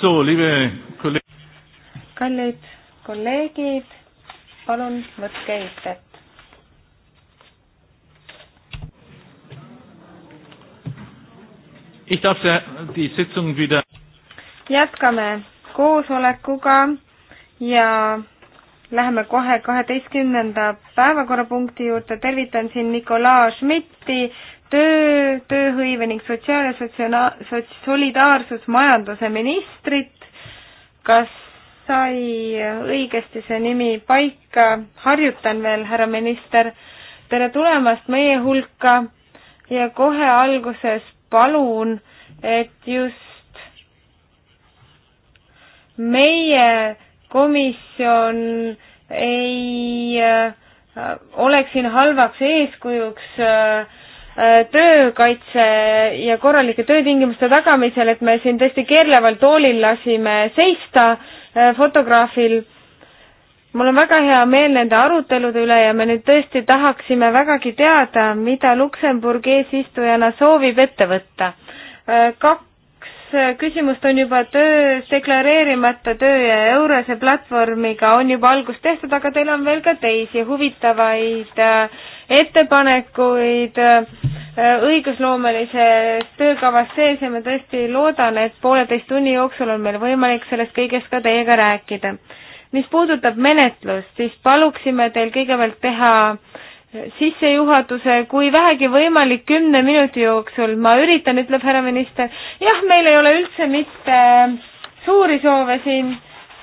So, liebe kolleeg-. kallid kolleegid, palun võtke istet. Ich darf die Sitzung wieder jätkame koosolekuga ja läheme kohe kaheteistkümnenda päevakorrapunkti juurde. tervitan siin Nikolai Schmidti, töö, tööhõive ning sotsiaal- ja sotsiaal-, sots-, solidaarsusmajanduse ministrit, kas sai õigesti see nimi paika, harjutan veel, härra minister, tere tulemast meie hulka ja kohe alguses palun, et just meie komisjon ei äh, oleks siin halvaks eeskujuks äh, Äh, töökaitse ja korralike töötingimuste tagamisel, et me siin tõesti keerleval toolil lasime seista äh, fotograafil. mul on väga hea meel nende arutelude üle ja me nüüd tõesti tahaksime vägagi teada, mida Luksemburg eesistujana soovib ette võtta. Äh, kaks küsimust on juba töös, deklareerimata töö ja Eurose platvormiga on juba algus tehtud, aga teil on veel ka teisi huvitavaid äh, ettepanekuid äh, õigusloomelises töökavas sees ja ma tõesti loodan, et pooleteist tunni jooksul on meil võimalik sellest kõigest ka teiega rääkida. mis puudutab menetlust, siis paluksime teil kõigepealt teha äh, sissejuhatuse, kui vähegi võimalik, kümne minuti jooksul. ma üritan, ütleb härra minister, jah, meil ei ole üldse mitte äh, suuri soove siin,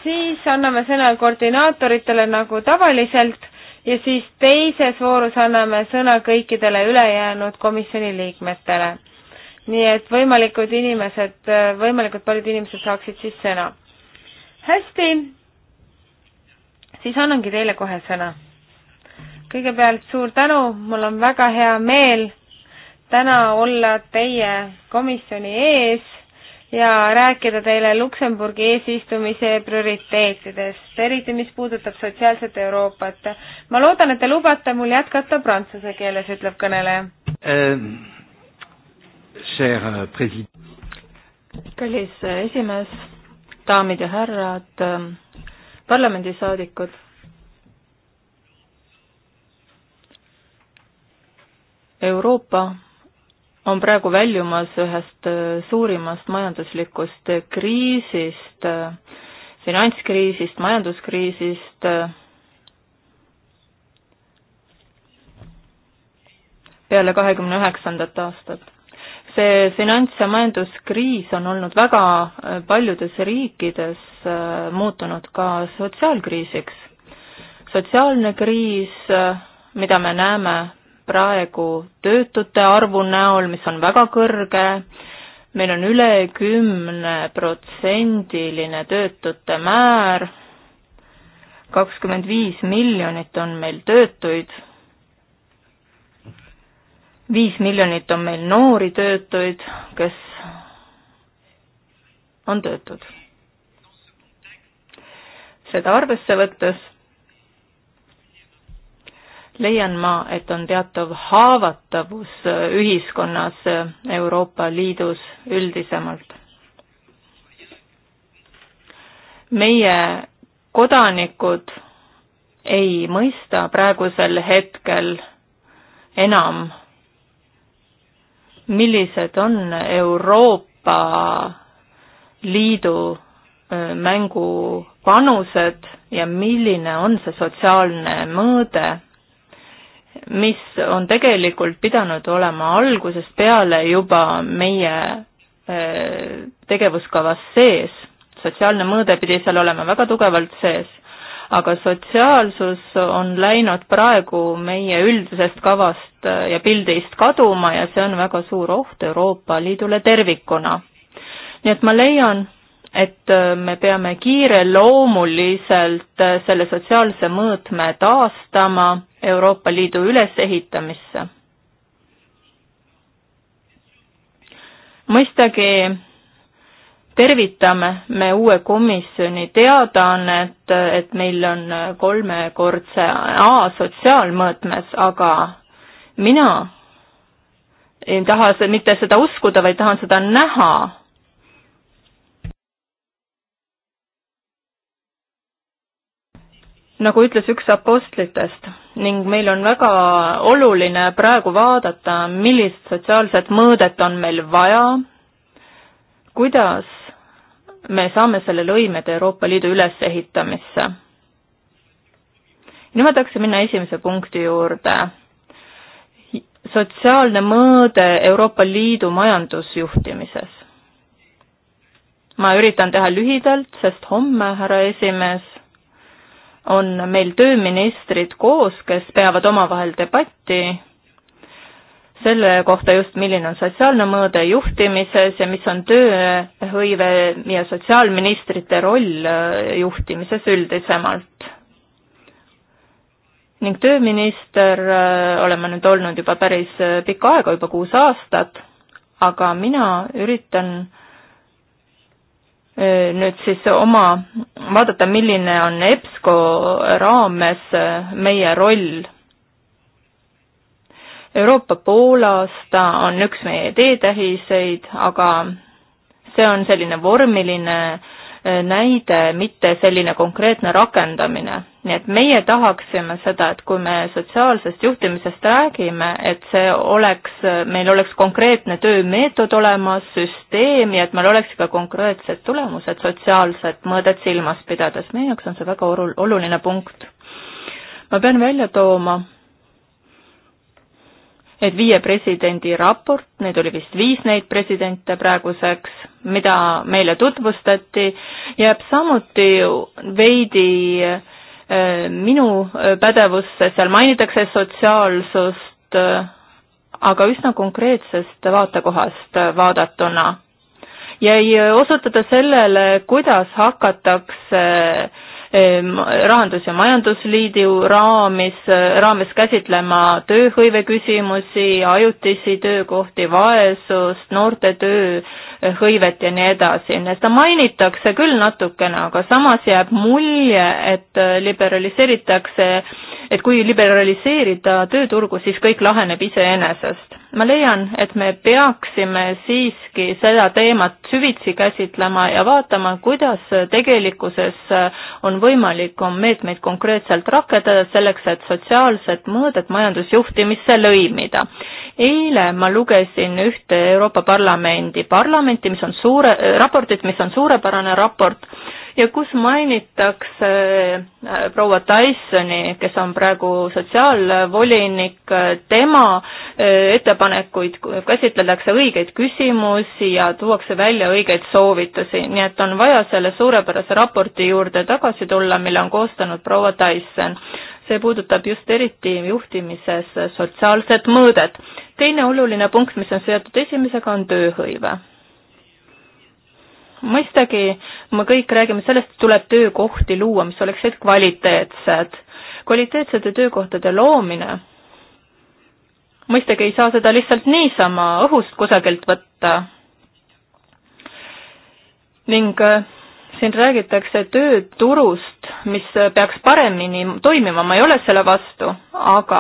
siis anname sõna koordinaatoritele nagu tavaliselt ja siis teises voorus anname sõna kõikidele ülejäänud komisjoni liikmetele. nii et võimalikud inimesed, võimalikult paljud inimesed saaksid siis sõna. hästi, siis annangi teile kohe sõna. kõigepealt suur tänu, mul on väga hea meel täna olla teie komisjoni ees ja rääkida teile Luksemburgi eesistumise prioriteetidest, eriti mis puudutab sotsiaalset Euroopat. ma loodan, et te lubate mul jätkata prantsuse keeles, ütleb kõneleja euh, euh, äh,. kallis esimees, daamid ja härrad, ähm, parlamendisaadikud. Euroopa on praegu väljumas ühest äh, suurimast majanduslikust äh, kriisist, äh, finantskriisist, majanduskriisist. peale kahekümne üheksandat aastat. see finants- ja majanduskriis on olnud väga paljudes riikides muutunud ka sotsiaalkriisiks. sotsiaalne kriis, mida me näeme praegu töötute arvu näol, mis on väga kõrge, meil on üle kümneprotsendiline töötute määr, kakskümmend viis miljonit on meil töötuid, viis miljonit on meil noori töötuid, kes on töötud. seda arvesse võttes leian ma, et on teatav haavatavus ühiskonnas Euroopa Liidus üldisemalt. meie kodanikud ei mõista praegusel hetkel enam, millised on Euroopa Liidu mängu panused ja milline on see sotsiaalne mõõde mis on tegelikult pidanud olema algusest peale juba meie äh, tegevuskavas sees, sotsiaalne mõõde pidi seal olema väga tugevalt sees, aga sotsiaalsus on läinud praegu meie üldisest kavast äh, ja pildist kaduma ja see on väga suur oht Euroopa Liidule tervikuna. nii et ma leian, et äh, me peame kiireloomuliselt selle sotsiaalse mõõtme taastama Euroopa Liidu ülesehitamisse. mõistagi tervitame me uue komisjoni teadaannet, et meil on kolmekordse A sotsiaalmõõtmes, aga mina ei taha mitte seda uskuda, vaid tahan seda näha nagu ütles üks apostlitest ning meil on väga oluline praegu vaadata, millist sotsiaalset mõõdet on meil vaja, kuidas me saame selle lõimeda Euroopa Liidu ülesehitamisse. nüüd ma tahaksin minna esimese punkti juurde. sotsiaalne mõõde Euroopa Liidu majandusjuhtimises. ma üritan teha lühidalt, sest homme, härra esimees, on meil tööministrid koos, kes peavad omavahel debatti selle kohta just, milline on sotsiaalne mõõde juhtimises ja mis on tööhõive ja sotsiaalministrite roll äh, juhtimises üldisemalt. ning tööminister äh, olen ma nüüd olnud juba päris äh, pikka aega, juba kuus aastat, aga mina üritan äh, nüüd siis oma, vaadata, milline on EBSCO raames meie roll. Euroopa poolaasta on üks meie teetähiseid, aga see on selline vormiline eh, näide, mitte selline konkreetne rakendamine nii et meie tahaksime seda, et kui me sotsiaalsest juhtimisest räägime, et see oleks, meil oleks konkreetne töömeetod olemas, süsteem ja et meil oleks ka konkreetsed tulemused sotsiaalset mõõdet silmas pidades, meie jaoks on see väga oluline punkt. ma pean välja tooma, et viie presidendi raport, neid oli vist viis neid presidente praeguseks, mida meile tutvustati, jääb samuti veidi Äh, minu äh, pädevusse, seal mainitakse sotsiaalsust, äh, aga üsna konkreetsest vaatekohast vaadatuna. ja ei osutata sellele, kuidas hakatakse Ehm, rahandus- ja majandusliidu raamis, äh, raames käsitlema tööhõive küsimusi, ajutisi töökohti, vaesust, noorte tööhõivet ja nii edasi. seda mainitakse küll natukene, aga samas jääb mulje, et äh, liberaliseeritakse et kui liberaliseerida tööturgu, siis kõik laheneb iseenesest. ma leian, et me peaksime siiski seda teemat süvitsi käsitlema ja vaatama, kuidas tegelikkuses on võimalik on meetmeid konkreetselt rakendada selleks, et sotsiaalset mõõdet majandusjuhtimisse lõimida. eile ma lugesin ühte Euroopa Parlamendi parlamenti, mis on suure, raportit, mis on suurepärane raport, ja kus mainitakse äh, proua Tysoni, kes on praegu sotsiaalvolinik, äh, tema äh, ettepanekuid käsitletakse õigeid küsimusi ja tuuakse välja õigeid soovitusi, nii et on vaja selle suurepärase raporti juurde tagasi tulla, mille on koostanud proua Tyson. see puudutab just eriti juhtimises sotsiaalset mõõdet. teine oluline punkt, mis on seotud esimesega, on tööhõive mõistagi me kõik räägime sellest, et tuleb töökohti luua, mis oleksid kvaliteetsed. kvaliteetsete töökohtade loomine, mõistagi ei saa seda lihtsalt niisama õhust kusagilt võtta. ning siin räägitakse tööturust, mis peaks paremini toimima, ma ei ole selle vastu, aga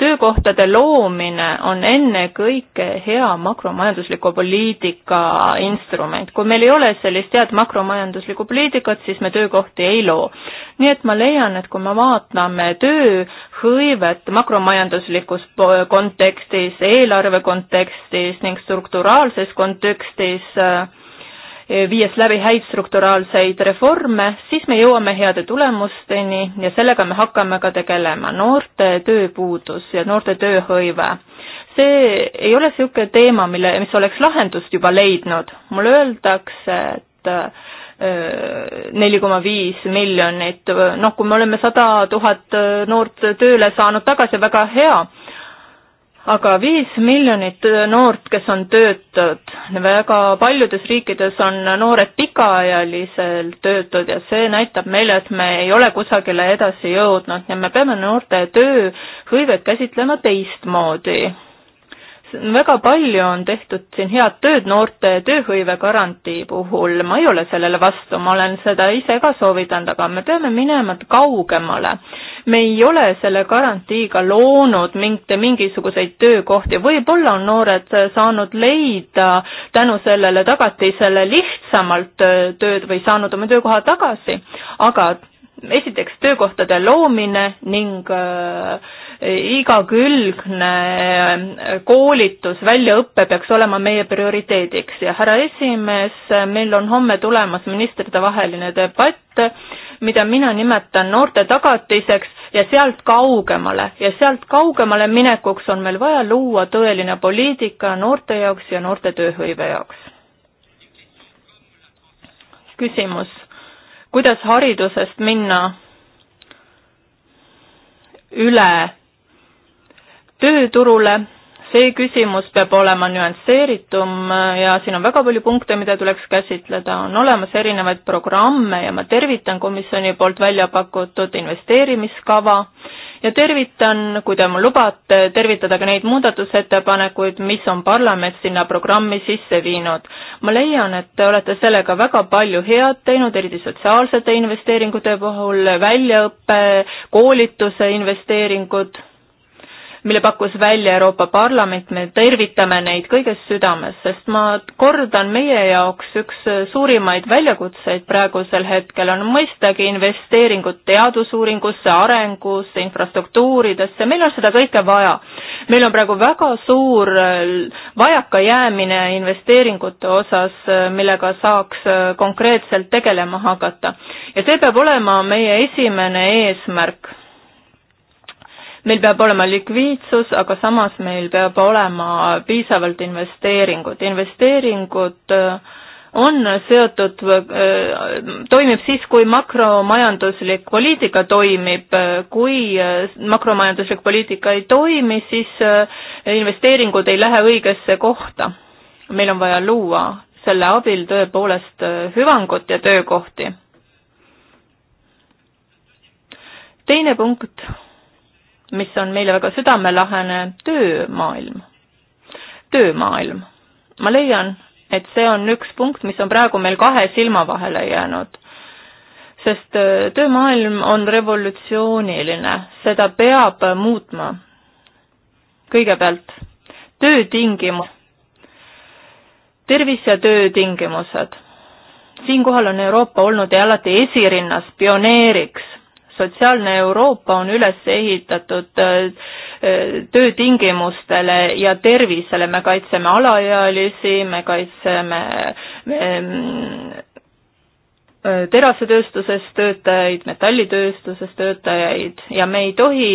töökohtade loomine on ennekõike hea makromajandusliku poliitika instrument. kui meil ei ole sellist head makromajanduslikku poliitikat, siis me töökohti ei loo. nii et ma leian, et kui me vaatame tööhõivet makromajanduslikus kontekstis, eelarve kontekstis ning strukturaalses kontekstis, viies läbi häid strukturaalseid reforme, siis me jõuame heade tulemusteni ja sellega me hakkame ka tegelema, noorte tööpuudus ja noorte tööhõive. see ei ole niisugune teema, mille, mis oleks lahendust juba leidnud, mulle öeldakse, et äh, neli koma viis miljonit, noh, kui me oleme sada tuhat äh, noort tööle saanud tagasi, väga hea aga viis miljonit noort, kes on töötud, väga paljudes riikides on noored pikaajaliselt töötud ja see näitab meile, et me ei ole kusagile edasi jõudnud ja me peame noorte tööhõivet käsitlema teistmoodi. väga palju on tehtud siin head tööd noorte tööhõive garantii puhul, ma ei ole sellele vastu, ma olen seda ise ka soovitanud, aga me peame minema kaugemale me ei ole selle garantiiga loonud mingite, mingisuguseid töökohti, võib-olla on noored saanud leida tänu sellele tagatisele lihtsamalt äh, tööd või saanud oma töökoha tagasi, aga esiteks töökohtade loomine ning äh, igakülgne äh, koolitus, väljaõpe peaks olema meie prioriteediks ja härra esimees, meil on homme tulemas ministritevaheline debatt mida mina nimetan noorte tagatiseks ja sealt kaugemale ja sealt kaugemale minekuks on meil vaja luua tõeline poliitika noorte jaoks ja noorte tööhõive jaoks. küsimus, kuidas haridusest minna üle tööturule see küsimus peab olema nüansseeritum ja siin on väga palju punkte, mida tuleks käsitleda, on olemas erinevaid programme ja ma tervitan komisjoni poolt välja pakutud investeerimiskava ja tervitan, kui te mul lubate, tervitada ka neid muudatusettepanekuid, mis on parlament sinna programmi sisse viinud. ma leian, et te olete sellega väga palju head teinud, eriti sotsiaalsete investeeringute puhul, väljaõppe, koolituse investeeringud mille pakkus välja Euroopa Parlament, me tervitame neid kõigest südames, sest ma kordan, meie jaoks üks suurimaid väljakutseid praegusel hetkel on mõistagi investeeringud teadusuuringusse, arengusse, infrastruktuuridesse, meil on seda kõike vaja. meil on praegu väga suur äh, vajakajäämine investeeringute osas, äh, millega saaks äh, konkreetselt tegelema hakata. ja see peab olema meie esimene eesmärk meil peab olema likviidsus, aga samas meil peab olema piisavalt investeeringuid, investeeringud äh, on seotud, äh, toimib siis, kui makromajanduslik poliitika toimib, kui äh, makromajanduslik poliitika ei toimi, siis investeeringud ei lähe õigesse kohta. meil on vaja luua selle abil tõepoolest hüvangut ja töökohti. teine punkt mis on meile väga südamelahene, töömaailm, töömaailm. ma leian, et see on üks punkt, mis on praegu meil kahe silma vahele jäänud. sest äh, töömaailm on revolutsiooniline, seda peab muutma. kõigepealt töötingimus, tervis ja töötingimused. siinkohal on Euroopa olnud ja alati esirinnas, pioneeriks sotsiaalne Euroopa on üles ehitatud äh, töötingimustele ja tervisele, me kaitseme alaealisi, me kaitseme me, Äh, terasetööstuses töötajaid, metallitööstuses töötajaid ja me ei tohi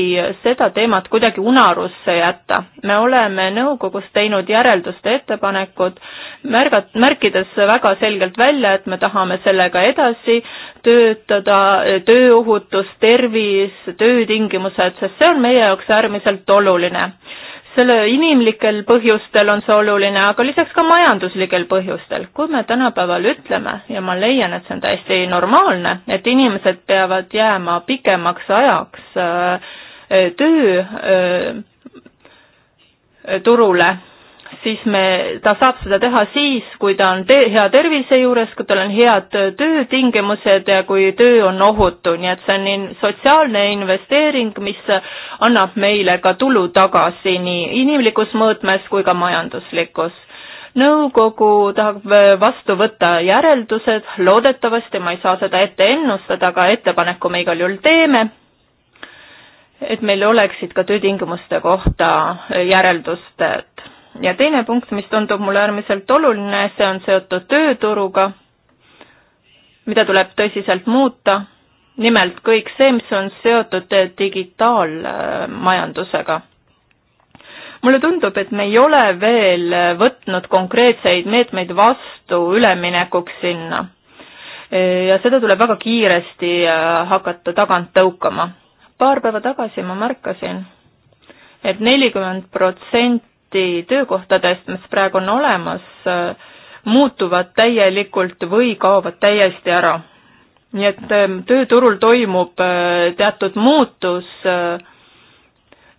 seda teemat kuidagi unarusse jätta. me oleme nõukogus teinud järelduste ettepanekud, märgat-, märkides väga selgelt välja, et me tahame sellega edasi töötada, tööohutus, tervis, töötingimused, sest see on meie jaoks äärmiselt oluline selle inimlikel põhjustel on see oluline, aga lisaks ka majanduslikel põhjustel. kui me tänapäeval ütleme ja ma leian, et see on täiesti normaalne, et inimesed peavad jääma pikemaks ajaks äh, äh töö äh, turule siis me, ta saab seda teha siis, kui ta on te hea tervise juures, kui tal on head töötingimused ja kui töö on ohutu, nii et see on in sotsiaalne investeering, mis annab meile ka tulu tagasi nii inimlikus mõõtmes kui ka majanduslikus. nõukogu tahab vastu võtta järeldused, loodetavasti ma ei saa seda ette ennustada, aga ettepaneku me igal juhul teeme et meil oleksid ka töötingimuste kohta järeldused ja teine punkt, mis tundub mulle äärmiselt oluline, see on seotud tööturuga, mida tuleb tõsiselt muuta, nimelt kõik see, mis on seotud digitaalmajandusega mulle tundub, et me ei ole veel võtnud konkreetseid meetmeid vastu üleminekuks sinna. ja seda tuleb väga kiiresti äh, hakata tagant tõukama. paar päeva tagasi ma märkasin et, et nelikümmend protsenti protsenti töökohtadest, mis praegu on olemas, muutuvad täielikult või kaovad täiesti ära. nii et ähm, tööturul toimub äh, teatud muutus, äh,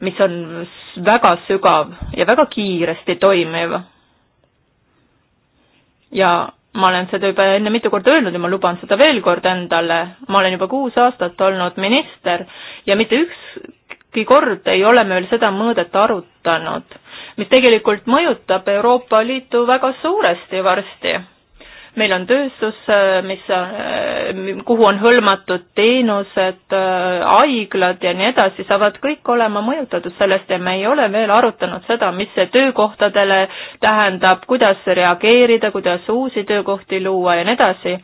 mis on väga sügav ja väga kiiresti toimiv. ja ma olen seda juba enne mitu korda öelnud ja ma luban seda veel kord endale, ma olen juba kuus aastat olnud minister ja mitte ükski kord ei ole me veel seda mõõdet arutanud mis tegelikult mõjutab Euroopa Liitu väga suuresti varsti. meil on tööstus, mis, kuhu on hõlmatud teenused, haiglad ja nii edasi, saavad kõik olema mõjutatud sellest ja me ei ole veel arutanud seda, mis see töökohtadele tähendab, kuidas reageerida, kuidas uusi töökohti luua ja nii edasi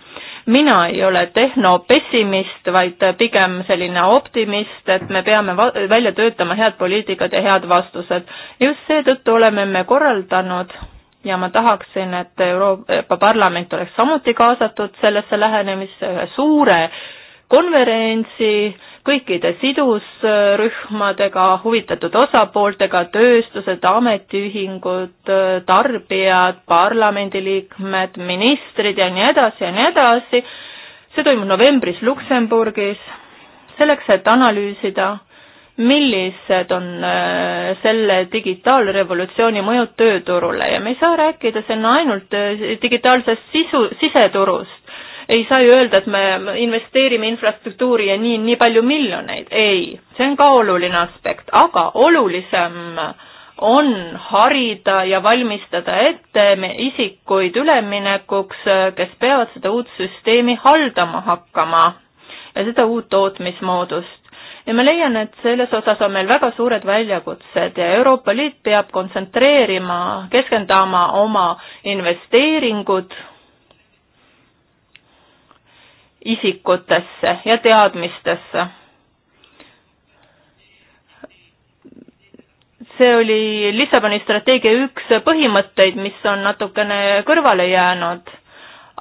mina ei ole tehnopessimist, vaid pigem selline optimist, et me peame välja töötama head poliitikad ja head vastused. just seetõttu oleme me korraldanud ja ma tahaksin, et Euroopa Parlament oleks samuti kaasatud sellesse lähenemisse ühe suure konverentsi, kõikide sidusrühmadega, huvitatud osapooltega, tööstused, ametiühingud, tarbijad, parlamendiliikmed, ministrid ja nii edasi ja nii edasi. see toimub novembris Luksemburgis, selleks, et analüüsida, millised on äh, selle digitaalrevolutsiooni mõjud tööturule ja me ei saa rääkida siin ainult äh, digitaalsest sisu, siseturust, ei saa ju öelda, et me investeerime infrastruktuuri ja nii, nii palju miljoneid, ei, see on ka oluline aspekt, aga olulisem on harida ja valmistada ette isikuid üleminekuks, kes peavad seda uut süsteemi haldama hakkama ja seda uut tootmismoodust. ja ma leian, et selles osas on meil väga suured väljakutsed ja Euroopa Liit peab kontsentreerima, keskendama oma investeeringud isikutesse ja teadmistesse. see oli Lissaboni strateegia üks põhimõtteid, mis on natukene kõrvale jäänud,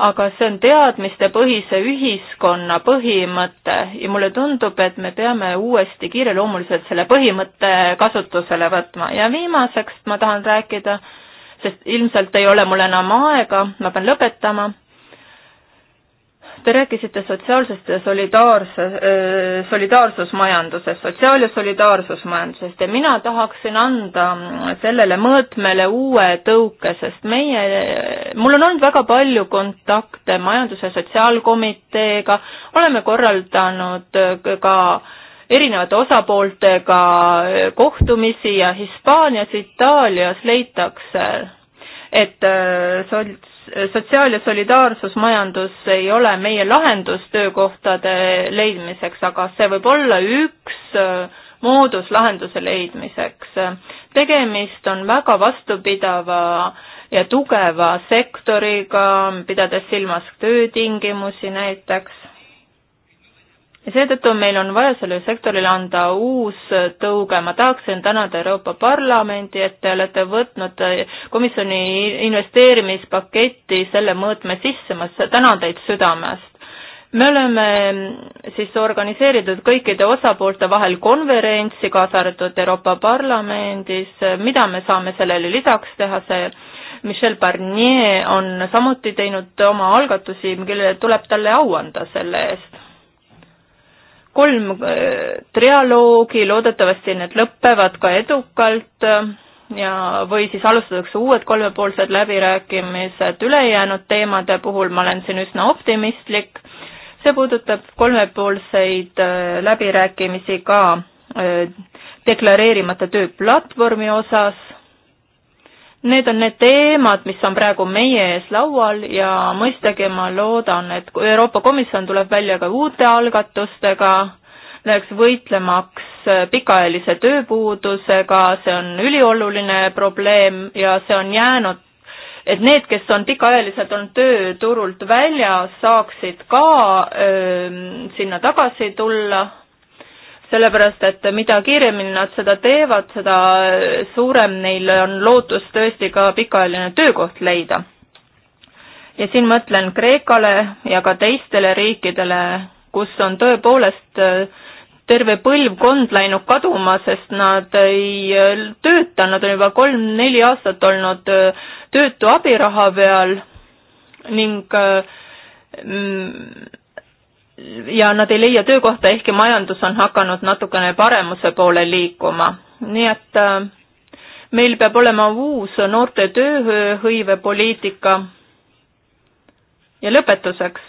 aga see on teadmistepõhise ühiskonna põhimõte ja mulle tundub, et me peame uuesti kiireloomuliselt selle põhimõtte kasutusele võtma ja viimaseks ma tahan rääkida, sest ilmselt ei ole mul enam aega, ma pean lõpetama Te rääkisite sotsiaalsest ja solidaarse, äh, solidaarsusmajandusest, sotsiaal- ja solidaarsusmajandusest ja mina tahaksin anda sellele mõõtmele uue tõuke, sest meie, mul on olnud väga palju kontakte Majandus- ja Sotsiaalkomiteega, oleme korraldanud ka erinevate osapooltega kohtumisi ja Hispaanias, Itaalias leitakse, et äh, sots-, sotsiaal- ja solidaarsusmajandus ei ole meie lahendus töökohtade leidmiseks, aga see võib olla üks äh, moodus lahenduse leidmiseks. tegemist on väga vastupidava ja tugeva sektoriga, pidades silmas töötingimusi näiteks, ja seetõttu meil on vaja sellele sektorile anda uus tõuge. ma tahaksin tänada Euroopa Parlamendi, et te olete võtnud komisjoni investeerimispaketti selle mõõtme sisse, ma tänan teid südamest. me oleme siis organiseeritud kõikide osapoolte vahel konverentsi, kaasa arvatud Euroopa Parlamendis, mida me saame sellele lisaks teha, see Michel Barnier on samuti teinud oma algatusi, millele tuleb talle au anda selle eest kolm äh, trialoogi, loodetavasti need lõpevad ka edukalt äh, ja, või siis alustatakse uued kolmepoolsed läbirääkimised ülejäänud teemade puhul, ma olen siin üsna optimistlik. see puudutab kolmepoolseid äh, läbirääkimisi ka deklareerimata töö platvormi osas Need on need teemad, mis on praegu meie ees laual ja mõistagi ma loodan, et Euroopa Komisjon tuleb välja ka uute algatustega, näiteks võitlemaks pikaajalise tööpuudusega, see on ülioluline probleem ja see on jäänud et need, kes on pikaajaliselt olnud tööturult väljas, saaksid ka öö, sinna tagasi tulla sellepärast et mida kiiremini nad seda teevad, seda suurem neil on lootus tõesti ka pikaajaline töökoht leida. ja siin mõtlen Kreekale ja ka teistele riikidele, kus on tõepoolest äh, terve põlvkond läinud kaduma, sest nad ei äh, tööta, nad on juba kolm-neli aastat olnud äh, töötu abiraha peal ning mm, ja nad ei leia töökohta, ehkki majandus on hakanud natukene paremuse poole liikuma. nii et äh, meil peab olema uus noorte tööhõivepoliitika. ja lõpetuseks,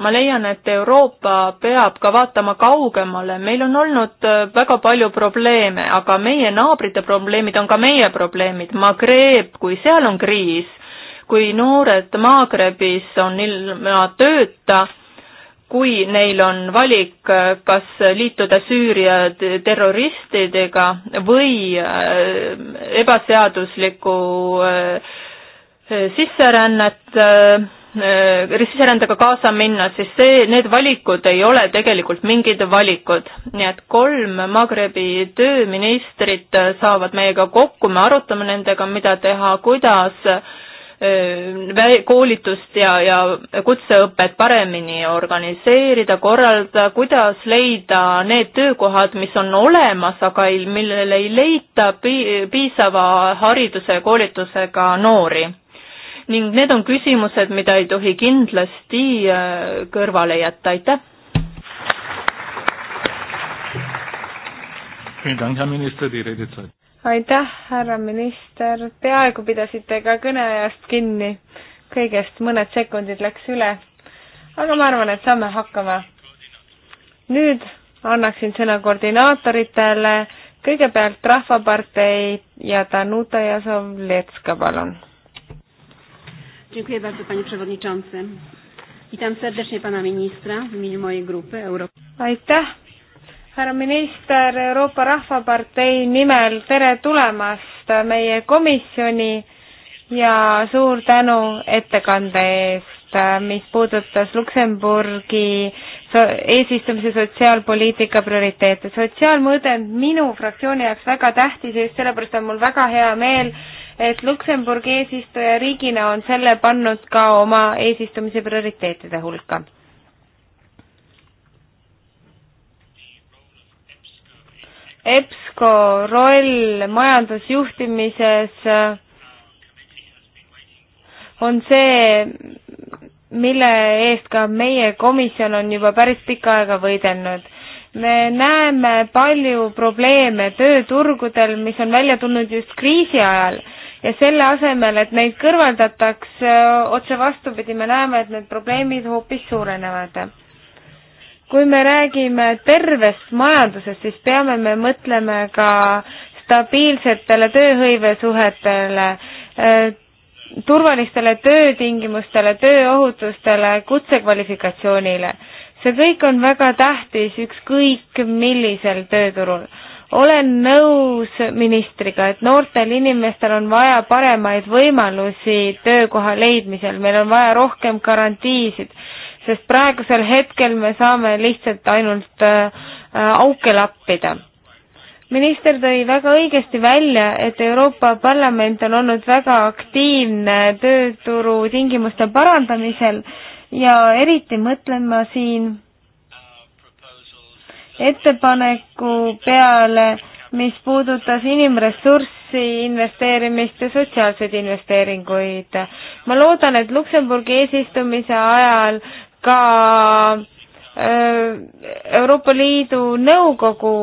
ma leian, et Euroopa peab ka vaatama kaugemale, meil on olnud äh, väga palju probleeme, aga meie naabrite probleemid on ka meie probleemid, Maghreb, kui seal on kriis, kui noored Maagrebis on ilma tööta kui neil on valik, äh, kas liituda Süüria terroristidega või äh, ebaseadusliku äh, sisserännet, sisserändega kaasa minna, siis see, need valikud ei ole tegelikult mingid valikud. nii et kolm Magrebi tööministrit saavad meiega kokku, me arutame nendega, mida teha, kuidas äh, koolitust ja, ja kutseõpet paremini organiseerida, korraldada, kuidas leida need töökohad, mis on olemas, aga ei, millele ei leita piisava hariduse ja koolitusega noori ning need on küsimused, mida ei tohi kindlasti kõrvale jätta, aitäh! Vielen Dank, Herr Minister, die Redezeit aitäh, härra minister, peaaegu pidasite ka kõneajast kinni. kõigest mõned sekundid läks üle. aga ma arvan, et saame hakkama. nüüd annaksin sõna koordinaatoritele, kõigepealt Rahvapartei ja Danuta Jasovletska, palun. Dziękuję bardzo, panie przewodniczący. Witam serdecznie pana ministra w imieniu mojej grupy Euro. Aitäh, härra minister Euroopa Rahvapartei nimel, tere tulemast meie komisjoni ja suur tänu ettekande eest, mis puudutas Luksemburgi so eesistumise sotsiaalpoliitika prioriteete. sotsiaalmõõde on minu fraktsiooni jaoks väga tähtis ja just sellepärast on mul väga hea meel, et Luksemburgi eesistujariigina on selle pannud ka oma eesistumise prioriteetide hulka EBSCO roll majandusjuhtimises äh, on see, mille eest ka meie komisjon on juba päris pikka aega võidelnud. me näeme palju probleeme tööturgudel, mis on välja tulnud just kriisi ajal ja selle asemel, et neid kõrvaldataks, äh, otse vastupidi, me näeme, et need probleemid hoopis suurenevad kui me räägime tervest majandusest, siis peame me mõtlema ka stabiilsetele tööhõivesuhetele, äh, turvalistele töötingimustele, tööohutustele, kutsekvalifikatsioonile. see kõik on väga tähtis ükskõik millisel tööturul. olen nõus ministriga, et noortel inimestel on vaja paremaid võimalusi töökoha leidmisel, meil on vaja rohkem garantiisid sest praegusel hetkel me saame lihtsalt ainult äh, äh, auke lappida. minister tõi väga õigesti välja, et Euroopa Parlament on olnud väga aktiivne tööturu tingimuste parandamisel ja eriti mõtlen ma siin ettepaneku peale, mis puudutas inimressurssi investeerimist ja sotsiaalseid investeeringuid. ma loodan, et Luksemburgi eesistumise ajal ka äh, Euroopa Liidu Nõukogu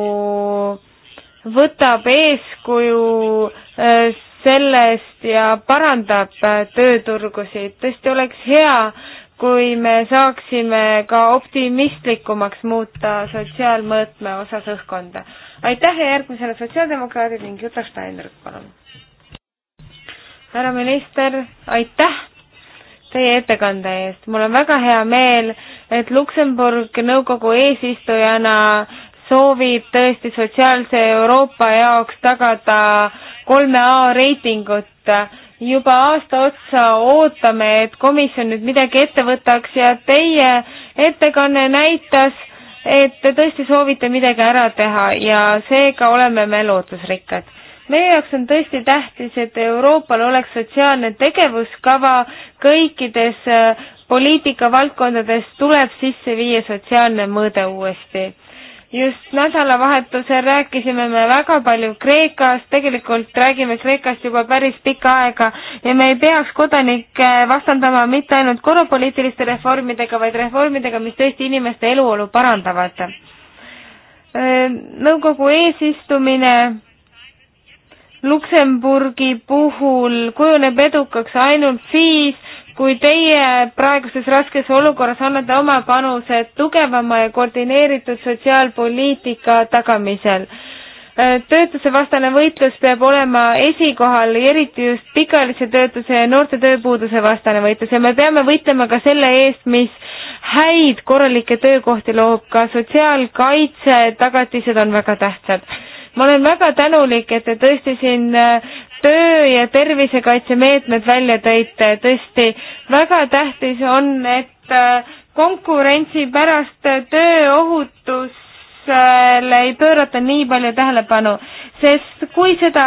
võtab eeskuju äh, sellest ja parandab äh, tööturgusid. tõesti oleks hea, kui me saaksime ka optimistlikumaks muuta sotsiaalmõõtme osas õhkkonda. aitäh ja järgmisele sotsiaaldemokraadid ning Juta Steinrück, palun. härra minister, aitäh teie ettekande eest. mul on väga hea meel, et Luksemburg nõukogu eesistujana soovib tõesti sotsiaalse Euroopa jaoks tagada kolme A reitingut. juba aasta otsa ootame, et komisjon nüüd midagi ette võtaks ja teie ettekanne näitas, et te tõesti soovite midagi ära teha ja seega oleme me lootusrikkad meie jaoks on tõesti tähtis, et Euroopal oleks sotsiaalne tegevuskava kõikides äh, poliitikavaldkondades tuleb sisse viia sotsiaalne mõõde uuesti just nädalavahetusel rääkisime me väga palju Kreekast, tegelikult räägime Kreekast juba päris pikka aega ja me ei peaks kodanikke vastandama mitte ainult korrapoliitiliste reformidega, vaid reformidega, mis tõesti inimeste eluolu parandavad. Äh, nõukogu eesistumine Luksemburgi puhul kujuneb edukaks ainult siis, kui teie praeguses raskes olukorras annate oma panuse tugevama ja koordineeritud sotsiaalpoliitika tagamisel. Äh, töötuse vastane võitlus peab olema esikohal, eriti just pikaajalise töötuse ja noorte tööpuuduse vastane võitlus ja me peame võitlema ka selle eest, mis häid korralikke töökohti loob, ka sotsiaalkaitse tagatised on väga tähtsad ma olen väga tänulik, et te tõesti siin äh, töö- ja tervisekaitsemeetmed välja tõite, tõesti väga tähtis on, et äh, konkurentsi pärast tööohutusele ei pöörata nii palju tähelepanu, sest kui seda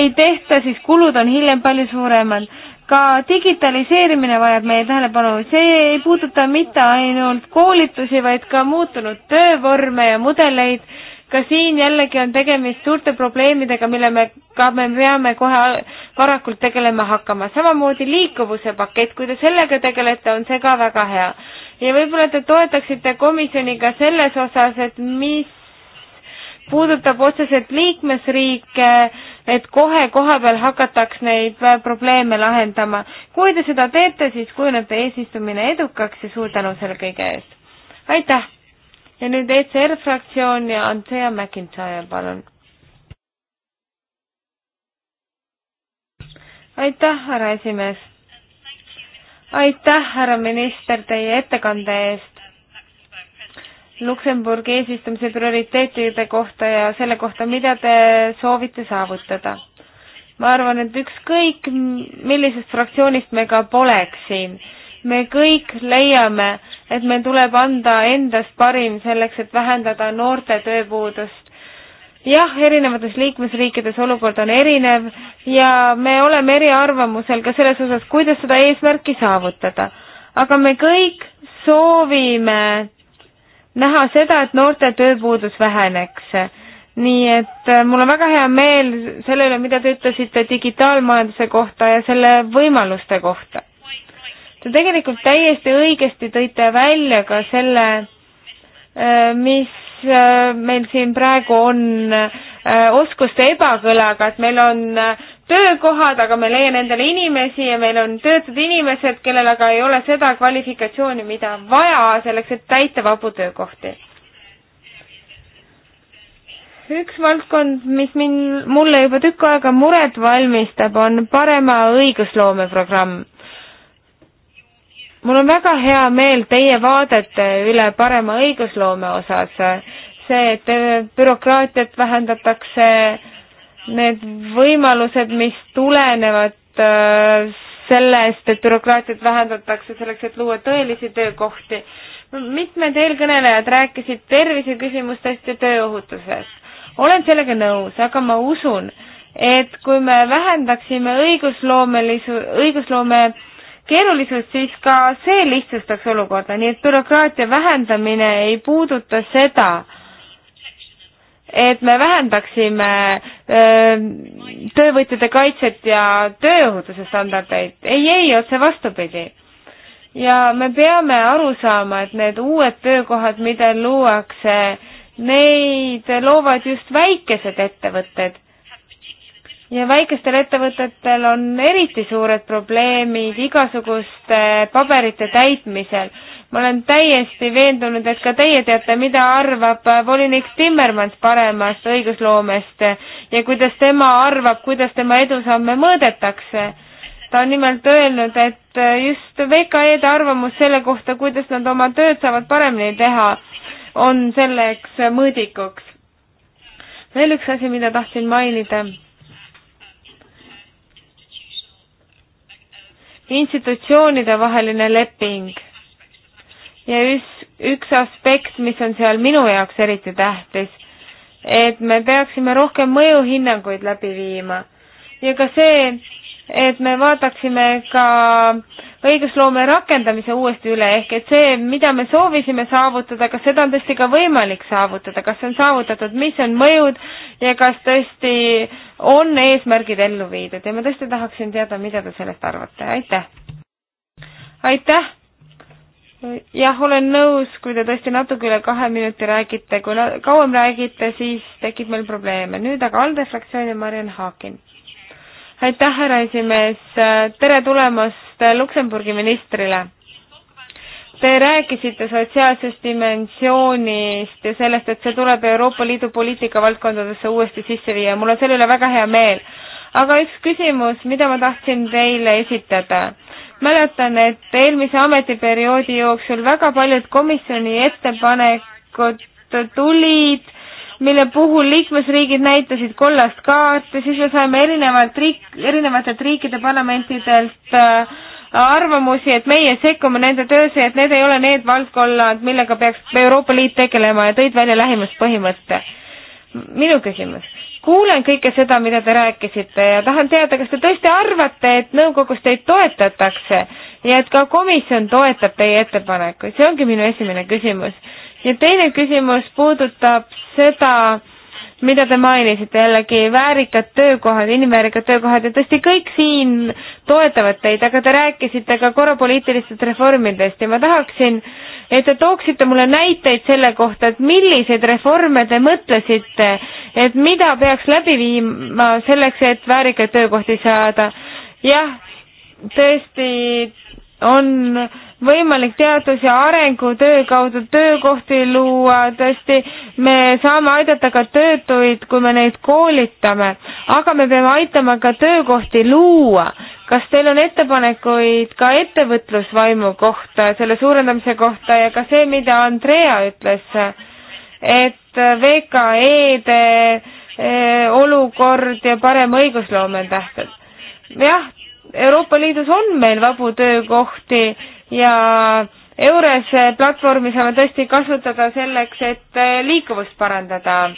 ei tehta, siis kulud on hiljem palju suuremad ka digitaliseerimine vajab meie tähelepanu, see ei puuduta mitte ainult koolitusi, vaid ka muutunud töövorme ja mudeleid ka siin jällegi on tegemist suurte probleemidega, mille me ka, me peame kohe varakult tegelema hakkama. samamoodi liikuvuse pakett, kui te sellega tegelete, on see ka väga hea. ja võib-olla te toetaksite komisjoni ka selles osas, et mis puudutab otseselt liikmesriike, et kohe kohapeal hakataks neid probleeme lahendama. kui te seda teete, siis kujuneb teie eesistumine edukaks ja suur tänu selle kõige eest! aitäh! ja nüüd ECR fraktsioon ja Antea McIntyre, palun. aitäh, härra esimees. aitäh, härra minister, teie ettekande eest. Luksemburgi eesistumise prioriteetide kohta ja selle kohta, mida te soovite saavutada. ma arvan, et ükskõik millisest fraktsioonist me ka poleks siin, me kõik leiame, et meil tuleb anda endast parim selleks, et vähendada noorte tööpuudust. jah, erinevates liikmesriikides olukord on erinev ja me oleme eriarvamusel ka selles osas, kuidas seda eesmärki saavutada. aga me kõik soovime näha seda, et noorte tööpuudus väheneks nii et äh, mul on väga hea meel selle üle, mida te ütlesite digitaalmajanduse kohta ja selle võimaluste kohta. Te tegelikult täiesti õigesti tõite välja ka selle, äh, mis äh, meil siin praegu on äh, oskuste ebakõlaga, et meil on töökohad, aga me leiame endale inimesi ja meil on töötud inimesed, kellel aga ei ole seda kvalifikatsiooni, mida vaja selleks, et täita vabu töökohti. üks valdkond, mis mind, mulle juba tükk aega muret valmistab, on parema õigusloome programm mul on väga hea meel teie vaadete üle parema õigusloome osas. see, et bürokraatiat vähendatakse, need võimalused, mis tulenevad äh, sellest, et bürokraatiat vähendatakse selleks, et luua tõelisi töökohti. mitmed eelkõnelejad rääkisid terviseküsimustest ja tööohutusest. olen sellega nõus, aga ma usun, et kui me vähendaksime õigusloomelise, õigusloome, õigusloome keerulisust, siis ka see lihtsustaks olukorda, nii et bürokraatia vähendamine ei puuduta seda, et me vähendaksime töövõtjate kaitset ja tööohutuse standardeid. ei, ei, otse vastupidi. ja me peame aru saama, et need uued töökohad, mida luuakse, neid loovad just väikesed ettevõtted ja väikestel ettevõtetel on eriti suured probleemid igasuguste paberite täitmisel. ma olen täiesti veendunud, et ka teie teate, mida arvab volinik Timmermans paremast õigusloomest ja kuidas tema arvab, kuidas tema edusamme mõõdetakse. ta on nimelt öelnud, et just VKE-de arvamus selle kohta, kuidas nad oma tööd saavad paremini teha, on selleks mõõdikuks. veel üks asi, mida tahtsin mainida institutsioonide vaheline leping ja üks, üks aspekt, mis on seal minu jaoks eriti tähtis, et me peaksime rohkem mõjuhinnanguid läbi viima ja ka see, et me vaataksime ka äh, õigusloome rakendamise uuesti üle, ehk et see, mida me soovisime saavutada, kas seda on tõesti ka võimalik saavutada, kas see on saavutatud, mis on mõjud ja kas tõesti on eesmärgid ellu viidud ja ma tõesti tahaksin teada, mida te sellest arvate, aitäh! aitäh! jah, olen nõus, kui te tõesti natuke üle kahe minuti räägite, kui kauem räägite, siis tekib meil probleeme. nüüd aga ALDE fraktsioon ja Mariann Haakin aitäh, härra esimees, tere tulemast küsimust Luksemburgi ministrile. Te rääkisite sotsiaalsest dimensioonist ja sellest, et see tuleb Euroopa Liidu poliitika valdkondadesse uuesti sisse viia. mul on selle üle väga hea meel. aga üks küsimus, mida ma tahtsin teile esitada mäletan, et eelmise ametiperioodi jooksul väga paljud komisjoni ettepanekud tulid mille puhul liikmesriigid näitasid kollast kaarti, siis me saime erinevalt riik, erinevatelt riikide parlamentidelt äh, arvamusi, et meie sekkume nende töösse, et need ei ole need valdkonnad, millega peaks Euroopa Liit tegelema ja tõid välja lähimuspõhimõtte. minu küsimus, kuulen kõike seda, mida te rääkisite ja tahan teada, kas te tõesti arvate, et nõukogus teid toetatakse ja et ka komisjon toetab teie ettepanekuid, see ongi minu esimene küsimus ja teine küsimus puudutab seda, mida te mainisite jällegi, väärikad töökohad, inimväärikad töökohad ja tõesti kõik siin toetavad teid, aga te rääkisite ka korrapoliitilistest reformidest ja ma tahaksin, et te tooksite mulle näiteid selle kohta, et milliseid reforme te mõtlesite, et mida peaks läbi viima selleks, et väärikaid töökohti saada. jah, tõesti on võimalik teadus- ja arengutöö kaudu töökohti luua, tõesti, me saame aidata ka töötuid, kui me neid koolitame, aga me peame aitama ka töökohti luua. kas teil on ettepanekuid ka ettevõtlusvaimu kohta, selle suurendamise kohta ja ka see, mida Andrea ütles, et VKE-de olukord ja parem õigusloome on tähtsad? jah, Euroopa Liidus on meil vabu töökohti ja Eurese platvormi saame tõesti kasutada selleks, et äh, liikuvust parandada.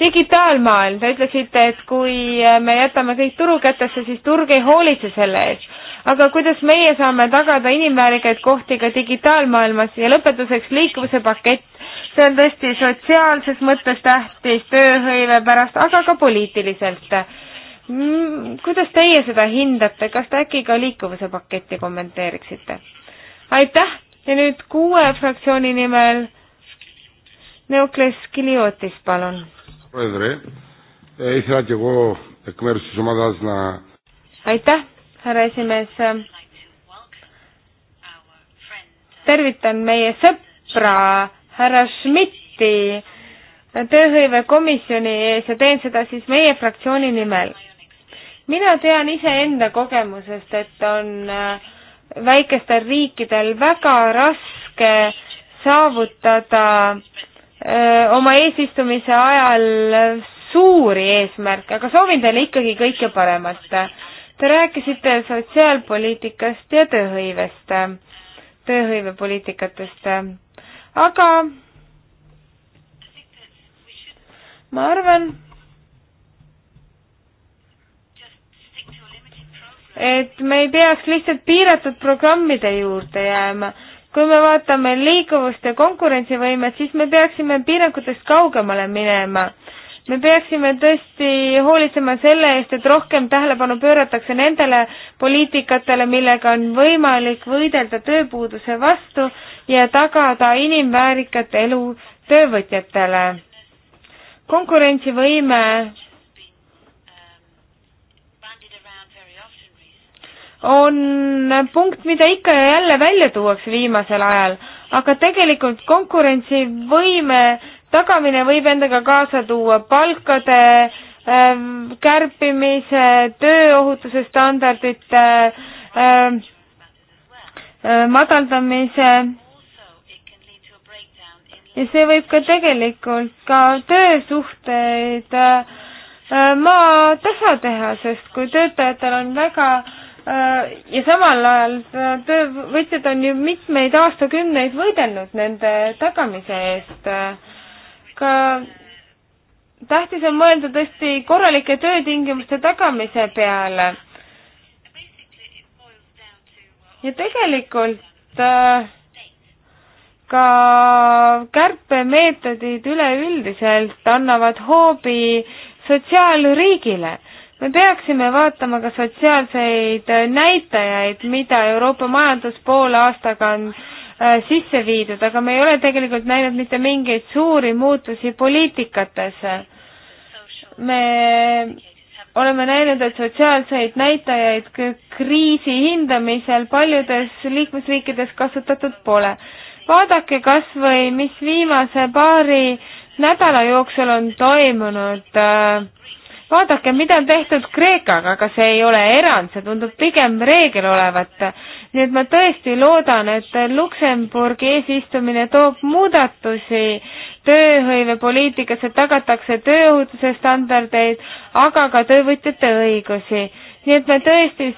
digitaalmaailm, te ütlesite, et kui äh, me jätame kõik turu kätesse, siis turg ei hoolitse selle eest. aga kuidas meie saame tagada inimväärikaid kohti ka digitaalmaailmas ja lõpetuseks liikuvuse pakett, see on tõesti sotsiaalses mõttes tähtis tööhõive pärast, aga ka poliitiliselt. Mm, kuidas teie seda hindate, kas te äkki ka liikuvuse paketti kommenteeriksite? aitäh ja nüüd kuue fraktsiooni nimel Neokles Kiliotis, palun. Eh, aitäh, härra esimees. tervitan meie sõpra härra Schmidti tööhõivekomisjoni ees ja teen seda siis meie fraktsiooni nimel. mina tean iseenda kogemusest, et on äh, väikestel riikidel väga raske saavutada öö, oma eesistumise ajal suuri eesmärke, aga soovin teile ikkagi kõike paremat. Te rääkisite sotsiaalpoliitikast ja tööhõivest, tööhõivepoliitikatest, aga ma arvan, et me ei peaks lihtsalt piiratud programmide juurde jääma. kui me vaatame liikuvust ja konkurentsivõimet, siis me peaksime piirangutest kaugemale minema. me peaksime tõesti hoolitsema selle eest, et rohkem tähelepanu pööratakse nendele poliitikatele, millega on võimalik võidelda tööpuuduse vastu ja tagada inimväärikat elu töövõtjatele. konkurentsivõime on punkt, mida ikka ja jälle välja tuuakse viimasel ajal, aga tegelikult konkurentsivõime tagamine võib endaga kaasa tuua palkade ähm, kärpimise, tööohutuse standardite ähm, äh, madaldamise ja see võib ka tegelikult ka töösuhteid äh, maa tasa teha, sest kui töötajatel on väga äh, Äh, ja samal ajal äh, töövõtjad on ju mitmeid aastakümneid võidelnud nende tagamise eest. Äh, ka tähtis on mõelda tõesti korralike töötingimuste tagamise peale. ja tegelikult ka kärpemeetodid üleüldiselt annavad hoobi sotsiaalriigile me peaksime vaatama ka sotsiaalseid näitajaid, mida Euroopa majandus poole aastaga on äh, sisse viidud, aga me ei ole tegelikult näinud mitte mingeid suuri muutusi poliitikates. me oleme näinud, et sotsiaalseid näitajaid kriisi hindamisel paljudes liikmesriikides kasutatud pole. vaadake kas või, mis viimase paari nädala jooksul on toimunud äh, vaadake, mida on tehtud Kreekaga, aga see ei ole erand, see tundub pigem reegel olevat. nii et ma tõesti loodan, et Luksemburgi eesistumine toob muudatusi tööhõivepoliitikas, et tagatakse tööohutuse standardeid, aga ka töövõtjate õigusi. nii et me tõesti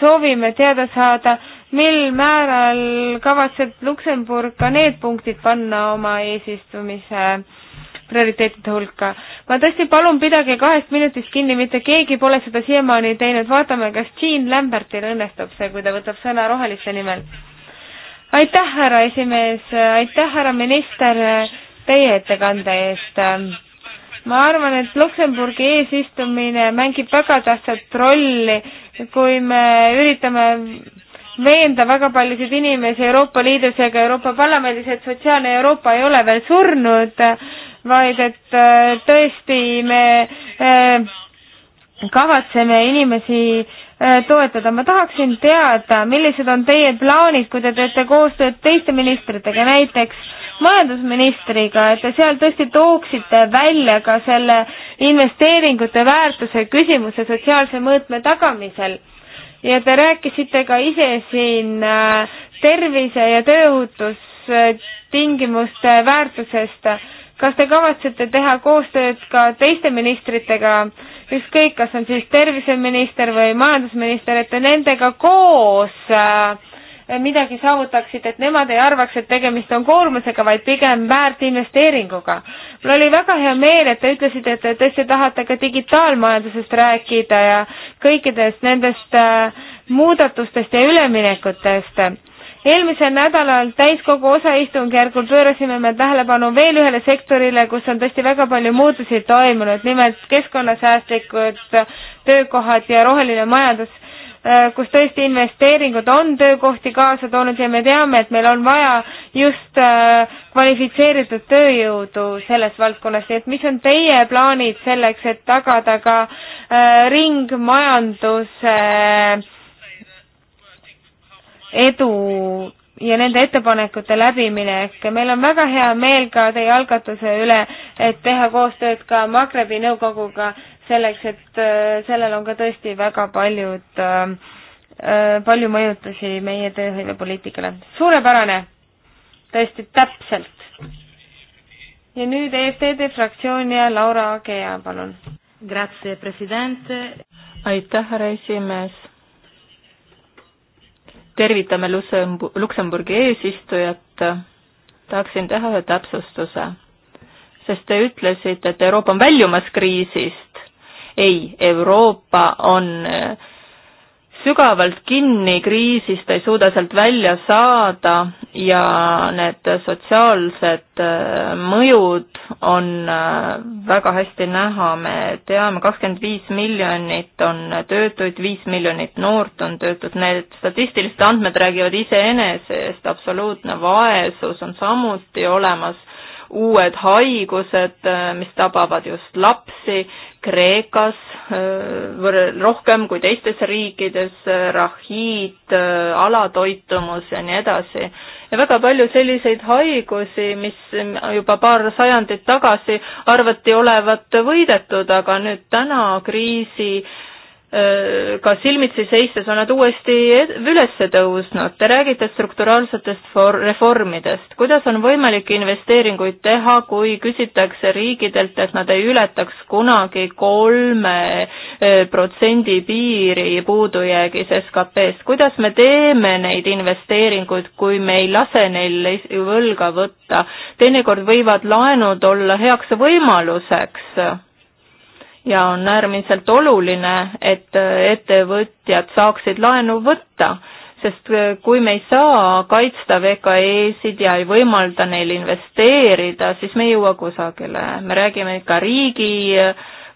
soovime teada saada, mil määral kavatseb Luksemburg ka need punktid panna oma eesistumise prioriteetide hulka. ma tõesti palun, pidage kahest minutist kinni, mitte keegi pole seda siiamaani teinud, vaatame, kas Jean Lambertil õnnestub see, kui ta võtab sõna roheliste nimel. aitäh, härra esimees, aitäh, härra minister, teie ettekande eest. ma arvan, et Luksemburgi eesistumine mängib väga tähtsat rolli, kui me üritame veenda väga paljusid inimesi Euroopa Liidus ja ka Euroopa Parlamendis, et sotsiaalne Euroopa ei ole veel surnud äh, vaid et äh, tõesti me äh, kavatseme inimesi äh, toetada. ma tahaksin teada, millised on teie plaanid, kui te teete koostööd teiste ministritega, näiteks majandusministriga, et te seal tõesti tooksite välja ka selle investeeringute väärtuse küsimuse sotsiaalse mõõtme tagamisel. ja te rääkisite ka ise siin tervise ja tööohutustingimuste väärtusest kas te kavatsete teha koostööd ka teiste ministritega, ükskõik, kas on siis terviseminister või majandusminister, et te nendega koos äh, midagi saavutaksite, et nemad ei arvaks, et tegemist on koormusega, vaid pigem väärt investeeringuga. mul oli väga hea meel, et te ütlesite, et te tõesti tahate ka digitaalmajandusest rääkida ja kõikidest nendest äh, muudatustest ja üleminekutest eelmisel nädalal täiskogu osaistungjärgul pöörasime me tähelepanu veel ühele sektorile, kus on tõesti väga palju muutusi toimunud, nimelt keskkonnasäästlikud töökohad ja roheline majandus, äh, kus tõesti investeeringud on töökohti kaasa toonud ja me teame, et meil on vaja just äh, kvalifitseeritud tööjõudu selles valdkonnas, nii et mis on teie plaanid selleks, et tagada ka äh, ringmajanduse äh, edu ja nende ettepanekute läbiminek. meil on väga hea meel ka teie algatuse üle, et teha koostööd ka Magrebi nõukoguga selleks, et äh, sellel on ka tõesti väga paljud, äh, äh, palju mõjutusi meie tööhõivepoliitikale. suurepärane, tõesti täpselt. ja nüüd EFTD fraktsioon ja Laura Agea, palun. Grazie, president. aitäh, härra esimees tervitame Lutsemb-, Luksemburgi eesistujat, tahaksin teha ühe täpsustuse. sest te ütlesite, et Euroopa on väljumas kriisist. ei, Euroopa on äh, sügavalt kinni kriisis, ta ei suuda sealt välja saada ja need sotsiaalsed äh, mõjud on äh, väga hästi näha, me teame, kakskümmend viis miljonit on töötuid, viis miljonit noort on töötud, need statistilised andmed räägivad iseenese eest, absoluutne vaesus on samuti olemas uued haigused, äh, mis tabavad just lapsi Kreekas äh, rohkem kui teistes riikides, äh, rahiid, äh, alatoitumus ja nii edasi. ja väga palju selliseid haigusi, mis juba paar sajandit tagasi arvati olevat võidetud, aga nüüd täna kriisi äh, ka silmitsi seistes on nad uuesti üles tõusnud. Te räägite strukturaalsetest reformidest. kuidas on võimalik investeeringuid teha, kui küsitakse riigidelt, et nad ei ületaks kunagi kolme protsendi piiri puudujäägis SKP-st? kuidas me teeme neid investeeringuid, kui me ei lase neil võlga võtta? teinekord võivad laenud olla heaks võimaluseks ja on äärmiselt oluline, et ettevõtjad saaksid laenu võtta, sest kui me ei saa kaitsta VKE-sid ja ei võimalda neil investeerida, siis me ei jõua kusagile, me räägime ikka riigi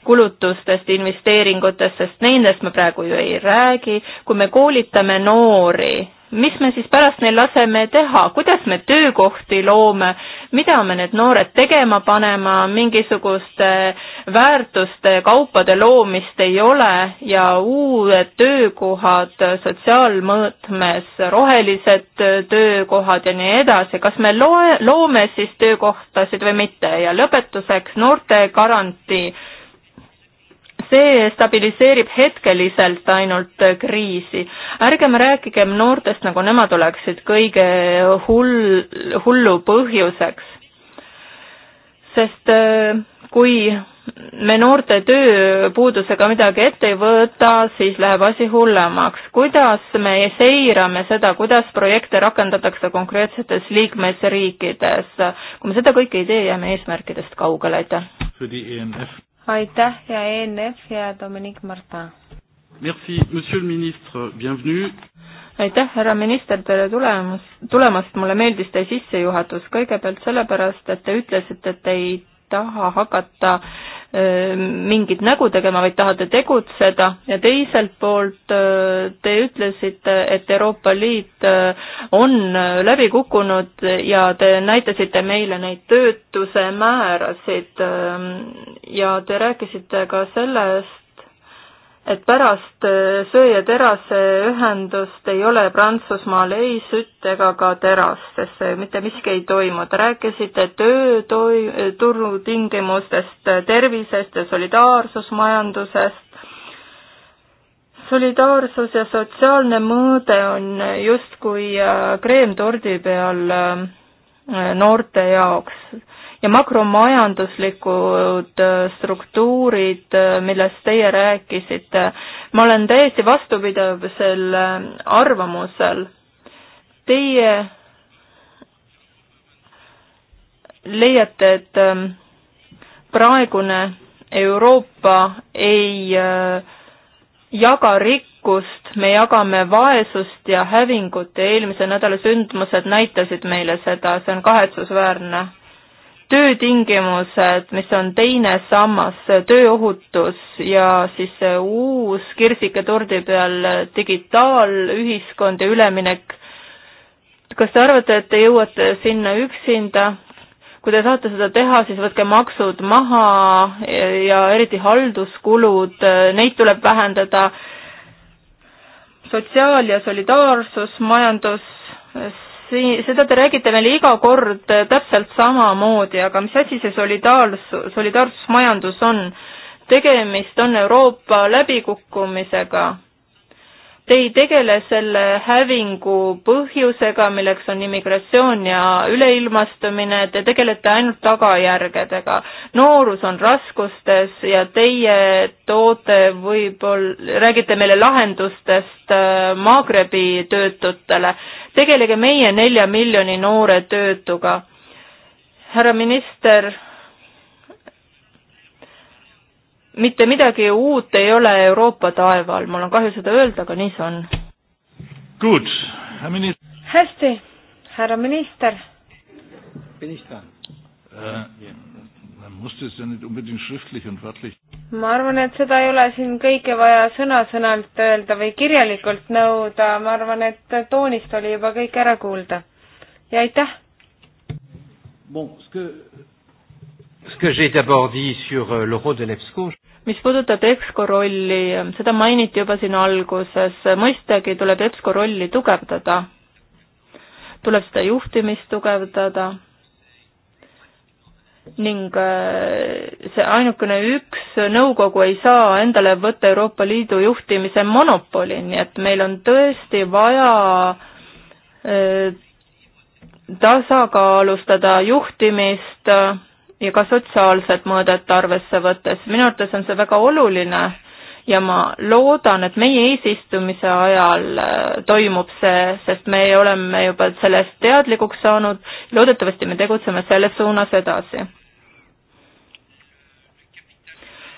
kulutustest, investeeringutest, sest nendest me praegu ju ei räägi, kui me koolitame noori mis me siis pärast neil laseme teha, kuidas me töökohti loome, mida me need noored tegema panema, mingisuguste väärtuste, kaupade loomist ei ole ja uued töökohad sotsiaalmõõtmes, rohelised töökohad ja nii edasi, kas me loe, loome siis töökohtasid või mitte ja lõpetuseks noorte garantii see stabiliseerib hetkeliselt ainult kriisi. ärgem rääkigem noortest, nagu nemad oleksid kõige hull, hullu põhjuseks. sest äh, kui me noorte tööpuudusega midagi ette ei võta, siis läheb asi hullemaks. kuidas me seirame seda, kuidas projekte rakendatakse konkreetsetes liikmesriikides? kui me seda kõike ei tee, jääme eesmärkidest kaugele, aitäh aitäh ja ENF ja Dominique Martin. Merci, monsieur le ministre, bienvenue. aitäh, härra minister, tere tulemast, tulemast, mulle meeldis teie sissejuhatus, kõigepealt sellepärast, et te ütlesite, et te ei taha hakata mingit nägu tegema, vaid tahate tegutseda ja teiselt poolt äh, te ütlesite, et Euroopa Liit äh, on äh, läbi kukkunud ja te näitasite meile neid töötuse määrasid ähm, ja te rääkisite ka sellest, et pärast äh, söe ja terase ühendust ei ole Prantsusmaal ei sütt ega ka terast, sest see mitte miski ei toimu. Te rääkisite töötoi-, turutingimustest, tervisest ja solidaarsusmajandusest. solidaarsus ja sotsiaalne mõõde on justkui äh, kreem tordi peal äh, noorte jaoks ja makromajanduslikud äh, struktuurid, äh, millest teie rääkisite, ma olen täiesti vastupidav sel äh, arvamusel. Teie leiate, et praegune Euroopa ei jaga rikkust, me jagame vaesust ja hävingut ja eelmise nädala sündmused näitasid meile seda, see on kahetsusväärne töötingimused, mis on teine sammas, tööohutus ja siis see uus kirsiketordi peal digitaalühiskond ja üleminek. kas te arvate, et te jõuate sinna üksinda? kui te saate seda teha, siis võtke maksud maha ja eriti halduskulud, neid tuleb vähendada. sotsiaal- ja solidaarsusmajandus siin, seda te räägite meile iga kord äh, täpselt samamoodi, aga mis asi see solidaarsus, solidaarsusmajandus on? tegemist on Euroopa läbikukkumisega Te ei tegele selle hävingu põhjusega, milleks on immigratsioon ja üleilmastumine, te tegelete ainult tagajärgedega. noorus on raskustes ja teie toote võib-olla, räägite meile lahendustest äh, Maagrebi töötutele. tegelege meie nelja miljoni noore töötuga. härra minister mitte midagi uut ei ole Euroopa taeval, mul on kahju seda öelda, aga nii see on. Good, minister. hästi, härra minister. minister äh,. ma arvan, et seda ei ole siin kõike vaja sõna-sõnalt öelda või kirjalikult nõuda, ma arvan, et toonist oli juba kõik ära kuulda. ja aitäh. Bon, ce que ce que j'ai d'abord dit sur euh, le rôle de l'EBSCO mis puudutab EBSCO rolli, seda mainiti juba siin alguses, mõistagi tuleb EBSCO rolli tugevdada, tuleb seda juhtimist tugevdada ning äh, see ainukene üks nõukogu ei saa endale võtta Euroopa Liidu juhtimise monopoli, nii et meil on tõesti vaja äh, tasakaalustada juhtimist ja ka sotsiaalset mõõdet arvesse võttes. minu arvates on see väga oluline ja ma loodan, et meie eesistumise ajal äh, toimub see, sest me oleme juba sellest teadlikuks saanud, loodetavasti me tegutseme selles suunas edasi.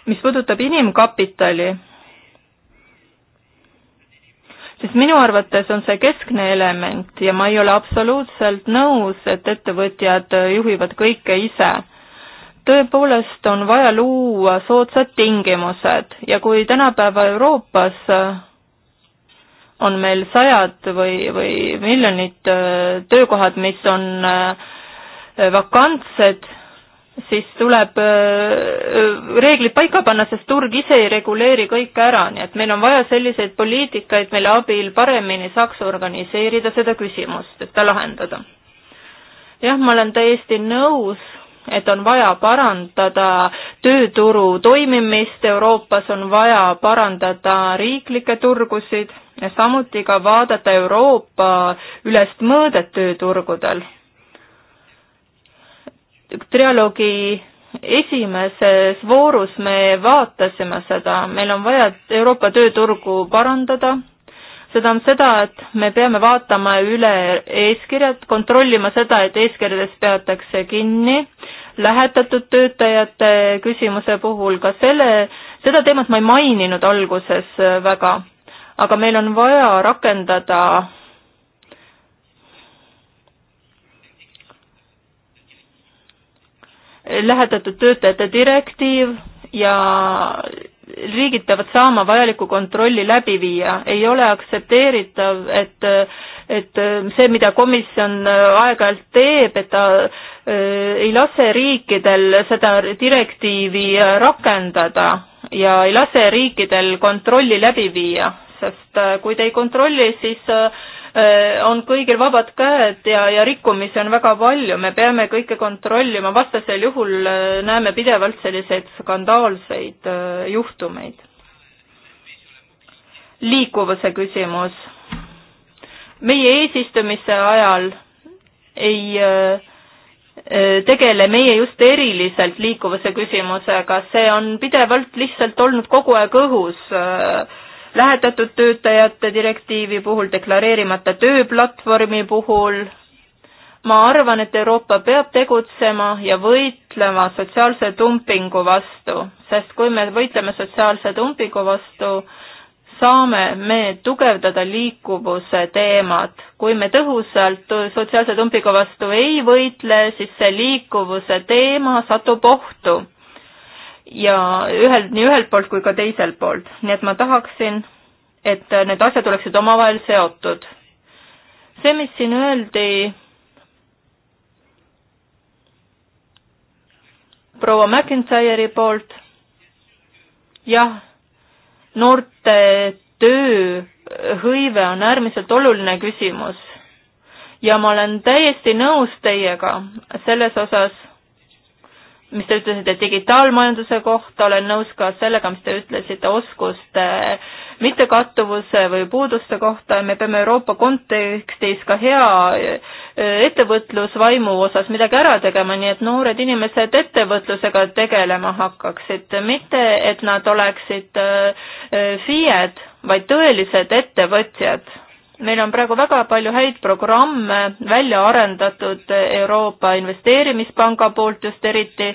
mis puudutab inimkapitali, siis minu arvates on see keskne element ja ma ei ole absoluutselt nõus, et ettevõtjad juhivad kõike ise tõepoolest on vaja luua soodsad tingimused ja kui tänapäeva Euroopas äh, on meil sajad või, või miljonid äh, töökohad, mis on äh, vakantsed, siis tuleb reeglid paika panna, sest turg ise ei reguleeri kõike ära, nii et meil on vaja selliseid poliitikaid, mille abil paremini saaks organiseerida seda küsimust, et ta lahendada. jah, ma olen täiesti nõus et on vaja parandada tööturu toimimist Euroopas, on vaja parandada riiklikke turgusid ja samuti ka vaadata Euroopa ülest mõõdet tööturgudel. trialoogi esimeses voorus me vaatasime seda, meil on vaja Euroopa tööturgu parandada see tähendab seda, et me peame vaatama üle eeskirjad, kontrollima seda, et eeskirjadest peatakse kinni, lähetatud töötajate küsimuse puhul ka selle, seda teemat ma ei maininud alguses väga, aga meil on vaja rakendada lähetatud töötajate direktiiv ja riigid peavad saama vajaliku kontrolli läbi viia, ei ole aktsepteeritav, et et see, mida komisjon äh, aeg-ajalt teeb, et ta äh, ei lase riikidel seda direktiivi äh, rakendada ja ei lase riikidel kontrolli läbi viia, sest kui te ei kontrolli, siis äh, Äh, on kõigil vabad käed ja, ja rikkumisi on väga palju, me peame kõike kontrollima, vastasel juhul äh, näeme pidevalt selliseid skandaalseid äh, juhtumeid. liikuvuse küsimus. meie eesistumise ajal ei tegele meie just eriliselt liikuvuse küsimusega, see on pidevalt lihtsalt olnud kogu aeg õhus äh, lähetatud töötajate direktiivi puhul, deklareerimata tööplatvormi puhul. ma arvan, et Euroopa peab tegutsema ja võitlema sotsiaalse dumpingu vastu, sest kui me võitleme sotsiaalse dumpingu vastu, saame me tugevdada liikuvuse teemat. kui me tõhusalt sotsiaalse dumpingu vastu ei võitle, siis see liikuvuse teema satub ohtu ja ühel, nii ühelt poolt kui ka teiselt poolt, nii et ma tahaksin, et need asjad oleksid omavahel seotud. see, mis siin öeldi proua McIntyre'i poolt, jah, noorte tööhõive on äärmiselt oluline küsimus ja ma olen täiesti nõus teiega selles osas mis te ütlesite digitaalmajanduse kohta, olen nõus ka sellega, mis te ütlesite oskuste mittekattuvuse või puuduste kohta, me peame Euroopa kontekstis ka hea e, ettevõtlusvaimu osas midagi ära tegema, nii et noored inimesed ettevõtlusega tegelema hakkaksid, mitte et nad oleksid e, e, FIE-d, vaid tõelised ettevõtjad meil on praegu väga palju häid programme välja arendatud Euroopa Investeerimispanga poolt just eriti,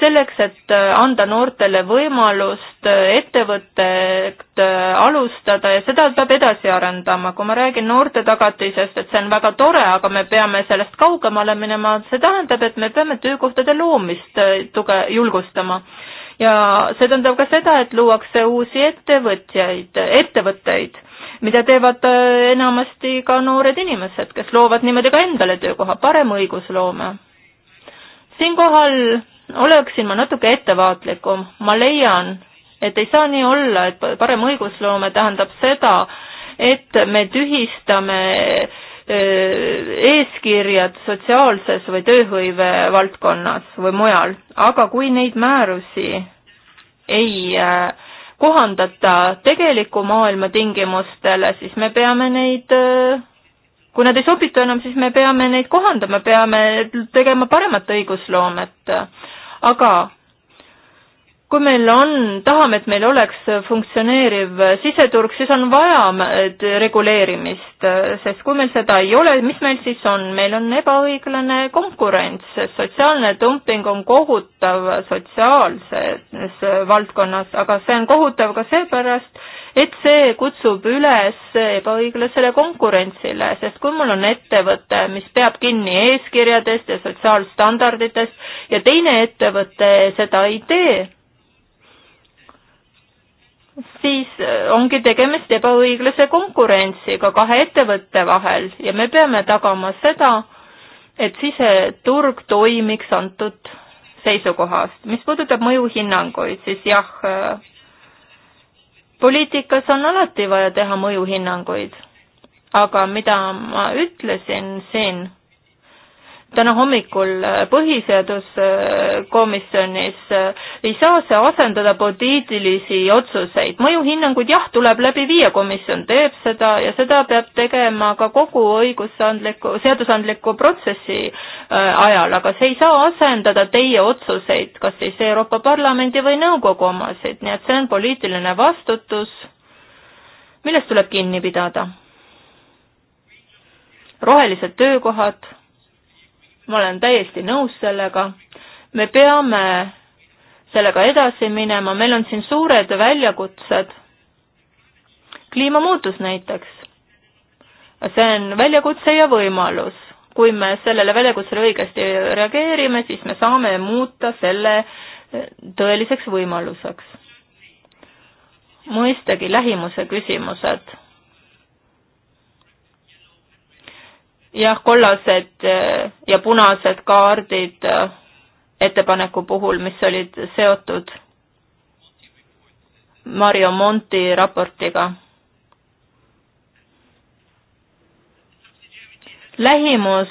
selleks, et anda noortele võimalust ettevõtet alustada ja seda peab edasi arendama. kui ma räägin noorte tagatisest, et see on väga tore, aga me peame sellest kaugemale minema, see tähendab, et me peame töökohtade loomist tuge, julgustama. ja see tähendab ka seda, et luuakse uusi ettevõtjaid, ettevõtteid mida teevad äh, enamasti ka noored inimesed, kes loovad niimoodi ka endale töökoha, parem õigusloome. siinkohal oleksin ma natuke ettevaatlikum, ma leian, et ei saa nii olla, et parem õigusloome tähendab seda, et me tühistame äh, eeskirjad sotsiaalses või tööhõive valdkonnas või mujal, aga kui neid määrusi ei äh, kohandata tegeliku maailma tingimustele, siis me peame neid, kui nad ei sobitu enam, siis me peame neid kohandama, peame tegema paremat õigusloomet. aga kui meil on, tahame, et meil oleks funktsioneeriv siseturg, siis on vaja reguleerimist, sest kui meil seda ei ole, mis meil siis on, meil on ebaõiglane konkurents, sotsiaalne dumping on kohutav sotsiaalses valdkonnas, aga see on kohutav ka seepärast, et see kutsub üles ebaõiglasele konkurentsile, sest kui mul on ettevõte, mis peab kinni eeskirjadest ja sotsiaalstandarditest ja teine ettevõte seda ei tee, siis äh, ongi tegemist ebaõiglase konkurentsiga kahe ettevõtte vahel ja me peame tagama seda, et siseturg toimiks antud seisukohast. mis puudutab mõjuhinnanguid, siis jah, äh, poliitikas on alati vaja teha mõjuhinnanguid, aga mida ma ütlesin siin täna hommikul äh, põhiseaduskomisjonis, äh, ei saa see asendada poliitilisi otsuseid. mõjuhinnanguid jah, tuleb läbi viia, komisjon teeb seda ja seda peab tegema ka kogu õigusandliku, seadusandliku protsessi äh, ajal, aga see ei saa asendada teie otsuseid, kas siis Euroopa Parlamendi või nõukogu omasid, nii et see on poliitiline vastutus, millest tuleb kinni pidada. rohelised töökohad ma olen täiesti nõus sellega, me peame sellega edasi minema, meil on siin suured väljakutsed, kliimamuutus näiteks. see on väljakutse ja võimalus. kui me sellele väljakutsele õigesti reageerime, siis me saame muuta selle tõeliseks võimaluseks. mõistagi lähimuse küsimused jah, kollased eh, ja punased kaardid eh, ettepaneku puhul, mis olid seotud Mario Monti raportiga. lähimus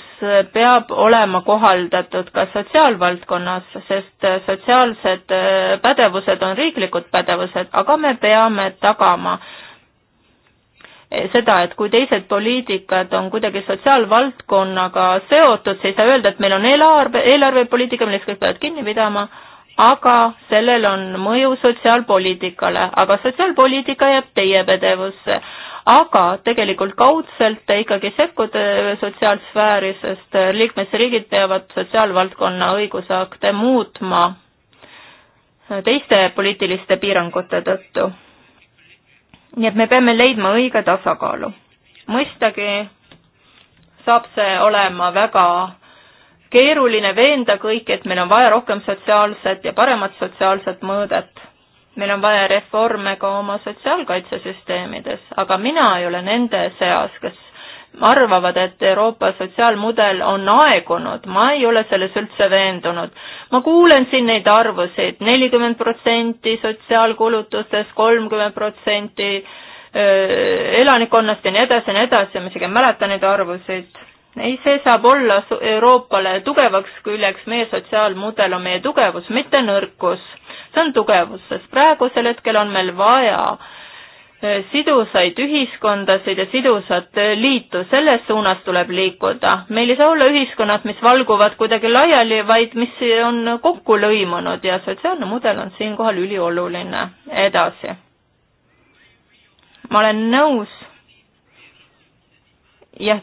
peab olema kohaldatud ka sotsiaalvaldkonnas, sest sotsiaalsed eh, pädevused on riiklikud pädevused, aga me peame tagama, seda, et kui teised poliitikad on kuidagi sotsiaalvaldkonnaga seotud, siis ei saa öelda, et meil on eelarve, eelarvepoliitika, millest kõik peavad kinni pidama, aga sellel on mõju sotsiaalpoliitikale, aga sotsiaalpoliitika jääb teie pädevusse. aga tegelikult kaudselt ikkagi sekkuda sotsiaalsfääri, sest liikmesriigid peavad sotsiaalvaldkonna õigusakte muutma teiste poliitiliste piirangute tõttu nii et me peame leidma õige tasakaalu. mõistagi saab see olema väga keeruline veenda kõiki, et meil on vaja rohkem sotsiaalset ja paremat sotsiaalset mõõdet. meil on vaja reforme ka oma sotsiaalkaitsesüsteemides, aga mina ei ole nende seas, kes arvavad, et Euroopa sotsiaalmudel on aegunud, ma ei ole selles üldse veendunud. ma kuulen siin neid arvusid, nelikümmend protsenti sotsiaalkulutustes, kolmkümmend protsenti elanikkonnast ja nii edasi ja nii edasi, ma isegi ei mäleta neid arvusid. ei, see saab olla Euroopale tugevaks küljeks, meie sotsiaalmudel on meie tugevus, mitte nõrkus. see on tugevus, sest praegusel hetkel on meil vaja äh, sidusaid ühiskondasid ja sidusat liitu, selles suunas tuleb liikuda. meil ei saa olla ühiskonnad, mis valguvad kuidagi laiali, vaid mis on kokku lõimunud ja sotsiaalne mudel on siinkohal ülioluline. edasi. ma olen nõus, jah,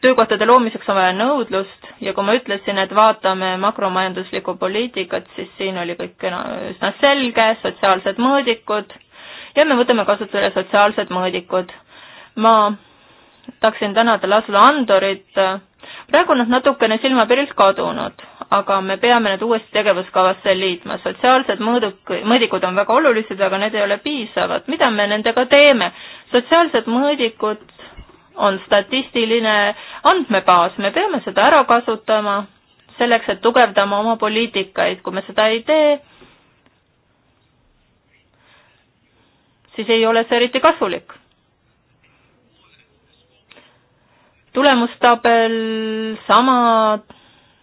töökohtade loomiseks on vaja nõudlust ja kui ma ütlesin, et vaatame makromajanduslikku poliitikat, siis siin oli kõik üsna selge, sotsiaalsed mõõdikud ja me võtame kasutusele sotsiaalsed mõõdikud. ma tahaksin tänada Laslo Andorit, praegu on nad natukene silmapiirilt kadunud, aga me peame need uuesti tegevuskavasse liitma, sotsiaalsed mõõduk-, mõõdikud on väga olulised, aga need ei ole piisavad, mida me nendega teeme? sotsiaalsed mõõdikud on statistiline andmebaas, me peame seda ära kasutama selleks, et tugevdama oma poliitikaid, kui me seda ei tee, siis ei ole see eriti kasulik. tulemustabel, samad,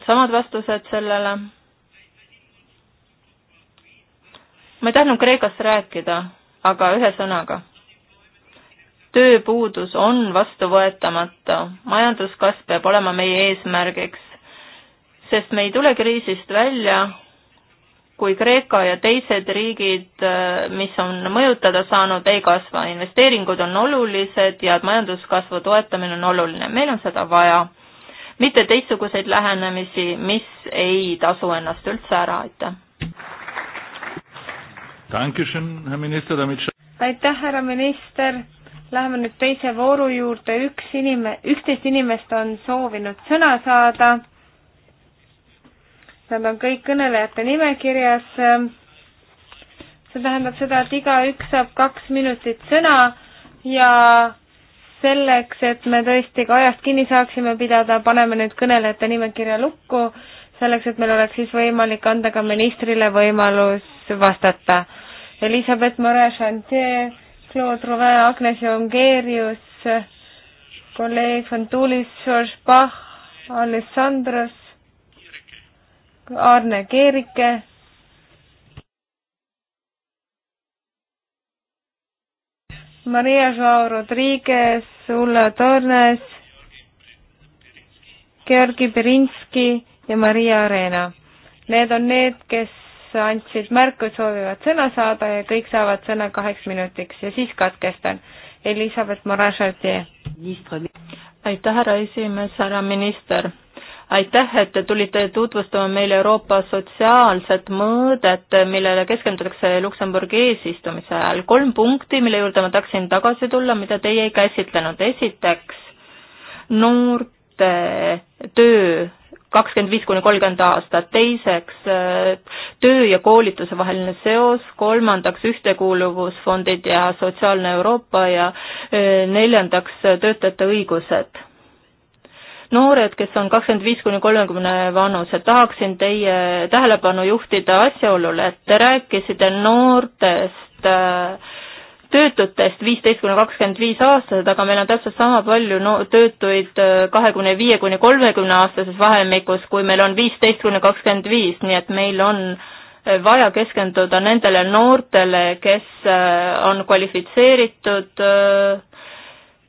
samad vastused sellele. ma ei tahtnud Kreekast rääkida, aga ühesõnaga, tööpuudus on vastuvõetamatu, majanduskasv peab olema meie eesmärgiks, sest me ei tule kriisist välja kui Kreeka ja teised riigid, mis on mõjutada saanud, ei kasva. investeeringud on olulised ja majanduskasvu toetamine on oluline, meil on seda vaja. mitte teistsuguseid lähenemisi, mis ei tasu ennast üldse ära, aitäh. aitäh, härra minister. Läheme nüüd teise vooru juurde, üks inime-, üksteist inimest on soovinud sõna saada Nad on kõik kõnelejate nimekirjas. see tähendab seda, et igaüks saab kaks minutit sõna ja selleks, et me tõesti ka ajast kinni saaksime pidada, paneme nüüd kõnelejate nimekirja lukku, selleks, et meil oleks siis võimalik anda ka ministrile võimalus vastata. Elizabeth Moret-Chantier, Claude Rouvin, Agnes Jongerius, kolleeg Fantulis, George Bach, Alessandros, Arne Keerike. Maria Joao Rodriguez, Ulla Tornes, Georgi Berinski ja Maria Arena. Need on need, kes andsid märku, soovivad sõna saada ja kõik saavad sõna kaheks minutiks ja siis katkestan. Elizabeth Morin-Chartier. aitäh, härra esimees, härra minister aitäh, et te tulite tutvustama meile Euroopa sotsiaalset mõõdet, millele keskendutakse Luksemburgi eesistumise ajal. kolm punkti, mille juurde ma tahaksin tagasi tulla, mida teie ei käsitlenud. esiteks, noorte töö kakskümmend viis kuni kolmkümmend aastat, teiseks töö ja koolituse vaheline seos, kolmandaks ühtekuuluvusfondid ja sotsiaalne Euroopa ja eh, neljandaks töötajate õigused noored, kes on kakskümmend viis kuni kolmekümne vanused, tahaksin teie tähelepanu juhtida asjaolule, et te rääkisite noortest äh, töötutest viisteist kuni kakskümmend viis aastased, aga meil on täpselt sama palju no töötuid äh, kahekümne viie kuni kolmekümne aastases vahemikus, kui meil on viisteist kuni kakskümmend viis, nii et meil on äh, vaja keskenduda nendele noortele, kes on kvalifitseeritud äh,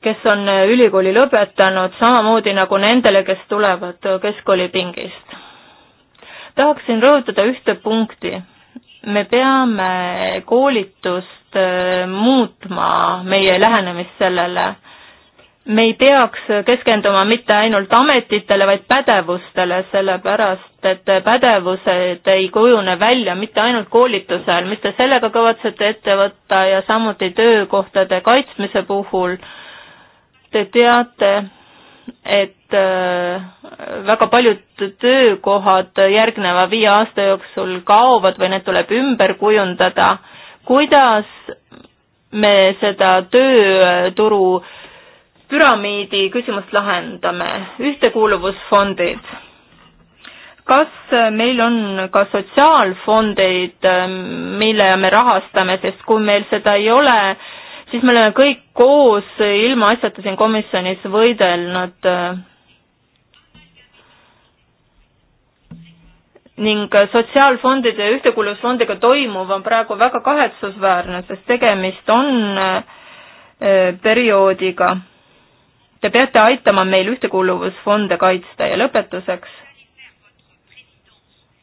kes on äh, ülikooli lõpetanud, samamoodi nagu nendele, kes tulevad äh, keskkoolipingist. tahaksin rõhutada ühte punkti. me peame koolitust äh, muutma, meie lähenemist sellele. me ei peaks keskenduma mitte ainult ametitele, vaid pädevustele, sellepärast et pädevused ei kujune välja mitte ainult koolituse ajal, mis te sellega kavatsete ette võtta ja samuti töökohtade kaitsmise puhul Te teate, et äh, väga paljud töökohad järgneva viie aasta jooksul kaovad või need tuleb ümber kujundada. kuidas me seda tööturu püramiidi küsimust lahendame, ühtekuuluvusfondid. kas meil on ka sotsiaalfondeid, mille me rahastame, sest kui meil seda ei ole, siis me oleme kõik koos ilmaasjata siin komisjonis võidelnud äh, ning sotsiaalfondide ja ühtekuuluvusfondiga toimuv on praegu väga kahetsusväärne, sest tegemist on äh, perioodiga. Te peate aitama meil ühtekuuluvusfonde kaitsta ja lõpetuseks.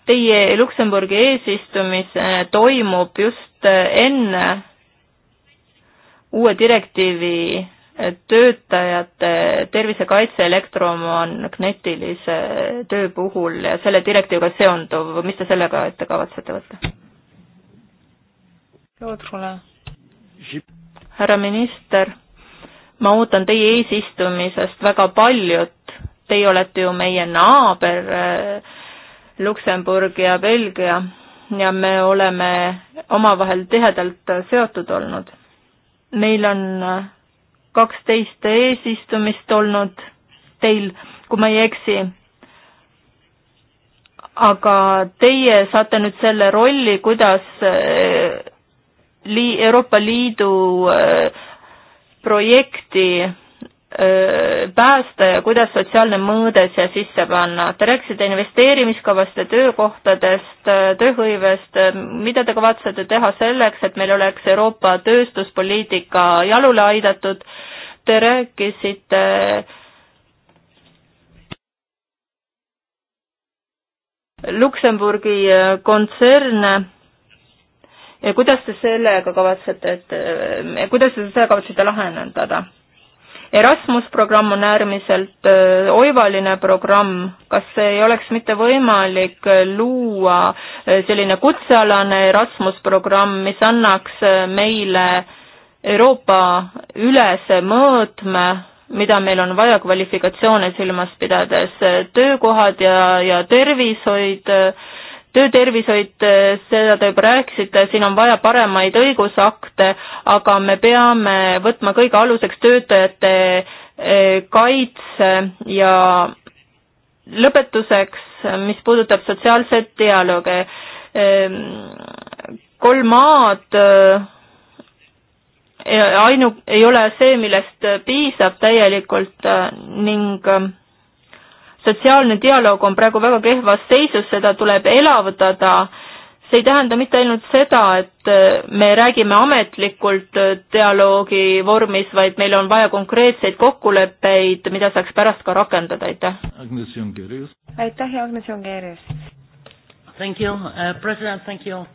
Teie Luksemburgi eesistumine toimub just äh, enne uue direktiivi töötajate tervisekaitse elektromagnetilise töö puhul ja selle direktiiviga seonduv, mis te sellega ette kavatsete võtta? härra minister, ma ootan teie eesistumisest väga paljut, teie olete ju meie naaber eh, Luksemburg ja Belgia ja me oleme omavahel tihedalt seotud olnud meil on äh, kaksteist eesistumist olnud teil, kui ma ei eksi. aga teie saate nüüd selle rolli, kuidas äh, lii-, Euroopa Liidu äh, projekti päästa ja kuidas sotsiaalne mõõde siia sisse panna. Te rääkisite investeerimiskavast ja töökohtadest, tööhõivest, mida te kavatsete teha selleks, et meil oleks Euroopa tööstuspoliitika jalule aidatud? Te rääkisite Luksemburgi kontserne ja kuidas te sellega kavatsete, et, kuidas te seda kavatsete lahendada? Erasmus programm on äärmiselt oivaline programm, kas ei oleks mitte võimalik luua selline kutsealane Erasmus programm, mis annaks meile Euroopa ülese mõõtme, mida meil on vaja kvalifikatsioone silmas pidades, töökohad ja, ja tervishoid äh, töötervishoid, äh, seda te juba rääkisite, siin on vaja paremaid õigusakte, aga me peame võtma kõige aluseks töötajate äh, kaitse ja lõpetuseks, mis puudutab sotsiaalset dialoogi, ähm, kolm A-d äh, ainu-, ei ole see, millest piisab täielikult ning sotsiaalne dialoog on praegu väga kehvas seisus, seda tuleb elavdada. see ei tähenda mitte ainult seda, et äh, me räägime ametlikult äh, dialoogi vormis, vaid meil on vaja konkreetseid kokkuleppeid, mida saaks pärast ka rakendada, aitäh. aitäh, Agnes Jongerius. Thank you uh,, president, thank you.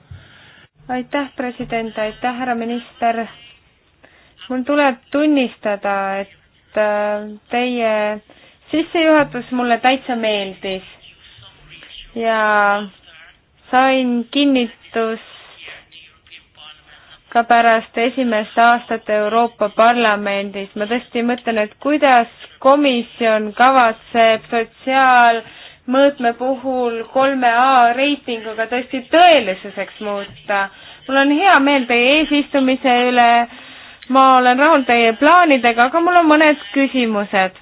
aitäh, president, aitäh, härra minister. mul tuleb tunnistada, et äh, teie sissejuhatus mulle täitsa meeldis ja sain kinnitust ka pärast esimest aastat Euroopa Parlamendis. ma tõesti mõtlen, et kuidas komisjon kavatseb sotsiaalmõõtme puhul kolme A reitinguga tõesti tõelisuseks muuta. mul on hea meel teie eesistumise üle, ma olen rahul teie plaanidega, aga mul on mõned küsimused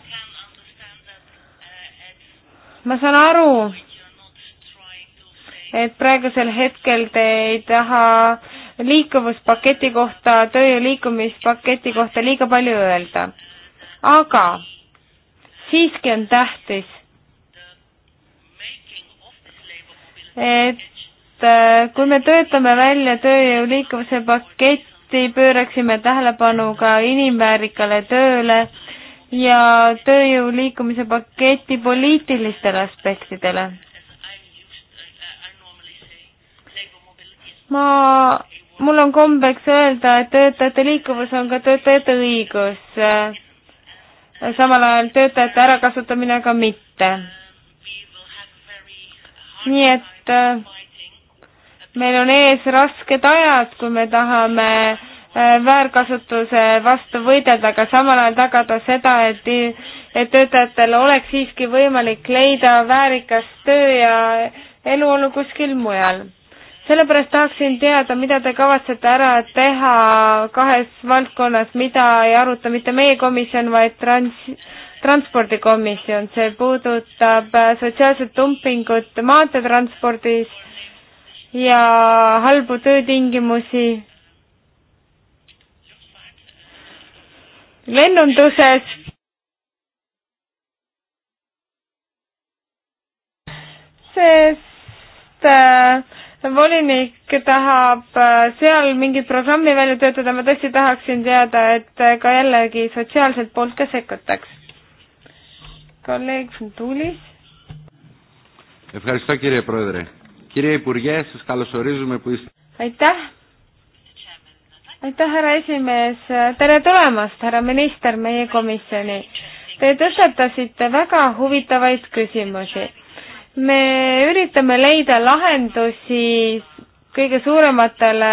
ma saan aru, et praegusel hetkel te ei taha liikuvuspaketi kohta, töö ja liikumispaketi kohta liiga palju öelda. aga siiski on tähtis, et äh, kui me töötame välja tööjõu liikuvuse paketti, pööraksime tähelepanu ka inimväärikale tööle ja tööjõu liikumise paketi poliitilistele aspektidele. ma, mul on kombeks öelda, et töötajate liikuvus on ka töötajate õigus, samal ajal töötajate ärakasutamine aga mitte. nii et äh, meil on ees rasked ajad, kui me tahame äh, Äh, väärkasutuse vastu võidelda, aga samal ajal tagada seda, et et töötajatel oleks siiski võimalik leida väärikas töö ja eluolu kuskil mujal. sellepärast tahaksin teada, mida te kavatsete ära teha kahes valdkonnas, mida ei aruta mitte meie komisjon, vaid trans-, transpordikomisjon, see puudutab äh, sotsiaalset dumpingut maanteetranspordis ja halbu töötingimusi lennunduses. sest äh, volinik tahab äh, seal mingit programmi välja töötada, ma tõesti tahaksin teada, et äh, ka jällegi sotsiaalselt poolt ka sekkutaks. kolleeg Funtulis. aitäh, aitäh, härra esimees, tere tulemast, härra minister, meie komisjoni. Te tõstatasite väga huvitavaid küsimusi. me üritame leida lahendusi kõige suurematele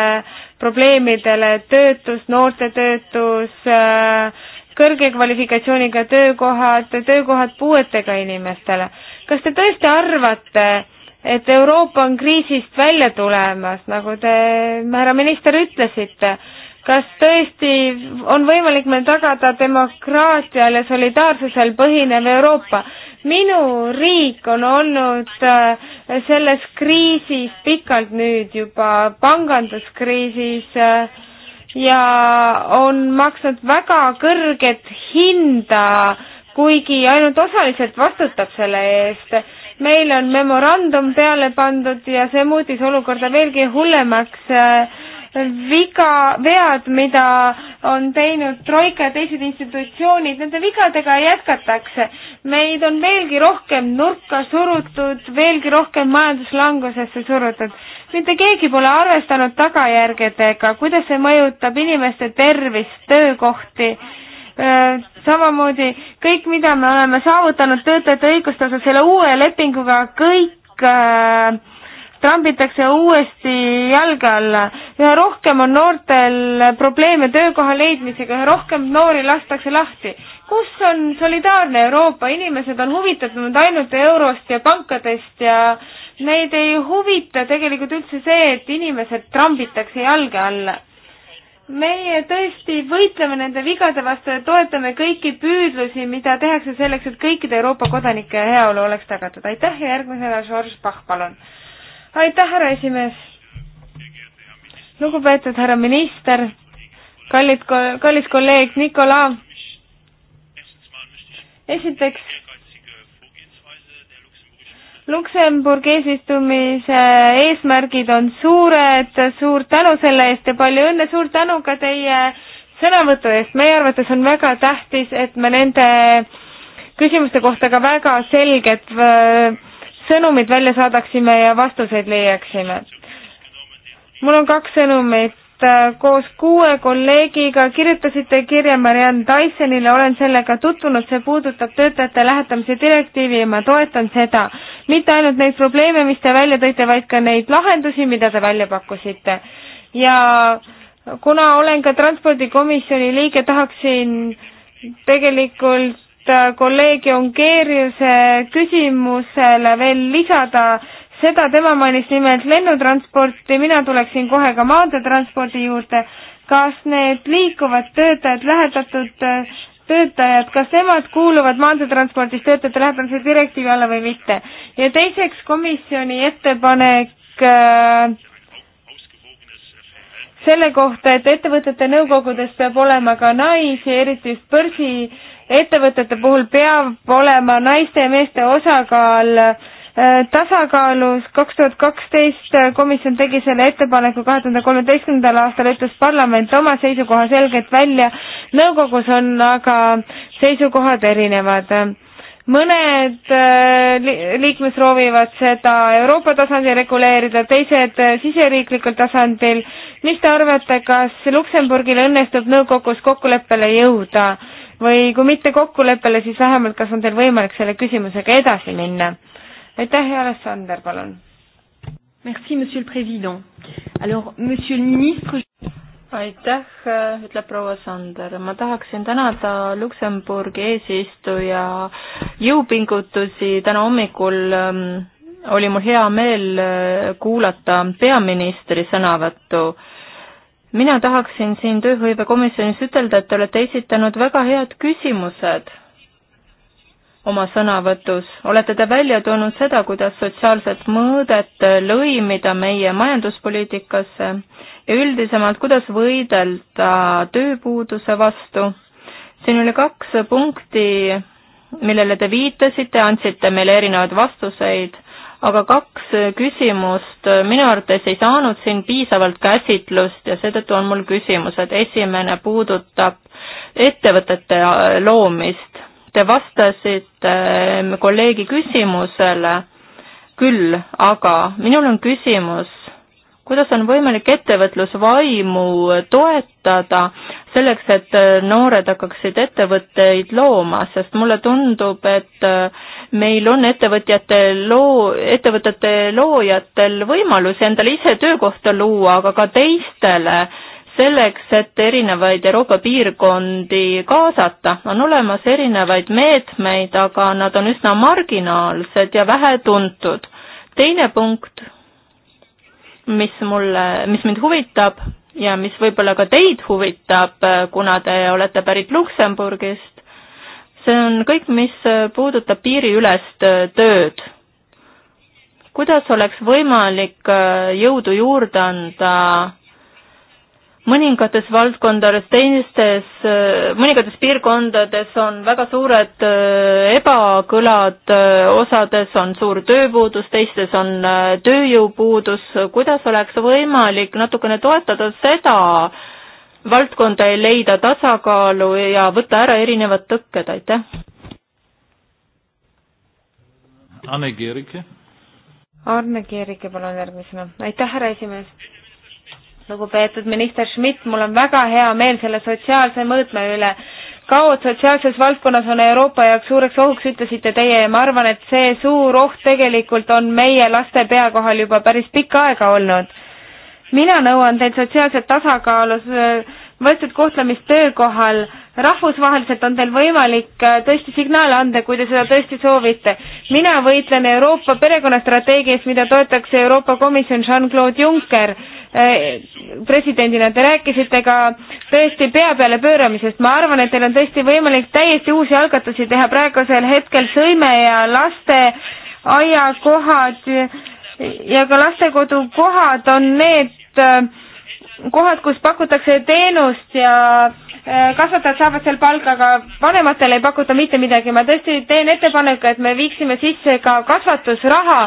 probleemidele, töötus, noorte töötus, kõrge kvalifikatsiooniga töökohad, töökohad puuetega inimestele. kas te tõesti arvate, et Euroopa on kriisist välja tulemas, nagu te, härra minister, ütlesite, kas tõesti on võimalik meil tagada demokraatial ja solidaarsusel põhinev Euroopa? minu riik on olnud äh, selles kriisis pikalt nüüd juba, panganduskriisis äh, ja on maksnud väga kõrget hinda, kuigi ainult osaliselt vastutab selle eest. meil on memorandum peale pandud ja see muutis olukorda veelgi hullemaks äh, viga, vead, mida on teinud Troika ja teised institutsioonid, nende vigadega jätkatakse. meid on veelgi rohkem nurka surutud, veelgi rohkem majanduslangusesse surutud. mitte keegi pole arvestanud tagajärgedega, kuidas see mõjutab inimeste tervist, töökohti samamoodi kõik, mida me oleme saavutanud töötajate õiguste osas selle uue lepinguga, kõik äh, trambitakse uuesti jalge alla. üha rohkem on noortel probleeme töökoha leidmisega, üha rohkem noori lastakse lahti. kus on solidaarne Euroopa, inimesed on huvitatud ainult eurost ja pankadest ja neid ei huvita tegelikult üldse see, et inimesed trambitakse jalge alla meie tõesti võitleme nende vigade vastu ja toetame kõiki püüdlusi, mida tehakse selleks, et kõikide Euroopa kodanike heaolu oleks tagatud. aitäh ja järgmisena Georges Bach, palun aitäh, härra esimees! lugupeetud härra minister, kallid, kallis kolleeg Nikola, esiteks Luksemburgi eesistumise eesmärgid on suured, suur tänu selle eest ja palju õnne, suur tänu ka teie sõnavõtu eest, meie arvates on väga tähtis, et me nende küsimuste kohta ka väga selged äh, sõnumid välja saadaksime ja vastuseid leiaksime. mul on kaks sõnumit. koos kuue kolleegiga kirjutasite kirja Marianne Tysonile, olen sellega tutvunud, see puudutab töötajate lähetamise direktiivi ja ma toetan seda. mitte ainult neid probleeme, mis te välja tõite, vaid ka neid lahendusi, mida te välja pakkusite. ja kuna olen ka transpordikomisjoni liige, tahaksin tegelikult Äh, kolleeg Jongeeriuse küsimusele veel lisada, seda tema mainis nimelt lennutransporti, mina tuleksin kohe ka maanteetranspordi juurde. kas need liikuvad töötajad, lähetatud äh, töötajad, kas nemad kuuluvad maanteetranspordis töötajate lähetamise direktiivi alla või mitte? ja teiseks komisjoni ettepanek äh, selle kohta, et ettevõtete nõukogudes peab olema ka naisi, eriti just börsi äh, ettevõtete puhul peab olema naiste ja meeste osakaal äh, tasakaalus, kaks tuhat kaksteist äh, komisjon tegi selle ettepaneku, kahe tuhande kolmeteistkümnendal aastal ütles parlament oma seisukoha selgelt välja, nõukogus on aga seisukohad erinevad mõned äh, liikmes soovivad seda Euroopa tasandil reguleerida, teised siseriiklikul tasandil. mis te arvate, kas Luksemburgil õnnestub nõukogus kokkuleppele jõuda? või kui mitte kokkuleppele, siis vähemalt kas on teil võimalik selle küsimusega edasi minna? aitäh, Alessander, palun. Merci, monsieur le president. Alors, monsieur le ministre aitäh, äh, ütleb proua Sander. ma tahaksin tänada Luksemburgi eesistuja jõupingutusi. täna hommikul ähm, oli mul hea meel äh, kuulata peaministri sõnavõttu mina tahaksin siin tööhõivekomisjonis ütelda, et te olete esitanud väga head küsimused oma sõnavõtus. olete te välja toonud seda, kuidas sotsiaalset mõõdet lõimida meie majanduspoliitikasse ja üldisemalt, kuidas võidelda tööpuuduse vastu. siin oli kaks punkti, millele te viitasite, andsite meile erinevaid vastuseid aga kaks äh, küsimust äh, minu arvates ei saanud siin piisavalt käsitlust ja seetõttu on mul küsimused. esimene puudutab ettevõtete äh, loomist. Te vastasite kolleegi küsimusele küll, aga minul on küsimus, kuidas on võimalik ettevõtlusvaimu toetada selleks, et noored hakkaksid ettevõtteid looma, sest mulle tundub, et meil on ettevõtjate loo, ettevõtete loojatel võimalus endale ise töökohta luua, aga ka teistele, selleks, et erinevaid Euroopa piirkondi kaasata, on olemas erinevaid meetmeid, aga nad on üsna marginaalsed ja vähetuntud. teine punkt, mis mulle, mis mind huvitab ja mis võib-olla ka teid huvitab, kuna te olete pärit Luksemburgist, see on kõik, mis äh, puudutab piiriülest äh, tööd. kuidas oleks võimalik äh, jõudu juurde anda mõningates valdkondades, teistes, mõningates piirkondades on väga suured ebakõlad, osades on suur tööpuudus, teistes on tööjõupuudus, kuidas oleks võimalik natukene toetada seda, valdkonda ei leida tasakaalu ja võtta ära erinevad tõkked, aitäh. Anne Keerike. Arne Keerike, palun järgmisena. aitäh, härra esimees. lugupeetud minister Schmidt, mul on väga hea meel selle sotsiaalse mõõtme üle kaod sotsiaalses valdkonnas on Euroopa jaoks suureks ohuks, ütlesite teie ja ma arvan, et see suur oht tegelikult on meie laste pea kohal juba päris pikka aega olnud mina nõuan teilt sotsiaalset tasakaalu, võrdset kohtlemist töökohal, rahvusvaheliselt on teil võimalik äh, tõesti signaale anda, kui te seda tõesti soovite. mina võitlen Euroopa perekonnastrateegias, mida toetaks Euroopa Komisjon Jean-Claude Juncker äh, presidendina, te rääkisite ka tõesti pea peale pööramisest, ma arvan, et teil on tõesti võimalik täiesti uusi algatusi teha, praegusel hetkel sõime ja lasteaiakohad ja ka lastekodukohad on need Äh, kohad, kus pakutakse teenust ja äh, kasvatajad saavad seal palka, aga vanematele ei pakuta mitte midagi. ma tõesti teen ettepaneku, et me viiksime sisse ka kasvatusraha,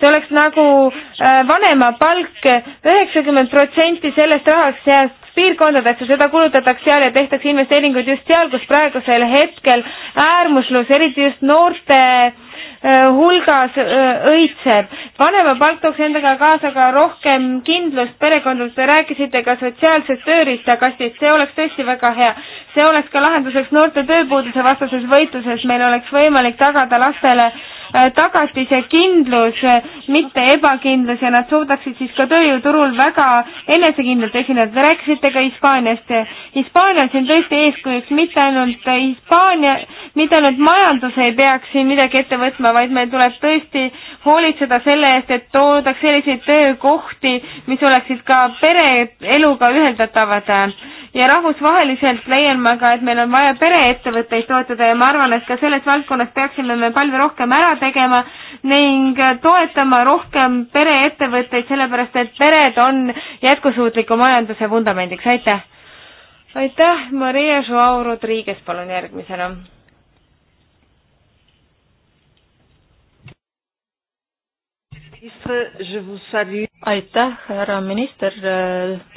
see oleks nagu äh, vanemapalk, üheksakümmend protsenti sellest rahast jääks piirkondadesse, seda kulutatakse seal ja tehtakse investeeringuid just seal, kus praegusel hetkel äärmuslus, eriti just noorte äh, Äh, hulgas äh, õitseb. vanemapalk tooks endaga kaasa ka rohkem kindlust perekondades, te rääkisite ka sotsiaalsest tööriistakastist, see oleks tõesti väga hea. see oleks ka lahenduseks noorte tööpuuduse vastases võitluses, meil oleks võimalik tagada lastele äh, Äh, tagatis ja kindlus, äh, mitte ebakindlus ja nad suudaksid siis ka tööjõuturul väga enesekindlalt esineda. Te rääkisite ka Hispaaniast. Hispaania on siin tõesti eeskujuks, mitte ainult äh, Hispaania, mitte ainult majandus ei peaks siin midagi ette võtma, vaid meil tuleb tõesti hoolitseda selle eest, et toodaks selliseid töökohti, mis oleksid ka pereeluga ühendatavad ja rahvusvaheliselt leian ma ka, et meil on vaja pereettevõtteid toetada ja ma arvan, et ka selles valdkonnas peaksime me palju rohkem ära tegema ning toetama rohkem pereettevõtteid, sellepärast et pered on jätkusuutliku majanduse vundamendiks, aitäh! aitäh, Maria Joao Rodriguez, palun järgmisena. aitäh, härra minister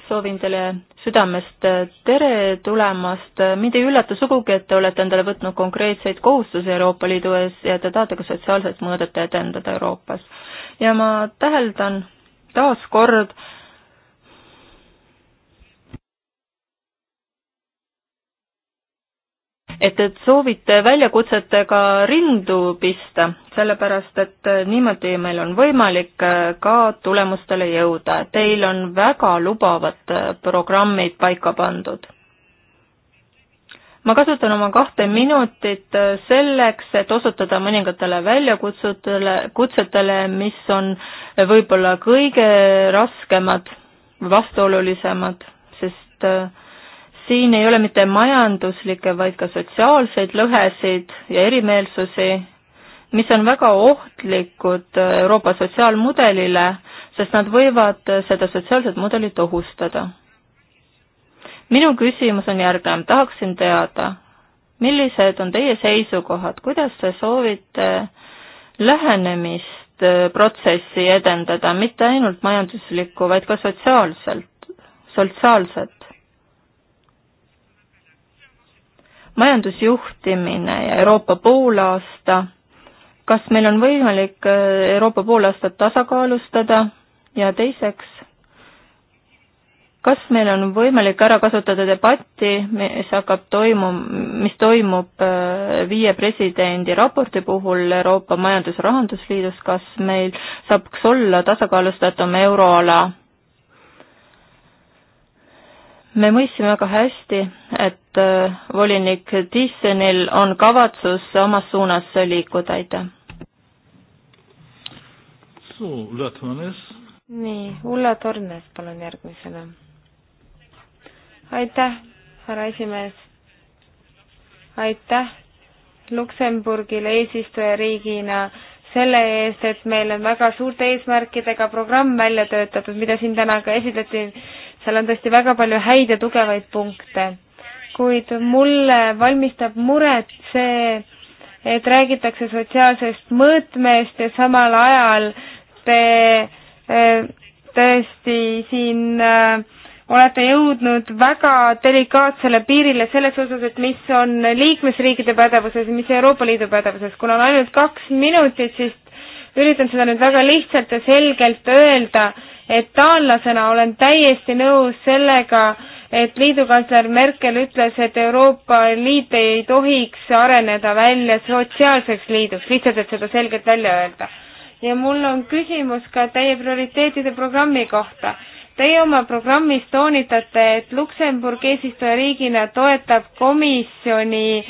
soovin teile südamest äh, tere tulemast. Äh, mind ei üllata sugugi, et te olete endale võtnud konkreetseid kohustusi Euroopa Liidu ees ja te tahate ka sotsiaalset mõõdet edendada Euroopas. ja ma täheldan taaskord, et te soovite väljakutsetega rindu pista, sellepärast et niimoodi meil on võimalik äh, ka tulemustele jõuda. Teil on väga lubavad äh, programmid paika pandud. ma kasutan oma kahte minutit äh, selleks, et osutada mõningatele väljakutsetele, kutsetele, mis on võib-olla kõige raskemad, vastuolulisemad, sest äh, siin ei ole mitte majanduslikke, vaid ka sotsiaalseid lõhesid ja erimeelsusi, mis on väga ohtlikud Euroopa sotsiaalmudelile, sest nad võivad seda sotsiaalset mudelit ohustada. minu küsimus on järgnev, tahaksin teada, millised on teie seisukohad, kuidas te soovite lähenemist protsessi edendada, mitte ainult majanduslikku, vaid ka sotsiaalselt, sotsiaalset? majandusjuhtimine ja Euroopa poolaasta, kas meil on võimalik äh, Euroopa poolaastat tasakaalustada ja teiseks, kas meil on võimalik ära kasutada debatti, mis hakkab toimuma, mis toimub äh, viie presidendi raporti puhul Euroopa Majandus- ja Rahandusliidus, kas meil saaks olla tasakaalustatum euroala me mõistsime väga hästi, et äh, volinik Thyssenil on kavatsus omas suunas liikuda, aitäh. nii, Ulla Tornes, palun järgmisena. aitäh, härra esimees. aitäh Luksemburgile eesistujariigina selle eest, et meil on väga suurte eesmärkidega programm välja töötatud, mida siin täna ka esitleti seal on tõesti väga palju häid ja tugevaid punkte. kuid mulle valmistab muret see, et räägitakse sotsiaalsest mõõtmest ja samal ajal te eh, tõesti siin eh, olete jõudnud väga delikaatsele piirile selles osas, et mis on liikmesriikide pädevuses ja mis Euroopa Liidu pädevuses. kuna on ainult kaks minutit, siis üritan seda nüüd väga lihtsalt ja selgelt öelda et taanlasena olen täiesti nõus sellega, et liidukantsler Merkel ütles, et Euroopa Liit ei tohiks areneda välja sotsiaalseks liiduks, lihtsalt et seda selgelt välja öelda. ja mul on küsimus ka teie prioriteetide programmi kohta. Teie oma programmis toonitate, et Luksemburg eesistujariigina toetab komisjoni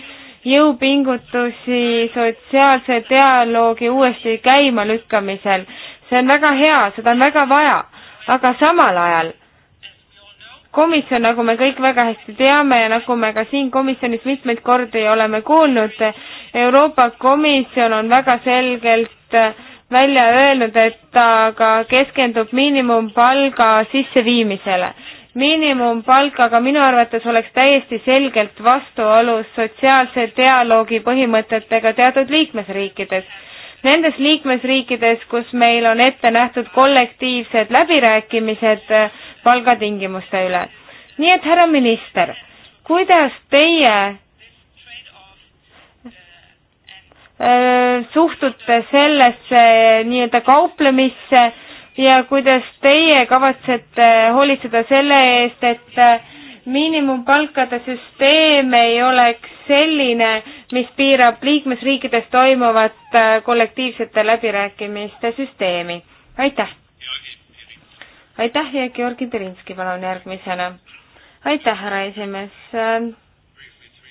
jõupingutusi sotsiaalse dialoogi uuesti käima lükkamisel see on väga hea, seda on väga vaja, aga samal ajal komisjon, nagu me kõik väga hästi teame ja nagu me ka siin komisjonis mitmeid kordi oleme kuulnud, Euroopa Komisjon on väga selgelt välja öelnud, et ta ka keskendub miinimumpalga sisseviimisele. miinimumpalgaga minu arvates oleks täiesti selgelt vastuolus sotsiaalse dialoogi põhimõtetega teatud liikmesriikides nendes liikmesriikides, kus meil on ette nähtud kollektiivsed läbirääkimised äh, palgatingimuste üle. nii et härra minister, kuidas teie äh, suhtute sellesse äh, nii-öelda kauplemisse ja kuidas teie kavatsete hoolitseda selle eest, et miinimumpalkade süsteem ei oleks selline, mis piirab liikmesriikides toimuvat äh, kollektiivsete läbirääkimiste süsteemi. aitäh! aitäh ja Georgi Pirinski, palun järgmisena. aitäh, härra esimees. Äh,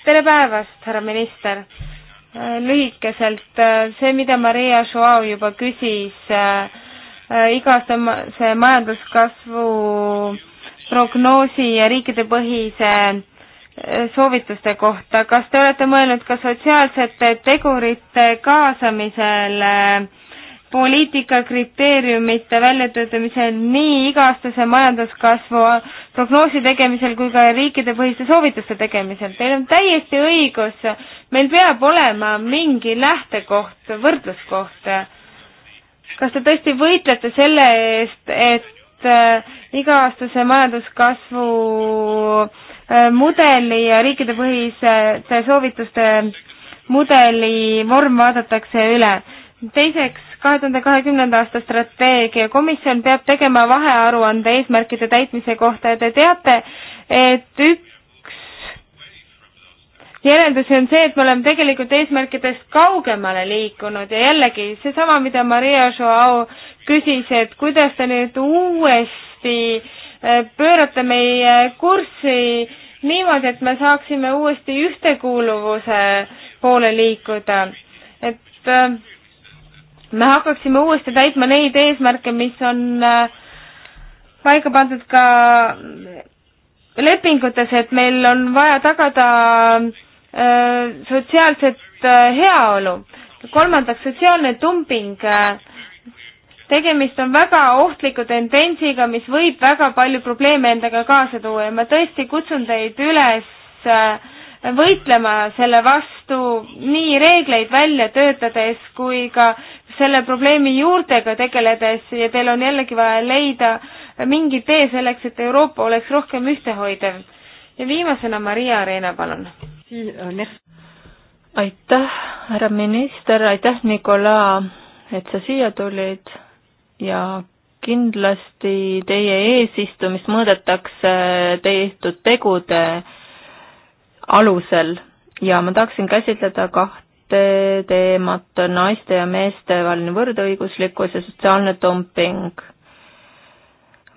tere päevast, härra minister. Äh, lühikeselt see, mida Maria Joao juba küsis, iga-aastase majanduskasvu prognoosi ja riikidepõhise soovituste kohta, kas te olete mõelnud ka sotsiaalsete tegurite kaasamisele poliitika kriteeriumite väljatöötamisel nii iga-aastase majanduskasvu prognoosi tegemisel kui ka riikidepõhiste soovituste tegemisel. Teil on täiesti õigus, meil peab olema mingi lähtekoht, võrdluskoht. kas te tõesti võitlete selle eest, et äh, iga-aastase majanduskasvu Äh, mudeli ja äh, riikidepõhiste soovituste mudeli vorm vaadatakse üle. teiseks, kahe tuhande kahekümnenda aasta strateegia. komisjon peab tegema vahearuande eesmärkide täitmise kohta ja te teate, et üks järeldusi on see, et me oleme tegelikult eesmärkidest kaugemale liikunud ja jällegi seesama, mida Maria Joao küsis, et kuidas te nüüd uuesti äh, pöörate meie kurssi niimoodi, et me saaksime uuesti ühtekuuluvuse poole liikuda, et äh, me hakkaksime uuesti täitma neid eesmärke, mis on äh, paika pandud ka lepingutes, et meil on vaja tagada äh, sotsiaalset heaolu. kolmandaks, sotsiaalne dumping äh, tegemist on väga ohtliku tendentsiga, mis võib väga palju probleeme endaga kaasa tuua ja ma tõesti kutsun teid üles äh, võitlema selle vastu nii reegleid välja töötades kui ka selle probleemi juurtega tegeledes ja teil on jällegi vaja leida mingi tee selleks, et Euroopa oleks rohkem ühtehoidev. ja viimasena Maria Reena, palun. aitäh, härra minister, aitäh, Nikola, et sa siia tulid ja kindlasti teie eesistumist mõõdetakse tehtud tegude alusel ja ma tahaksin käsitleda kahte teemat, naiste ja meeste vaheline võrdõiguslikkus ja sotsiaalne dumping.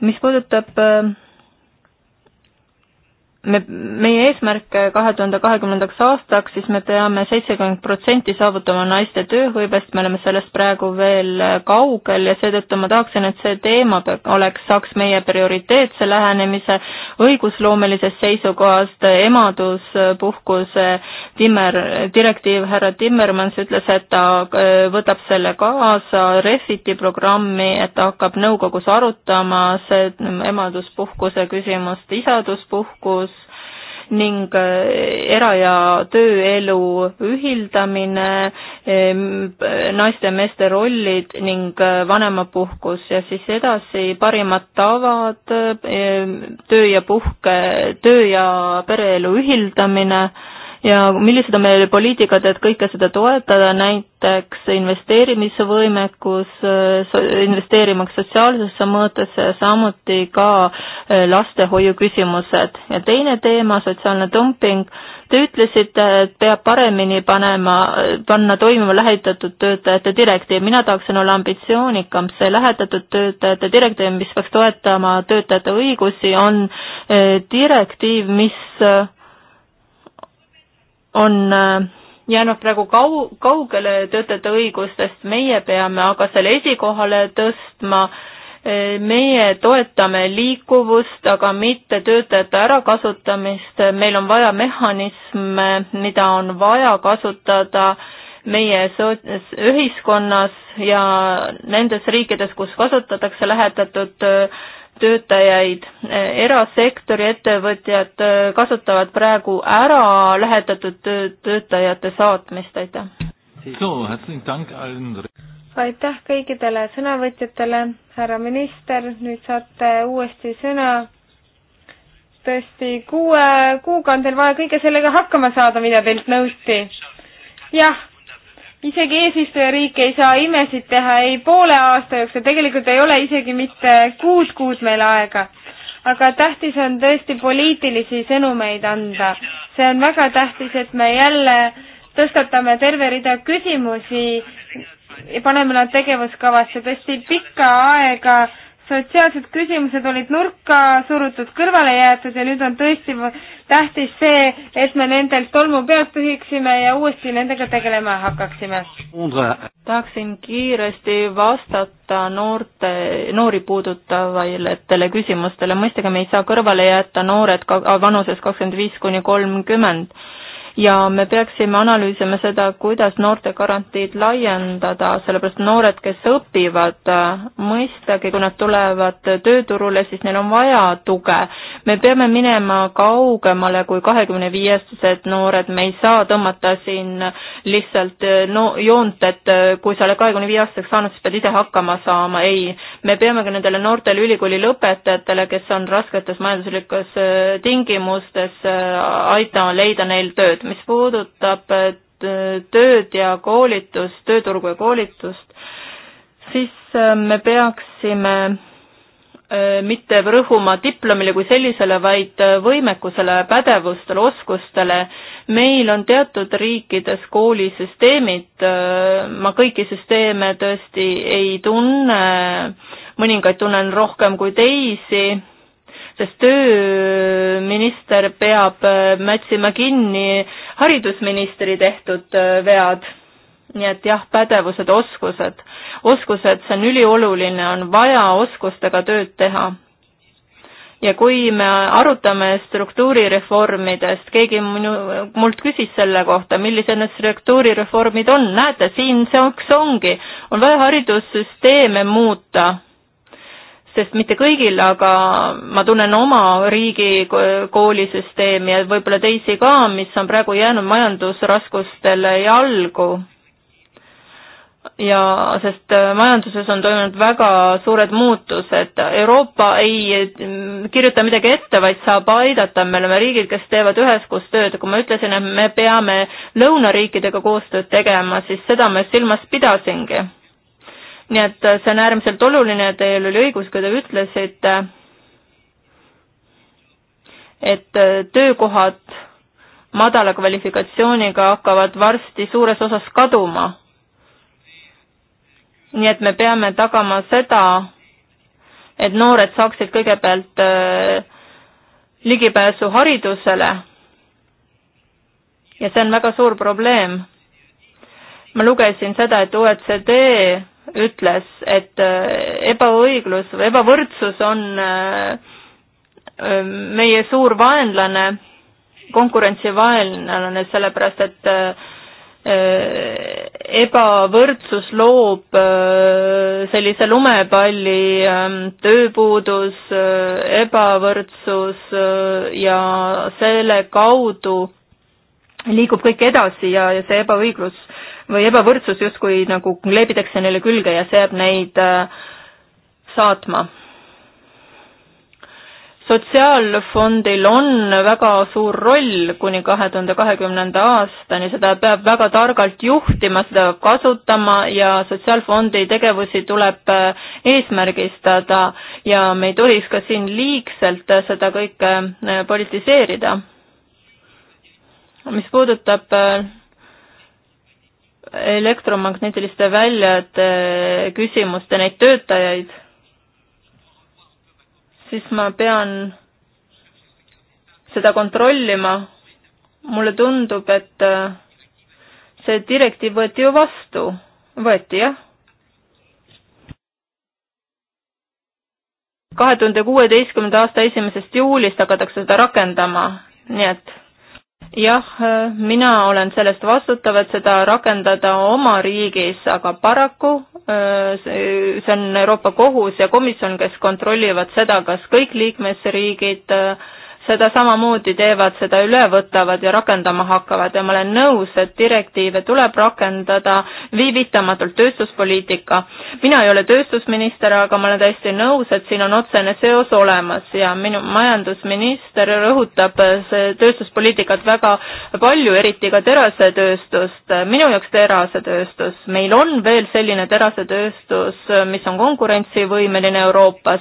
mis puudutab äh, me, meie eesmärk kahe tuhande kahekümnendaks aastaks, siis me peame seitsekümmend protsenti saavutama naiste tööhõivest, me oleme sellest praegu veel kaugel ja seetõttu ma tahaksin, et see teema oleks, saaks meie prioriteetse lähenemise õigusloomelisest seisukohast, emaduspuhkuse Timmer, direktiiv, härra Timmermans ütles, et ta äh, võtab selle kaasa Refiti programmi, et ta hakkab nõukogus arutama see emaduspuhkuse küsimust, isaduspuhkus, ning eh, era- ja tööelu ühildamine, naiste ja meeste rollid ning eh, vanemapuhkus ja siis edasi parimad tavad, eh, töö ja puhke, töö ja pereelu ühildamine ja millised on meie poliitikad, et kõike seda toetada, näiteks investeerimisvõimekus, investeerimaks sotsiaalsesse mõõtesse ja samuti ka eh, lastehoiu küsimused. ja teine teema, sotsiaalne dumping, te ütlesite, et peab paremini panema, panna toimima lähetatud töötajate direktiiv, mina tahaksin olla ambitsioonikam, see lähetatud töötajate direktiiv, mis peaks toetama töötajate õigusi, on eh, direktiiv, mis on äh, jäänud praegu kau-, kaugele töötajate õigustest, meie peame aga selle esikohale tõstma, äh, meie toetame liikuvust, aga mitte töötajate ärakasutamist, meil on vaja mehhanisme, mida on vaja kasutada meie so-, ühiskonnas ja nendes riikides, kus kasutatakse lähetatud äh, töötajaid, erasektori ettevõtjad äh, kasutavad praegu ära lähetatud töötajate saatmist, aitäh. aitäh kõikidele sõnavõtjatele, härra minister, nüüd saate uuesti sõna. tõesti, kuue kuuga on teil vaja kõige sellega hakkama saada, mida teilt nõuti. jah isegi eesistujariik ei saa imesid teha ei poole aasta jooksul, tegelikult ei ole isegi mitte kuus kuud meil aega. aga tähtis on tõesti poliitilisi sõnumeid anda. see on väga tähtis, et me jälle tõstatame terve rida küsimusi ja paneme nad tegevuskavasse tõesti pikka aega sotsiaalsed küsimused olid nurka surutud, kõrvale jäetud ja nüüd on tõesti tähtis see, et me nendelt tolmu pealt pühiksime ja uuesti nendega tegelema hakkaksime. tahaksin kiiresti vastata noorte, noori puudutavatele küsimustele, mõistagi me ei saa kõrvale jätta noored ka vanuses kakskümmend viis kuni kolmkümmend ja me peaksime analüüsima seda, kuidas noortegarantiid laiendada, sellepärast noored, kes õpivad, mõistagi, kui nad tulevad tööturule, siis neil on vaja tuge. me peame minema kaugemale kui kahekümne viiestased noored, me ei saa tõmmata siin lihtsalt no joont, et kui sa oled kahekümne viie aastaseks saanud, siis pead ise hakkama saama, ei. me peame ka nendele noortele ülikooli lõpetajatele, kes on rasketes majanduslikes eh, tingimustes, eh, aitama leida neil tööd mis puudutab äh, tööd ja koolitust, tööturgu ja koolitust, siis äh, me peaksime äh, mitte rõhuma diplomile kui sellisele, vaid võimekusele, pädevustele, oskustele. meil on teatud riikides koolisüsteemid, ma kõiki süsteeme tõesti ei tunne, mõningaid tunnen rohkem kui teisi sest tööminister peab äh, mätsima kinni haridusministri tehtud äh, vead. nii et jah, pädevused, oskused, oskused, see on ülioluline, on vaja oskustega tööd teha ja kui me arutame struktuurireformidest, keegi minu, mult küsis selle kohta, millised need struktuurireformid on, näete, siin see ongi, on vaja haridussüsteeme muuta sest mitte kõigil, aga ma tunnen oma riigi koolisüsteemi ja võib-olla teisi ka, mis on praegu jäänud majandusraskustele jalgu ja sest äh, majanduses on toimunud väga suured muutused. Euroopa ei mm, kirjuta midagi ette, vaid saab aidata, me oleme riigid, kes teevad üheskoos tööd, kui ma ütlesin, et me peame lõunariikidega koostööd tegema, siis seda ma silmas pidasingi nii et äh, see on äärmiselt oluline, teil oli õigus, kui te ütlesite, et äh, töökohad madala kvalifikatsiooniga hakkavad varsti suures osas kaduma. nii et me peame tagama seda, et noored saaksid kõigepealt äh, ligipääsu haridusele ja see on väga suur probleem. ma lugesin seda, et OECD ütles, et äh, ebaõiglus või ebavõrdsus on äh, äh, meie suur vaenlane, konkurentsivaenlane, sellepärast et ebavõrdsus loob sellise lumepalli, tööpuudus, ebavõrdsus ja selle kaudu liigub kõik edasi ja, ja see ebaõiglus või ebavõrdsus justkui nagu kleebitakse neile külge ja see jääb neid äh, saatma. sotsiaalfondil on väga suur roll kuni kahe tuhande kahekümnenda aastani, seda peab väga targalt juhtima, seda peab kasutama ja sotsiaalfondi tegevusi tuleb äh, eesmärgistada ja me ei tohiks ka siin liigselt äh, seda kõike politiseerida mis puudutab elektromagnetiliste väljade küsimust ja neid töötajaid, siis ma pean seda kontrollima. mulle tundub, et äh, see direktiiv võeti ju vastu, võeti jah. kahe tuhande kuueteistkümnenda aasta esimesest juulist hakatakse seda rakendama, nii et jah, mina olen sellest vastutav, et seda rakendada oma riigis, aga paraku äh, see on Euroopa Kohus ja komisjon, kes kontrollivad seda, kas kõik liikmesriigid äh, seda samamoodi teevad, seda üle võtavad ja rakendama hakkavad ja ma olen nõus, et direktiive tuleb rakendada viivitamatult, tööstuspoliitika. mina ei ole tööstusminister, aga ma olen täiesti nõus, et siin on otsene seos olemas ja minu majandusminister rõhutab tööstuspoliitikat väga palju, eriti ka terasetööstust, minu jaoks terasetööstus, meil on veel selline terasetööstus, mis on konkurentsivõimeline Euroopas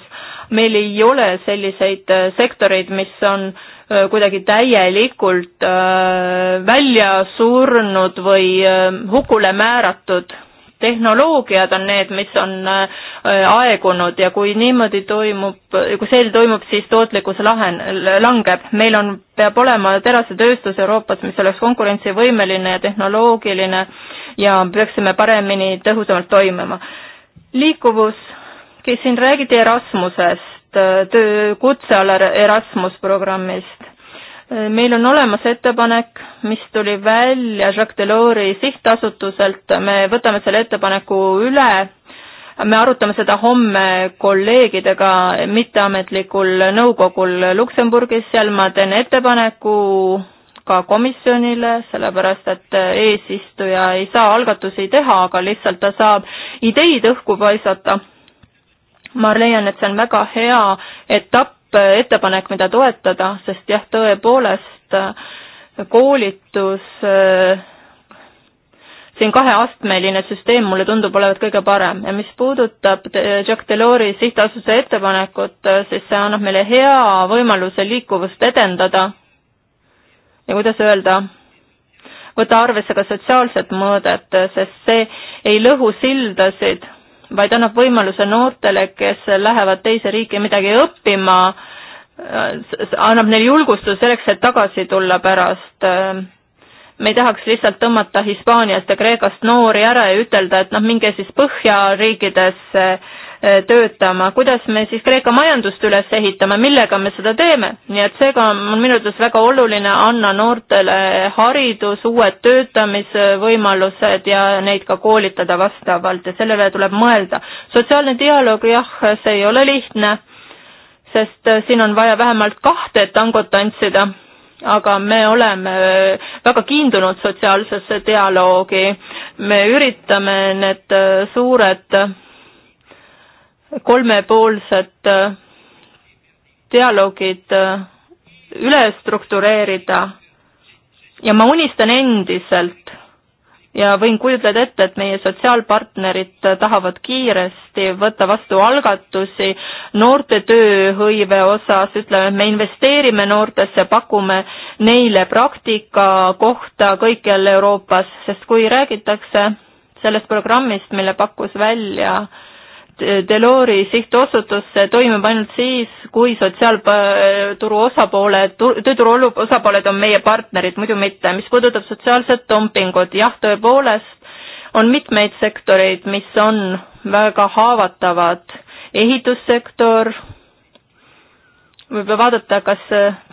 meil ei ole selliseid äh, sektoreid, mis on äh, kuidagi täielikult äh, välja surnud või hukule määratud. tehnoloogiad on need, mis on aegunud ja kui niimoodi toimub, kui see toimub, siis tootlikkus lahen-, langeb. meil on, peab olema terasetööstus Euroopas, mis oleks konkurentsivõimeline ja tehnoloogiline ja peaksime paremini, tõhusamalt toimima. liikuvus Ki siin räägiti Erasmusest, töö kutseala Erasmus programmist. meil on olemas ettepanek, mis tuli välja Jacques Delors'i sihtasutuselt, me võtame selle ettepaneku üle me arutame seda homme kolleegidega mitteametlikul nõukogul Luksemburgis, seal ma teen ettepaneku ka komisjonile, sellepärast et eesistuja ei saa algatusi teha, aga lihtsalt ta saab ideid õhku paisata ma leian, et see on väga hea etapp, eh, ettepanek, mida toetada, sest jah, tõepoolest eh, koolitus, eh, siin kaheastmeline süsteem mulle tundub olevat kõige parem ja mis puudutab Jack Delori sihtasutuse ettepanekut, siis see annab meile hea võimaluse liikuvust edendada ja kuidas öelda, võtta arvesse ka sotsiaalset mõõdet, sest see ei lõhu sildasid vaid annab võimaluse noortele, kes lähevad teise riiki midagi õppima, annab neile julgustuse selleks, et tagasi tulla pärast. me ei tahaks lihtsalt tõmmata Hispaaniast ja Kreekast noori ära ja ütelda, et noh, minge siis Põhjariikidesse Äh, töötama, kuidas me siis Kreeka majandust üles ehitame, millega me seda teeme, nii et seega on minu arvates väga oluline anda noortele haridus, uued töötamisvõimalused ja neid ka koolitada vastavalt ja sellele tuleb mõelda. sotsiaalne dialoog, jah, see ei ole lihtne, sest äh, siin on vaja vähemalt kahte, et tangot tantsida aga me oleme äh, väga kiindunud sotsiaalsesse dialoogi, me üritame need suured kolmepoolsed äh, dialoogid äh, üle struktureerida ja ma unistan endiselt ja võin kujutleda ette, et meie sotsiaalpartnerid äh, tahavad kiiresti võtta vastu algatusi noorte tööhõive osas, ütleme, et me investeerime noortesse, pakume neile praktika kohta kõikjal Euroopas, sest kui räägitakse sellest programmist, mille pakkus välja äh, Delori sihtotsutus toimub ainult siis, kui sotsiaalturu osapooled, tööturu osapooled on meie partnerid, muidu mitte. mis puudutab sotsiaalset dumpingut, jah, tõepoolest on mitmeid sektoreid, mis on väga haavatavad. ehitussektor, võib vaadata, kas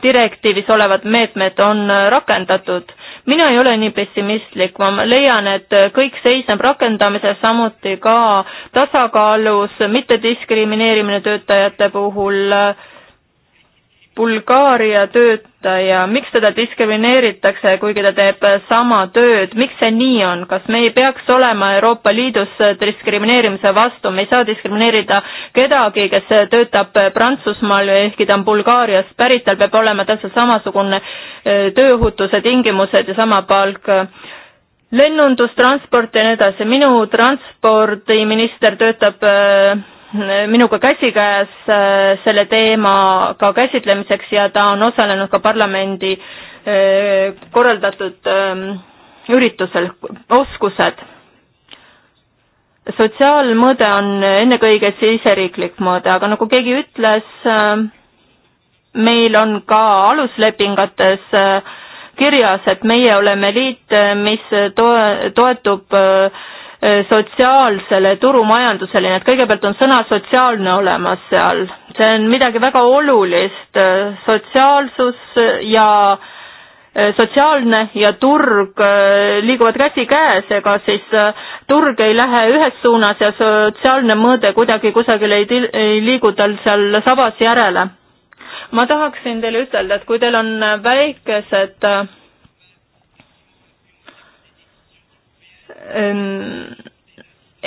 direktiivis olevad meetmed on rakendatud mina ei ole nii pessimistlik, ma leian, et kõik seisneb rakendamises, samuti ka tasakaalus mittediskrimineerimine töötajate puhul äh, Bulgaaria töötaja, miks teda diskrimineeritakse, kuigi ta teeb sama tööd, miks see nii on, kas me ei peaks olema Euroopa Liidus diskrimineerimise vastu, me ei saa diskrimineerida kedagi, kes töötab Prantsusmaal või ehkki ta on Bulgaariast pärit, tal peab olema täpselt samasugune eh, tööohutuse tingimused ja sama palk lennundus, transport ja nii edasi, minu transpordiminister töötab äh, minuga käsikäes äh, selle teemaga käsitlemiseks ja ta on osalenud ka parlamendi äh, korraldatud ähm, üritusel oskused. sotsiaalmõõde on ennekõike siseriiklik mõõde, aga nagu keegi ütles, äh, meil on ka aluslepingates kirjas, et meie oleme liit, mis toe-, toetub äh, Äh, sotsiaalsele turumajandusele, nii et kõigepealt on sõna sotsiaalne olemas seal. see on midagi väga olulist, äh, sotsiaalsus äh, ja sotsiaalne ja turg liiguvad käsikäes, ega siis turg ei lähe ühes suunas ja sotsiaalne mõõde kuidagi kusagil ei, ei liigu tal seal sabas järele. ma tahaksin teile ütelda, et kui teil on väikesed äh,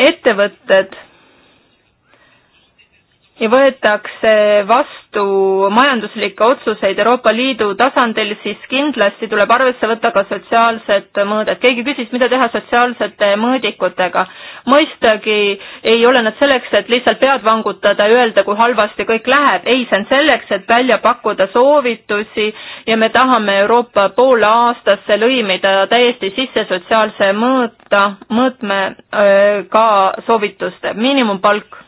ettevõtted ja võetakse vastu majanduslikke otsuseid Euroopa Liidu tasandil, siis kindlasti tuleb arvesse võtta ka sotsiaalsed mõõded. keegi küsis, mida teha sotsiaalsete mõõdikutega. mõistagi ei ole nad selleks, et lihtsalt pead vangutada ja öelda, kui halvasti kõik läheb. ei, see on selleks, et välja pakkuda soovitusi ja me tahame Euroopa poole aastasse lõimida täiesti sisse sotsiaalse mõõta, mõõtme äh, ka soovituste miinimumpalk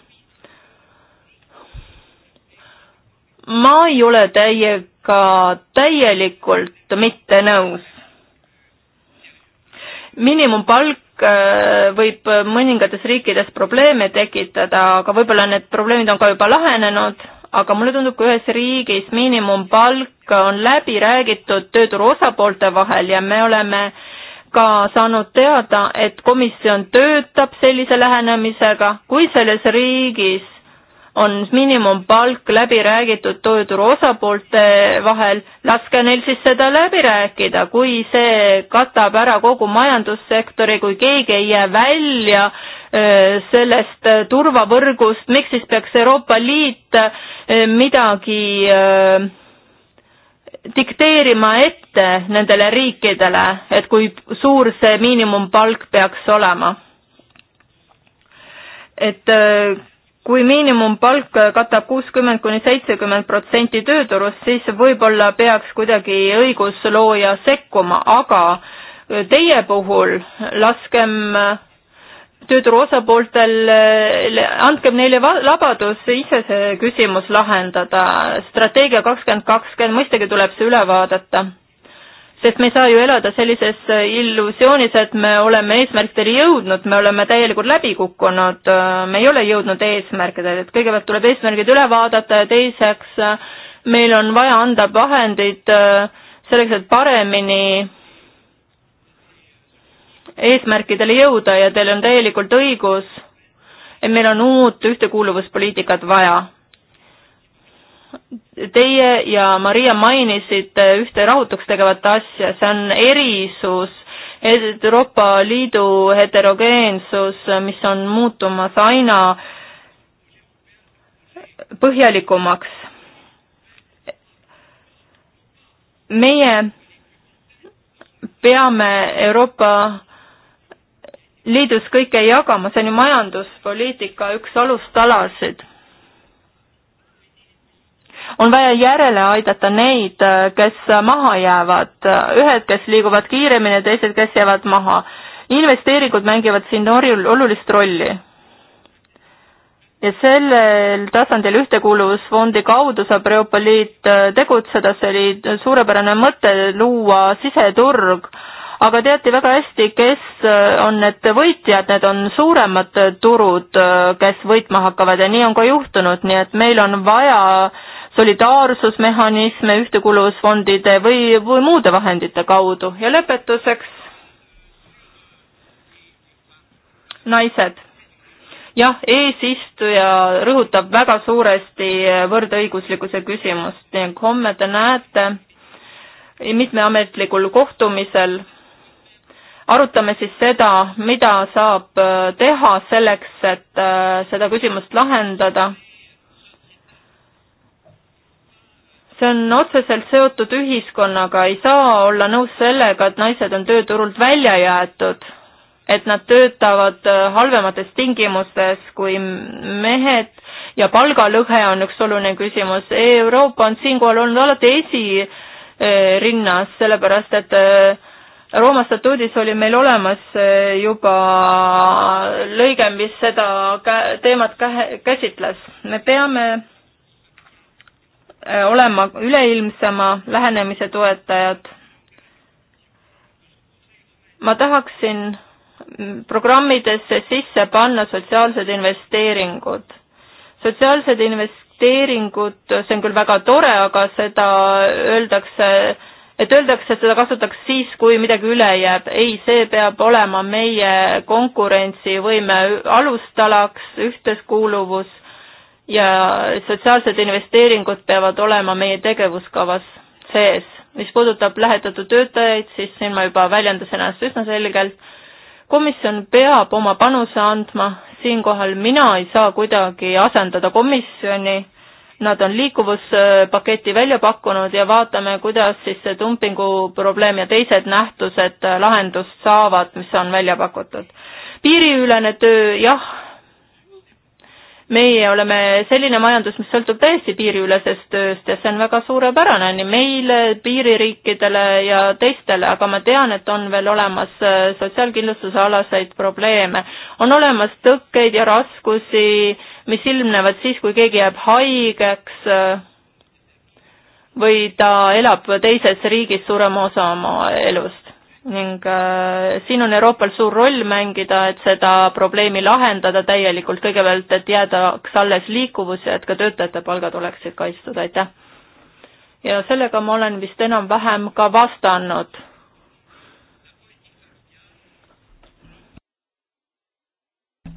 ma ei ole teiega täielikult mitte nõus. miinimumpalk äh, võib mõningates riikides probleeme tekitada, aga võib-olla need probleemid on ka juba lahenenud, aga mulle tundub, kui ühes riigis miinimumpalk on läbi räägitud tööturu osapoolte vahel ja me oleme ka saanud teada, et komisjon töötab sellise lähenemisega, kui selles riigis on miinimumpalk läbi räägitud tööturu osapoolte vahel, laske neil siis seda läbi rääkida, kui see katab ära kogu majandussektori, kui keegi ei jää välja äh, sellest äh, turvavõrgust, miks siis peaks Euroopa Liit äh, midagi dikteerima ette nendele riikidele, et kui suur see miinimumpalk peaks olema? et kui miinimumpalk katab kuuskümmend kuni seitsekümmend protsenti tööturust, siis võib-olla peaks kuidagi õiguslooja sekkuma, aga teie puhul laskem tööturu osapooltel, andkem neile vabadus ise see küsimus lahendada. strateegia kakskümmend kakskümmend, mõistagi tuleb see üle vaadata sest me ei saa ju elada sellises äh, illusioonis, et me oleme eesmärkideni jõudnud, me oleme täielikult läbi kukkunud, äh, me ei ole jõudnud eesmärkidele, et kõigepealt tuleb eesmärgid üle vaadata ja teiseks äh, meil on vaja anda vahendid selleks, et paremini eesmärkidele jõuda ja teil on täielikult õigus, et meil on uut ühtekuuluvuspoliitikat vaja Teie ja Maria mainisite ühte rahutuks tegevat asja, see on erisus, Euroopa Liidu heterogeensus, mis on muutumas aina põhjalikumaks. meie peame Euroopa Liidus kõike jagama, see on ju majanduspoliitika üks alustalasid on vaja järele aidata neid, kes maha jäävad, ühed, kes liiguvad kiiremini, teised, kes jäävad maha. investeeringud mängivad siin olulist rolli. ja sellel tasandil Ühtekuuluvusfondi kaudu saab Euroopa Liit äh, tegutseda, see oli suurepärane mõte luua siseturg, aga teati väga hästi, kes äh, on need võitjad, need on suuremad turud, äh, kes võitma hakkavad ja nii on ka juhtunud, nii et meil on vaja äh, solidaarsusmehhanisme ühtekuuluvusfondide või, või muude vahendite kaudu ja lõpetuseks naised. jah, eesistuja rõhutab väga suuresti võrdõiguslikkuse küsimust ning homme te näete mitmeametlikul kohtumisel arutame siis seda, mida saab teha selleks, et äh, seda küsimust lahendada see on otseselt seotud ühiskonnaga, ei saa olla nõus sellega, et naised on tööturult välja jäetud, et nad töötavad äh, halvemates tingimustes kui mehed ja palgalõhe on üks oluline küsimus. Euroopa on siinkohal olnud alati esirinnas, sellepärast et äh, Rooma statuudis oli meil olemas äh, juba lõige, mis seda teemat käsitles. me peame Äh, olema üleilmsema lähenemise toetajad. ma tahaksin programmidesse sisse panna sotsiaalsed investeeringud. sotsiaalsed investeeringud, see on küll väga tore, aga seda öeldakse, et öeldakse, et seda kasutatakse siis, kui midagi üle jääb. ei, see peab olema meie konkurentsivõime alustalaks, ühteskuuluvus ja sotsiaalsed investeeringud peavad olema meie tegevuskavas sees. mis puudutab lähetatud töötajaid, siis siin ma juba väljendasin ennast üsna selgelt. komisjon peab oma panuse andma, siinkohal mina ei saa kuidagi asendada komisjoni, nad on liikuvuspaketi välja pakkunud ja vaatame, kuidas siis see dumpingu probleem ja teised nähtused lahendust saavad, mis on välja pakutud. piiriülene töö, jah meie oleme selline majandus, mis sõltub täiesti piiriülesest tööst ja see on väga suurepärane nii meile, piiririikidele ja teistele, aga ma tean, et on veel olemas äh, sotsiaalkindlustusealaseid probleeme. on olemas tõkkeid ja raskusi, mis ilmnevad siis, kui keegi jääb haigeks äh, või ta elab teises riigis suurema osa oma elust ning äh, siin on Euroopal suur roll mängida, et seda probleemi lahendada täielikult, kõigepealt, et jäädaks alles liikuvus ja et ka töötajate palgad oleksid kaitstud, aitäh. ja sellega ma olen vist enam-vähem ka vastanud.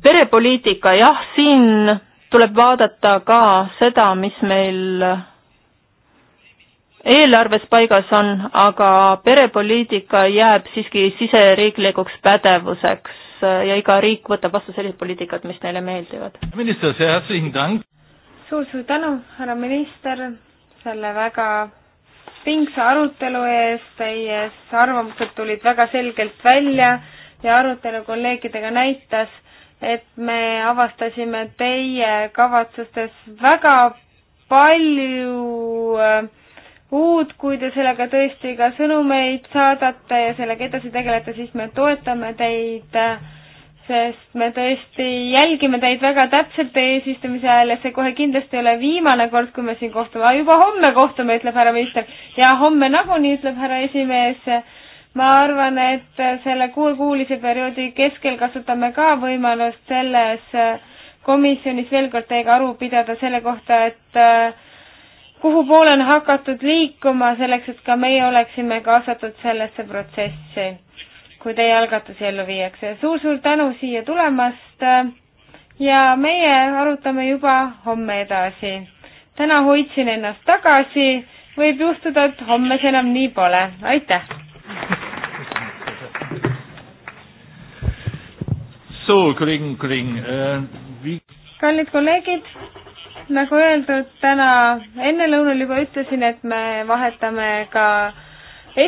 perepoliitika, jah, siin tuleb vaadata ka seda, mis meil eelarves paigas on, aga perepoliitika jääb siiski siseriiklikuks pädevuseks äh, ja iga riik võtab vastu sellised poliitikad, mis neile meeldivad. minister, suur-suur tänu, härra minister, selle väga pingsa arutelu eest, teie arvamused tulid väga selgelt välja ja arutelu kolleegidega näitas, et me avastasime teie kavatsustes väga palju äh, uut, kui te sellega tõesti ka sõnumeid saadate ja sellega edasi tegelete, siis me toetame teid, sest me tõesti jälgime teid väga täpselt teie eesistumise ajal ja see kohe kindlasti ei ole viimane kord, kui me siin kohtume. juba homme kohtume, ütleb härra minister. ja homme nagunii, ütleb härra esimees. ma arvan, et selle kuuekuulise perioodi keskel kasutame ka võimalust selles komisjonis veel kord teiega aru pidada selle kohta, et äh, kuhu poole on hakatud liikuma selleks, et ka meie oleksime kaasatud sellesse protsessi, kui teie algatusi ellu viiakse suur,. suur-suur tänu siia tulemast ja meie arutame juba homme edasi. täna hoidsin ennast tagasi, võib juhtuda, et homme see enam nii pole. aitäh! So, Kollegen, Kollegen, äh, wie... Kallid kolleegid, nagu öeldud, täna ennelõunal juba ütlesin, et me vahetame ka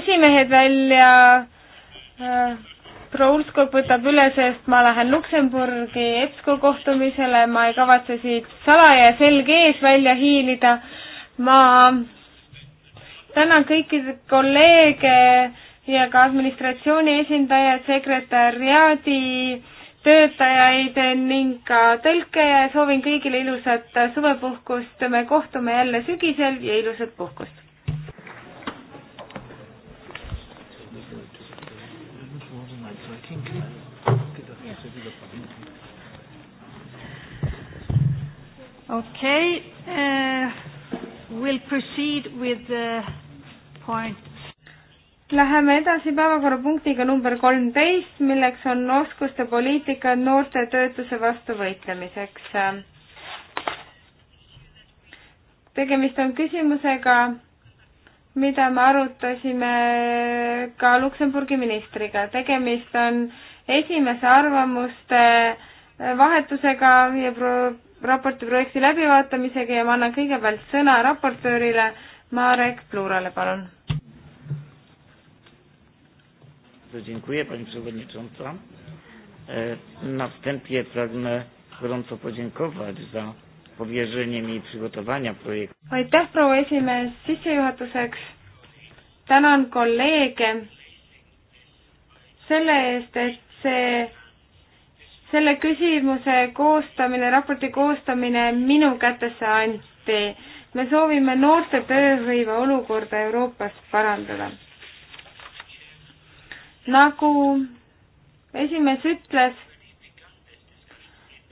esimehed välja. Äh, proua Ulskog võtab üle, sest ma lähen Luksemburgi EBSCO kohtumisele, ma ei kavatse siit salaja selg ees välja hiilida. ma tänan kõiki kolleege ja ka administratsiooni esindajad, sekretäriaadi töötajaid ning ka tõlke ja soovin kõigile ilusat suvepuhkust. me kohtume jälle sügisel ja ilusat puhkust! Okay. Uh, we'll proceed with the point Läheme edasi päevakorrapunktiga number kolmteist, milleks on oskuste poliitika noorte töötuse vastu võitlemiseks. tegemist on küsimusega, mida me arutasime ka Luksemburgi ministriga. tegemist on esimese arvamuste vahetusega ja pro raporti projekti läbivaatamisega ja ma annan kõigepealt sõna raportöörile Marek Pluurale, palun Bardzo dziękuję Pani Przewodnicząca. E, na wstępie pragnę gorąco podziękować za powierzenie mi przygotowania projektu. aitäh, proua esimees, sissejuhatuseks tänan kolleege selle eest, et see, selle küsimuse koostamine, raporti koostamine minu kätesse anti. me soovime noorte tööhõive olukorda Euroopas parandada nagu esimees ütles,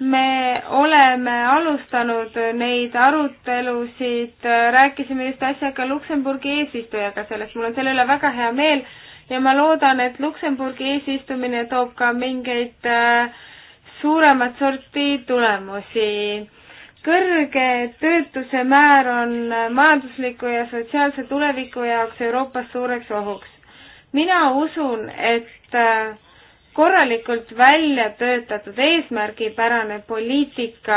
me oleme alustanud neid arutelusid, rääkisime just äsja ka Luksemburgi eesistujaga sellest, mul on selle üle väga hea meel ja ma loodan, et Luksemburgi eesistumine toob ka mingeid äh, suuremat sorti tulemusi. kõrge töötuse määr on majandusliku ja sotsiaalse tuleviku jaoks Euroopas suureks ohuks mina usun, et äh, korralikult välja töötatud eesmärgipärane poliitika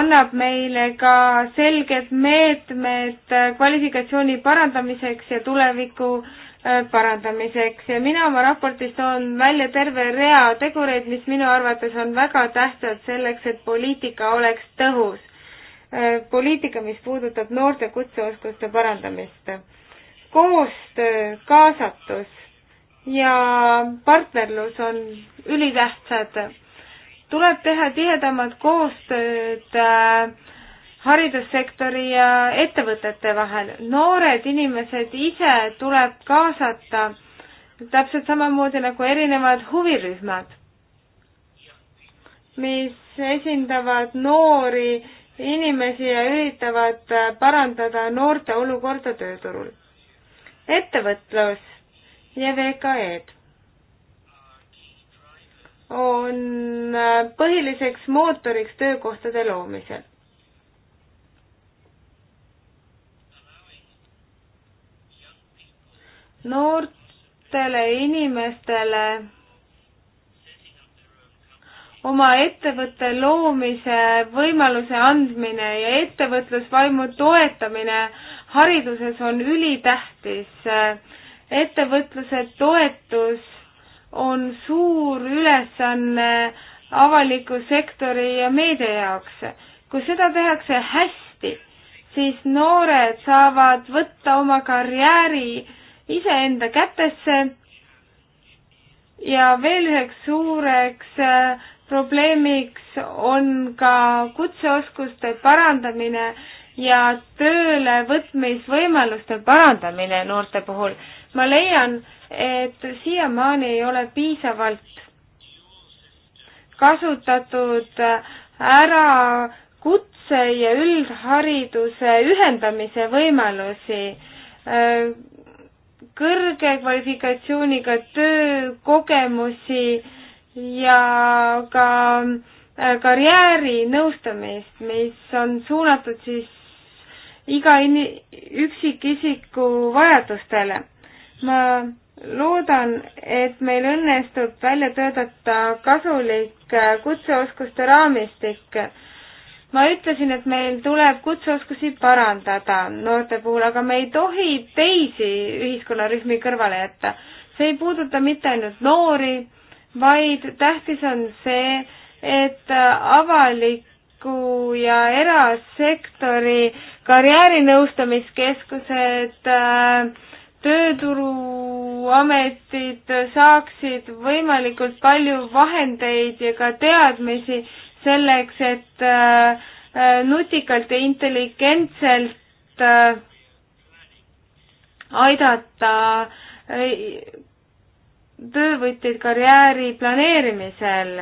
annab meile ka selged meetmed äh, kvalifikatsiooni parandamiseks ja tuleviku äh, parandamiseks ja mina oma raportis toon välja terve rea tegureid, mis minu arvates on väga tähtsad selleks, et poliitika oleks tõhus. poliitika, mis puudutab noorte kutseoskuste parandamist koostöö, kaasatus ja partnerlus on ülitähtsad. tuleb teha tihedamat koostööd äh, haridussektori ja ettevõtete vahel. noored inimesed ise tuleb kaasata täpselt samamoodi nagu erinevad huvirühmad, mis esindavad noori inimesi ja üritavad parandada noorte olukorda tööturul ettevõtlus ja VKE-d on äh, põhiliseks mootoriks töökohtade loomisel. noortele inimestele oma ettevõtte loomise võimaluse andmine ja ettevõtlusvaimu toetamine hariduses on ülitähtis. ettevõtluse toetus on suur ülesanne avaliku sektori ja meedia jaoks. kui seda tehakse hästi, siis noored saavad võtta oma karjääri iseenda kätesse ja veel üheks suureks äh, probleemiks on ka kutseoskuste parandamine ja töölevõtmisvõimaluste parandamine noorte puhul. ma leian, et siiamaani ei ole piisavalt kasutatud ära kutse ja üldhariduse ühendamise võimalusi, kõrge kvalifikatsiooniga töökogemusi ja ka karjäärinõustamist, mis on suunatud siis iga in-, üksikisiku vajadustele. ma loodan, et meil õnnestub välja töötada kasulik äh, kutseoskuste raamistik. ma ütlesin, et meil tuleb kutseoskusi parandada noorte puhul, aga me ei tohi teisi ühiskonnarühmi kõrvale jätta. see ei puuduta mitte ainult noori, vaid tähtis on see, et äh, avalik avaliku ja erasektori karjäärinõustamiskeskused, äh, tööturuametid saaksid võimalikult palju vahendeid ja ka teadmisi selleks, et äh, äh, nutikalt ja intelligentselt aidata töövõtjaid karjääri planeerimisel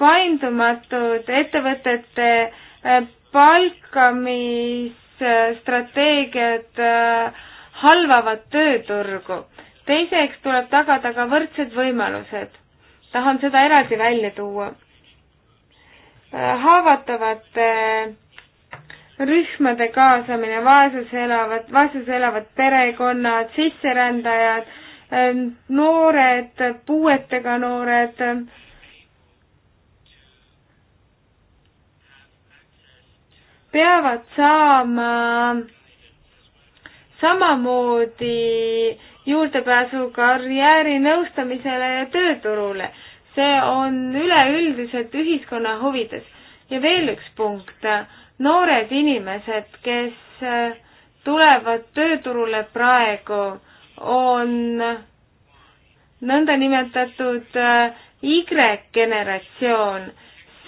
paindumatud ettevõtete äh, palkamisstrateegiad äh, halvavad tööturgu. teiseks tuleb tagada ka võrdsed võimalused. tahan seda eraldi välja tuua. Äh, haavatavate rühmade kaasamine, vaesuses elavad, vaesuses elavad perekonnad, sisserändajad, noored, puuetega noored peavad saama samamoodi juurdepääsu karjäärinõustamisele ja tööturule. see on üleüldiselt ühiskonna huvides. ja veel üks punkt, noored inimesed, kes eh, tulevad tööturule praegu, on nõndanimetatud eh, Y-generatsioon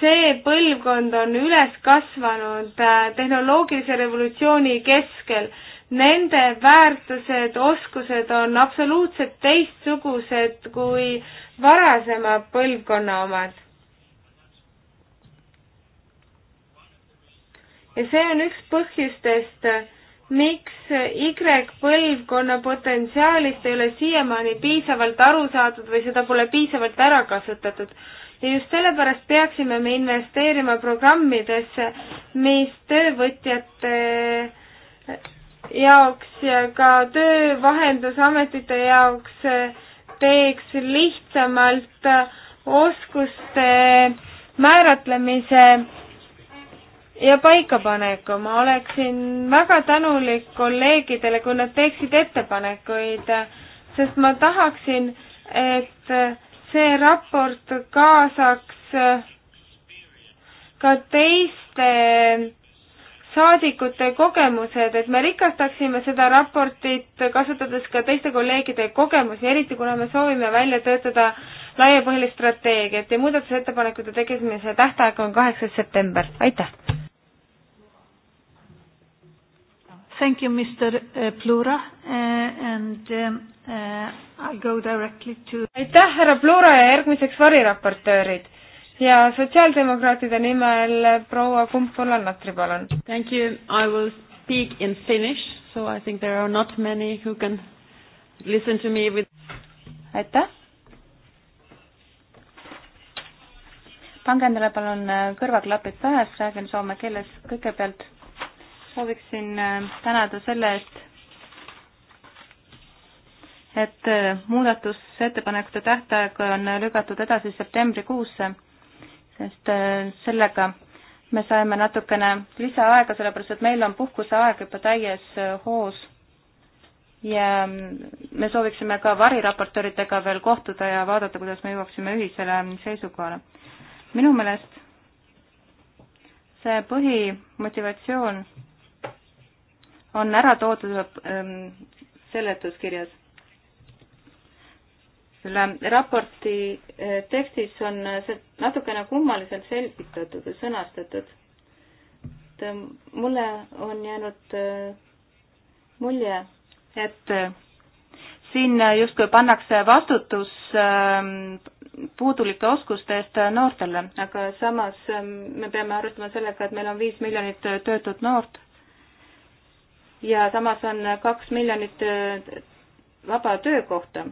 see põlvkond on üles kasvanud äh, tehnoloogilise revolutsiooni keskel. Nende väärtused, oskused on absoluutselt teistsugused kui varasema põlvkonna omad. ja see on üks põhjustest, miks Y-põlvkonna potentsiaalist ei ole siiamaani piisavalt aru saadud või seda pole piisavalt ära kasutatud ja just sellepärast peaksime me investeerima programmidesse, mis töövõtjate jaoks ja ka töövahendusametite jaoks teeks lihtsamalt oskuste määratlemise ja paikapaneku. ma oleksin väga tänulik kolleegidele, kui nad teeksid ettepanekuid, sest ma tahaksin, et see raport kaasaks äh, ka teiste saadikute kogemused, et me rikastaksime seda raportit, kasutades ka teiste kolleegide kogemusi, eriti kuna me soovime välja töötada laiapõhjalist strateegiat ja muudatusettepanekute tegemise tähtaeg on kaheksas september, aitäh! Thank you, Mr eh, Plura eh, and eh, I go directly to aitäh, härra Plura ja järgmiseks variraportöörid ja sotsiaaldemokraatide nimel proua Kumpula-Natri, palun. Thank you, I will speak in finnish, so I think there are not many who can listen to me with aitäh. pange endale palun kõrvaklapid pähe, räägin soome keeles kõigepealt sooviksin äh, tänada selle eest, et äh, muudatusettepanekute tähtaeg on lükatud edasi septembrikuusse, sest äh, sellega me saime natukene lisaaega, sellepärast et meil on puhkuseaeg juba täies hoos ja mm, me sooviksime ka variraportööridega veel kohtuda ja vaadata, kuidas me jõuaksime ühisele seisukohale. minu meelest see põhimotivatsioon on ära toodud ähm, seletuskirjas. selle raporti äh, tekstis on äh, see natukene kummaliselt selgitatud ja sõnastatud. et mulle on jäänud äh, mulje, et siin justkui pannakse vastutus ähm, puudulike oskuste eest noortele, aga samas ähm, me peame arvestama sellega, et meil on viis miljonit töötut noort ja samas on kaks miljonit äh, vaba töökohta.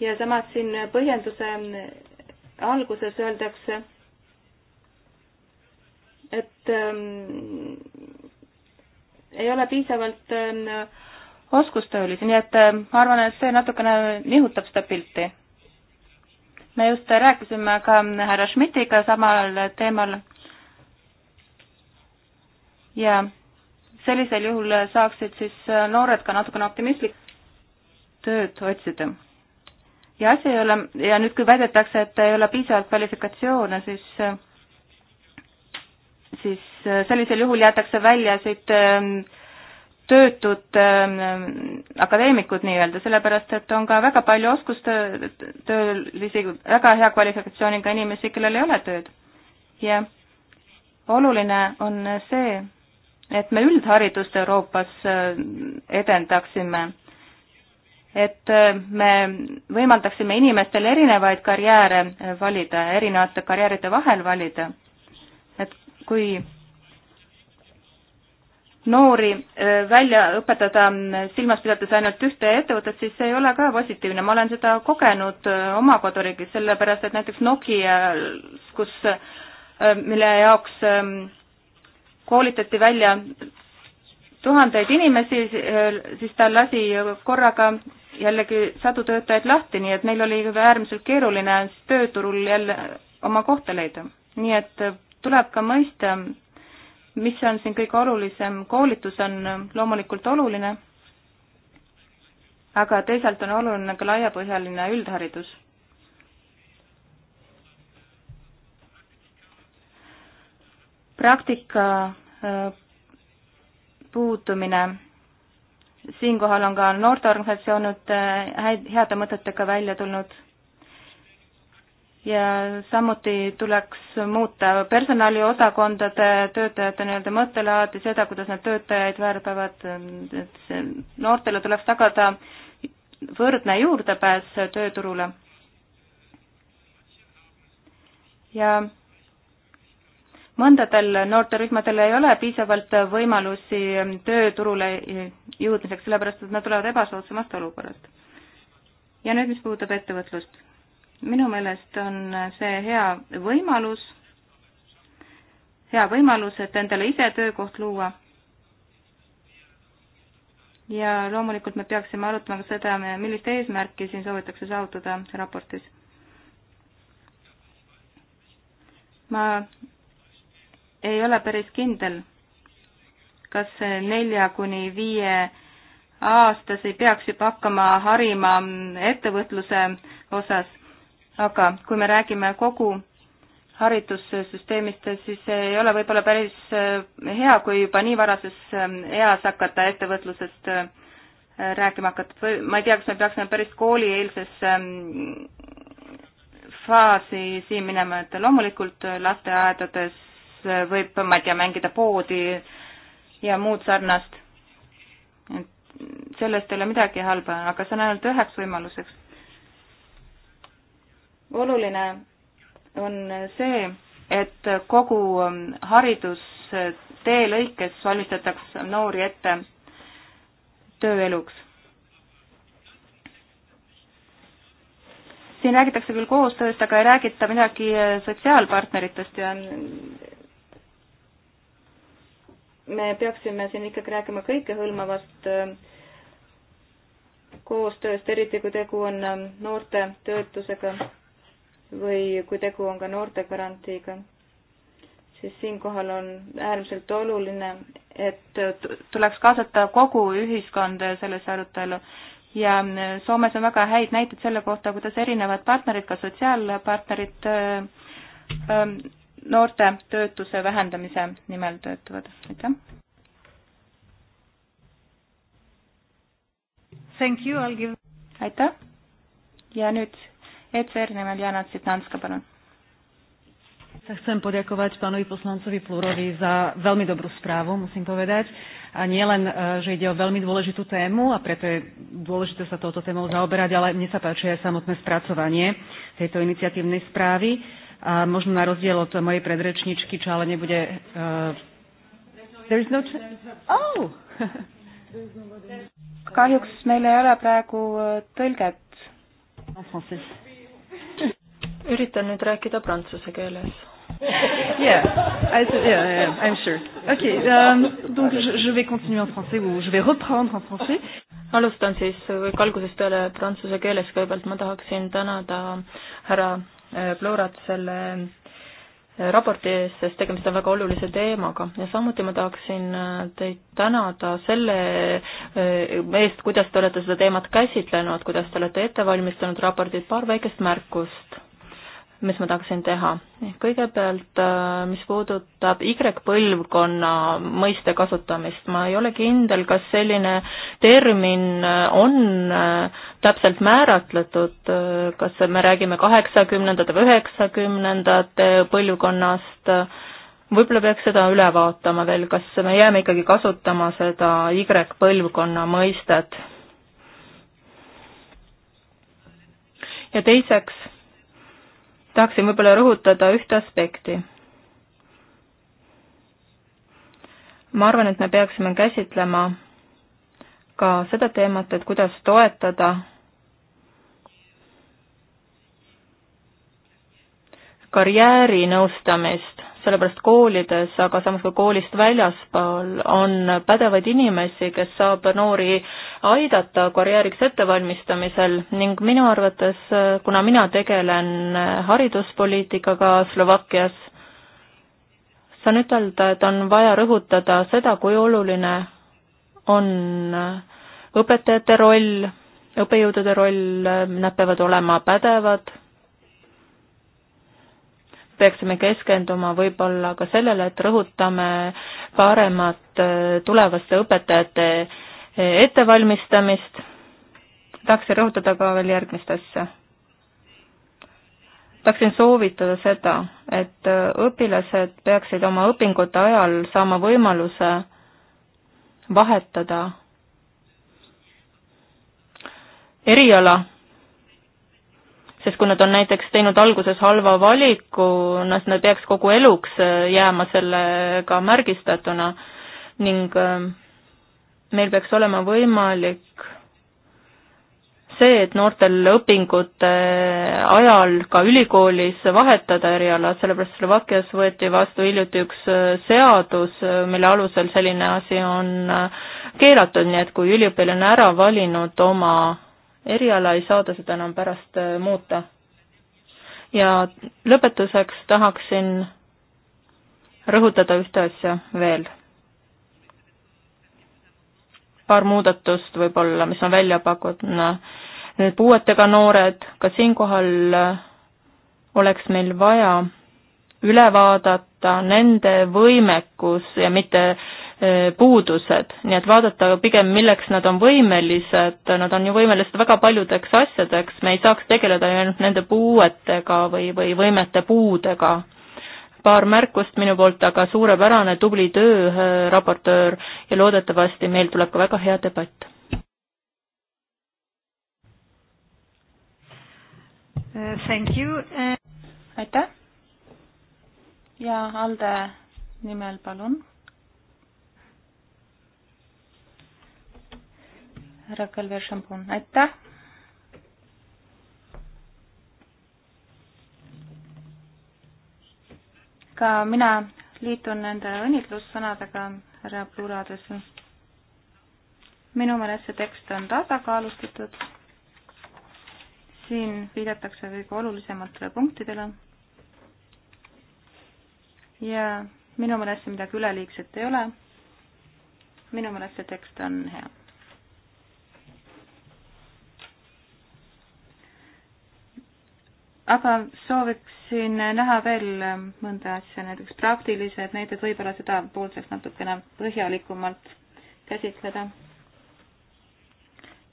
ja samas siin põhjenduse alguses öeldakse, et ähm, ei ole piisavalt ähm, oskustöölisi, nii et äh, ma arvan, et see natukene nihutab seda pilti me just rääkisime ka härra Schmidtiga samal teemal ja sellisel juhul saaksid siis noored ka natukene optimistlik tööd otsida. ja asi ei ole, ja nüüd, kui väidetakse, et ei ole piisavalt kvalifikatsioone, siis siis sellisel juhul jäetakse välja siit ähm, töötud äh, akadeemikud nii-öelda, sellepärast et on ka väga palju oskustöölisi, väga hea kvalifikatsiooniga inimesi, kellel ei ole tööd. ja oluline on see, et me üldharidust Euroopas äh, edendaksime, et äh, me võimaldaksime inimestel erinevaid karjääre valida, erinevate karjääride vahel valida, et kui noori välja õpetada, silmas pidades ainult ühte ettevõtet, siis see ei ole ka positiivne, ma olen seda kogenud oma koduriigis, sellepärast et näiteks Nokial, kus, mille jaoks koolitati välja tuhandeid inimesi, siis ta lasi korraga jällegi sadu töötajaid lahti, nii et neil oli äärmiselt keeruline tööturul jälle oma kohta leida. nii et tuleb ka mõista, mis on siin kõige olulisem, koolitus on loomulikult oluline, aga teisalt on oluline ka laiapõhjaline üldharidus. praktika äh, puudumine, siinkohal on ka noorteorganisatsioonid äh, häid, heade mõtetega välja tulnud ja samuti tuleks muuta personaliosakondade töötajate nii-öelda mõttelaadi, seda, kuidas nad töötajaid värbavad, et noortele tuleks tagada võrdne juurdepääs tööturule. ja mõndadel noorterühmadel ei ole piisavalt võimalusi tööturule jõudmiseks, sellepärast et nad tulevad ebasoodsamast olukorrast. ja nüüd, mis puudutab ettevõtlust minu meelest on see hea võimalus, hea võimalus, et endale ise töökoht luua. ja loomulikult me peaksime arutama ka seda, millist eesmärki siin soovitakse saavutada raportis. ma ei ole päris kindel, kas nelja kuni viie aastas ei peaks juba hakkama harima ettevõtluse osas aga kui me räägime kogu haridussüsteemist, siis ei ole võib-olla päris eh, hea, kui juba nii varases eh, eas hakata ettevõtlusest eh, rääkima hakata, või ma ei tea, kas me peaksime päris koolieelsesse mm, faasi siin minema, et loomulikult lasteaedades võib, ma ei tea, mängida poodi ja muud sarnast. et sellest ei ole midagi halba, aga see on ainult üheks võimaluseks oluline on see, et kogu haridustee lõikes valmistatakse noori ette tööeluks. siin räägitakse küll koostööst, aga ei räägita midagi sotsiaalpartneritest ja me peaksime siin ikkagi rääkima kõikehõlmavast äh, koostööst, eriti kui tegu on äh, noorte töötusega või kui tegu on ka noortegarantiiga, siis siinkohal on äärmiselt oluline, et tuleks kaasata kogu ühiskond sellesse arutellu ja Soomes on väga häid näiteid selle kohta, kuidas erinevad partnerid, ka sotsiaalpartnerid noorte töötuse vähendamise nimel töötavad, aitäh. Thank you, I will give. aitäh ja nüüd ECR nimel Jana Citnanska, palun. sa chcem poďakovať pánovi poslancovi Plurovi za veľmi dobrú správu, musím povedať. A nielen, e, že ide o veľmi dôležitú tému a preto je dôležité sa touto témou zaoberať, ale mne sa páči aj samotné spracovanie tejto iniciatívnej správy. A možno na rozdiel od mojej predrečničky, čo ale nebude... Uh, there is no... Oh! kahjuks meil ei ole praegu e, tõlget üritan nüüd rääkida prantsuse keeles. Yeah, I, yeah, yeah, I'm sure. Ok, um, donc je, je vais continuer en français ou je vais reprendre en français. alustan siis kõik algusest peale prantsuse keeles, kõigepealt ma tahaksin tänada härra Florat äh, selle äh, raporti eest, sest tegemist on väga olulise teemaga ja samuti ma tahaksin äh, teid tänada selle eest, kuidas te olete seda teemat käsitlenud, kuidas te olete ette valmistanud raportit, paar väikest märkust mis ma tahaksin teha. kõigepealt, äh, mis puudutab Y-põlvkonna mõiste kasutamist, ma ei ole kindel, kas selline termin äh, on äh, täpselt määratletud, kas me räägime kaheksakümnendate või üheksakümnendate põlvkonnast, võib-olla peaks seda üle vaatama veel, kas me jääme ikkagi kasutama seda Y-põlvkonna mõistet. ja teiseks tahaksin võib-olla rõhutada ühte aspekti. ma arvan, et me peaksime käsitlema ka seda teemat, et kuidas toetada karjäärinõustamist sellepärast koolides, aga samas ka koolist väljaspool on pädevaid inimesi, kes saab noori aidata karjääriks ettevalmistamisel ning minu arvates, kuna mina tegelen hariduspoliitikaga Slovakkias, saan ütelda, et on vaja rõhutada seda, kui oluline on õpetajate roll, õppejõudude roll, nad peavad olema pädevad peaksime keskenduma võib-olla ka sellele, et rõhutame paremat äh, tulevaste õpetajate äh, ettevalmistamist. tahaksin rõhutada ka veel järgmist asja. tahaksin soovitada seda, et äh, õpilased peaksid oma õpingute ajal saama võimaluse vahetada eriala sest kui nad on näiteks teinud alguses halva valiku, noh, siis nad peaks kogu eluks äh, jääma sellega märgistatuna ning äh, meil peaks olema võimalik see, et noortel õpingute äh, ajal ka ülikoolis vahetada eriala, sellepärast Slovakkias võeti vastu hiljuti üks seadus, mille alusel selline asi on keelatud, nii et kui üliõpilane ära valinud oma eriala ei saada seda enam pärast äh, muuta. ja lõpetuseks tahaksin rõhutada ühte asja veel. paar muudatust võib-olla, mis on välja pakutud, need puuetega noored, ka siinkohal äh, oleks meil vaja üle vaadata nende võimekus ja mitte Äh, puudused, nii et vaadata pigem, milleks nad on võimelised, nad on ju võimelised väga paljudeks asjadeks, me ei saaks tegeleda ainult nende puuetega või, või võimete puudega. paar märkust minu poolt, aga suurepärane, tubli töö, äh, raportöör, ja loodetavasti meil tuleb ka väga hea debatt. Uh, thank you. Uh aitäh ja Alde nimel palun härra Kalver Šampun, aitäh. ka mina liitun nende õnnitlussõnadega härra Plura aadressil. minu meelest see tekst on tasakaalustatud. siin viidatakse kõige olulisematele punktidele. ja minu meelest siin midagi üleliigset ei ole. minu meelest see tekst on hea aga sooviksin näha veel mõnda asja, näiteks praktilised näited, võib-olla seda poolt saaks natukene põhjalikumalt käsitleda.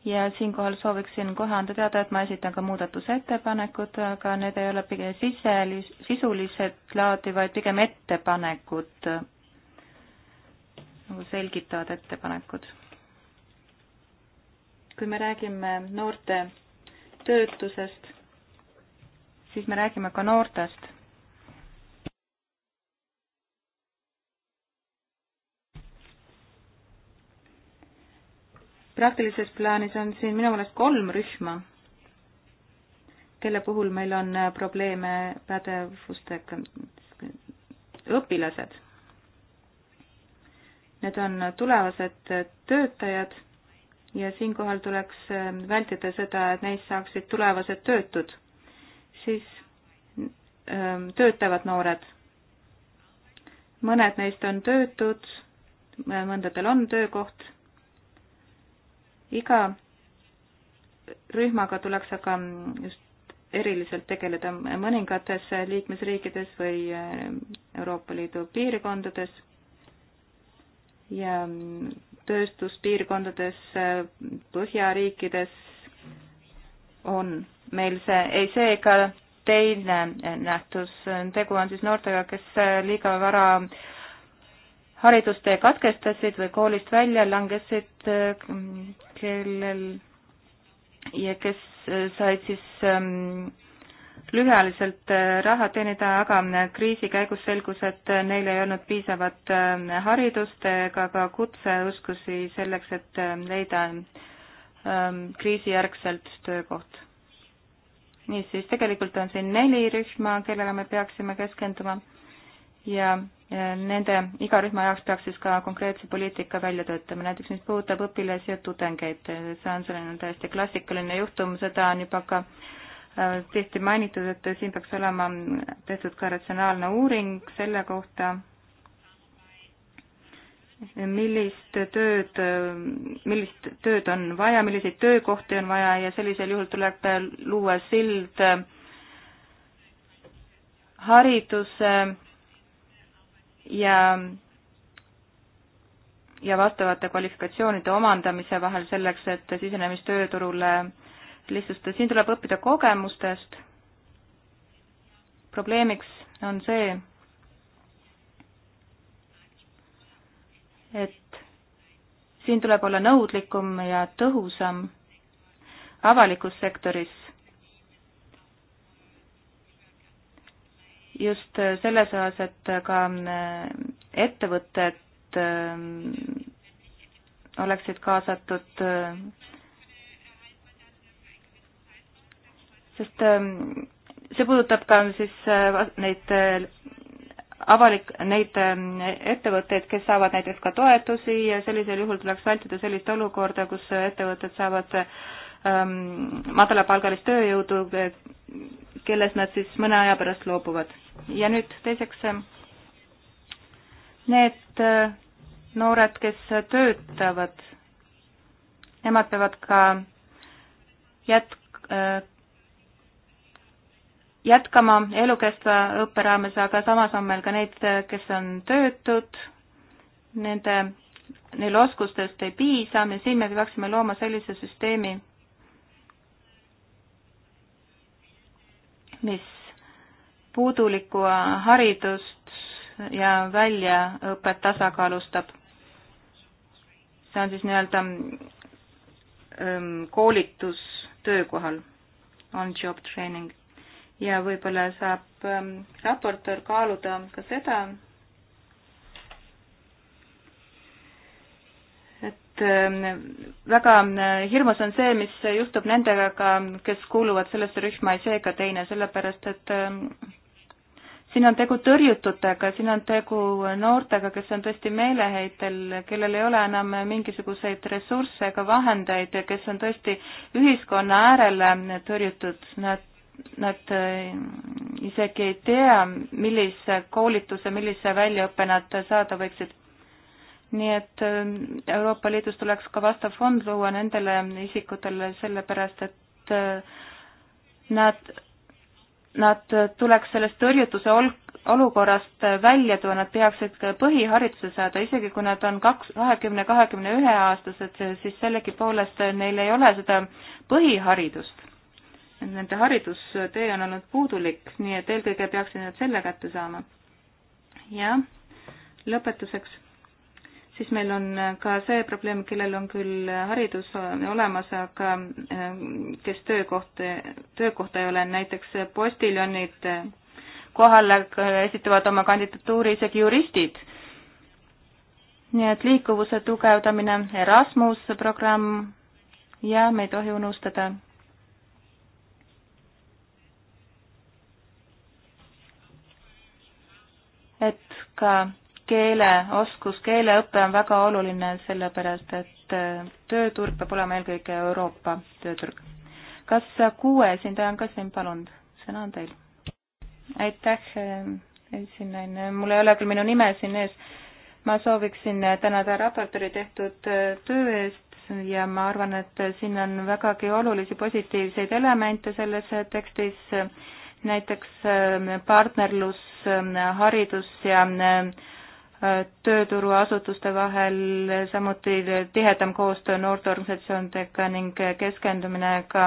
ja siinkohal sooviksin kohe anda teada, et ma esitan ka muudatusettepanekud, aga need ei ole pigem siselis-, sisulised laadi, vaid pigem ettepanekud, nagu selgitavad ettepanekud. kui me räägime noorte töötusest siis me räägime ka noortest. praktilises plaanis on siin minu meelest kolm rühma, kelle puhul meil on probleeme pädevustega. õpilased, need on tulevased töötajad ja siinkohal tuleks vältida seda, et neist saaksid tulevased töötud siis ähm, töötavad noored. mõned neist on töötud, mõndadel on töökoht. iga rühmaga tuleks aga just eriliselt tegeleda mõningates liikmesriikides või äh, Euroopa Liidu piirkondades ja tööstuspiirkondades, äh, põhjariikides on meil see, ei seega teine nähtus, tegu on siis noortega, kes liiga vara haridustee katkestasid või koolist välja langesid, kellel ja kes said siis ähm, lühiajaliselt äh, raha teenida, aga äh, kriisi käigus selgus, et äh, neil ei olnud piisavat ähm, haridust ega ka kutseoskusi selleks, et leida ähm, kriisijärgselt töökoht niisiis, tegelikult on siin neli rühma, kellele me peaksime keskenduma ja nende, iga rühma jaoks peaks siis ka konkreetse poliitika välja töötama, näiteks mis puudutab õpilasi ja tudengeid, see on selline täiesti klassikaline juhtum, seda on juba ka äh, tihti mainitud, et siin peaks olema tehtud ka ratsionaalne uuring selle kohta, millist tööd, millist tööd on vaja, milliseid töökohti on vaja ja sellisel juhul tuleb luua sild hariduse ja, ja vastavate kvalifikatsioonide omandamise vahel selleks, et sisenemist tööturule lihtsustada. siin tuleb õppida kogemustest. probleemiks on see, et siin tuleb olla nõudlikum ja tõhusam avalikus sektoris just selles osas, et ka äh, ettevõtted äh, oleksid kaasatud, äh, sest see puudutab ka siis neid avalik, neid ähm, ettevõtteid, kes saavad näiteks ka toetusi ja sellisel juhul tuleks vältida sellist olukorda, kus ettevõtted saavad ähm, madalapalgalist tööjõudu, kellest nad siis mõne aja pärast loobuvad. ja nüüd teiseks, ähm, need äh, noored, kes töötavad, nemad peavad ka jät-, äh, jätkama elukestva õppe raames, aga samas on meil ka neid, kes on töötud, nende, neil oskustest ei piisa ja siin me peaksime looma sellise süsteemi, mis puudulikku haridust ja väljaõpet tasakaalustab. see on siis nii-öelda ähm, koolitus töökohal, on job training ja võib-olla saab ähm, raportöör kaaluda ka seda, et ähm, väga äh, hirmus on see, mis juhtub nendega, kes kuuluvad sellesse rühma ja seega teine, sellepärast et ähm, siin on tegu tõrjututega, siin on tegu noortega, kes on tõesti meeleheitel, kellel ei ole enam mingisuguseid ressursse ega vahendeid ja kes on tõesti ühiskonna äärele tõrjutud, nad nad äh, isegi ei tea, millise koolituse, millise väljaõppe nad saada võiksid. nii et äh, Euroopa Liidus tuleks ka vastav fond luua nendele isikutele, sellepärast et äh, nad, nad tuleks sellest tõrjutuse ol-, olukorrast välja tuua, nad peaksid ka põhihariduse saada, isegi kui nad on kaks, kahekümne, kahekümne ühe aastased, siis sellegipoolest neil ei ole seda põhiharidust nende haridustee on olnud puudulik, nii et eelkõige peaksid nad selle kätte saama. ja lõpetuseks, siis meil on ka see probleem, kellel on küll haridus olemas, aga äh, kes töökoht, töökohta ei ole, näiteks postiljonid kohale esitavad oma kandidatuuri isegi juristid. nii et liikuvuse tugevdamine, Erasmus programm ja me ei tohi unustada ka keeleoskus, keeleõpe on väga oluline, sellepärast et äh, tööturg peab olema eelkõige Euroopa tööturg. kas kuue esindaja on ka siin, palun, sõna on teil. aitäh, äh, esinaine, mul ei ole küll minu nime siin ees. ma sooviksin tänada raportööri tehtud äh, töö eest ja ma arvan, et siin on vägagi olulisi positiivseid elemente selles tekstis näiteks ähm, partnerlus ähm, haridus ja ähm, tööturuasutuste vahel, samuti tihedam koostöö noorteorganisatsioonidega ning keskendumine ka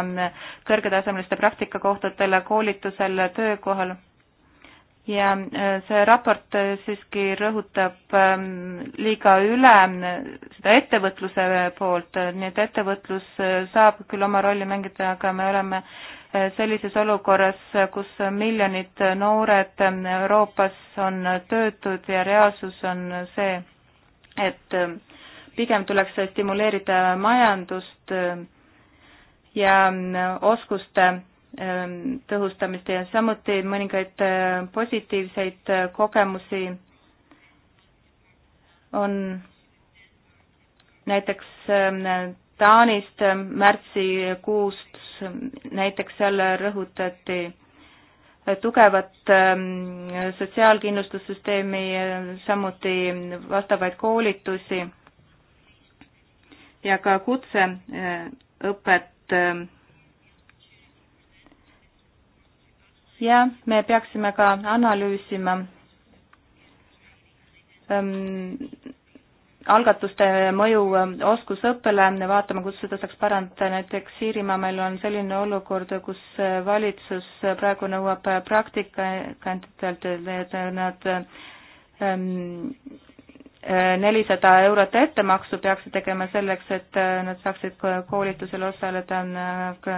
kõrgetasemeliste praktikakohtadele, koolitusele, töökohal. ja äh, see raport äh, siiski rõhutab liiga üle seda ettevõtluse poolt, äh, nii et ettevõtlus saab küll oma rolli mängida, aga me oleme sellises olukorras, kus miljonid noored Euroopas on töötud ja reaalsus on see, et pigem tuleks stimuleerida majandust ja oskuste tõhustamist ja samuti mõningaid positiivseid kogemusi on näiteks Taanist märtsikuust näiteks seal rõhutati tugevat ähm, sotsiaalkindlustussüsteemi, samuti vastavaid koolitusi ja ka kutseõpet. Ähm. ja me peaksime ka analüüsima ähm, algatuste mõju ähm, oskusõppele, vaatame, kus seda saaks parandada, näiteks Iirimaa meil on selline olukord, kus äh, valitsus äh, praegu nõuab äh, praktikantidelt, et nad ähm, nelisada eurot ettemaksu peaksid tegema selleks, et nad saaksid koolitusel osaleda, aga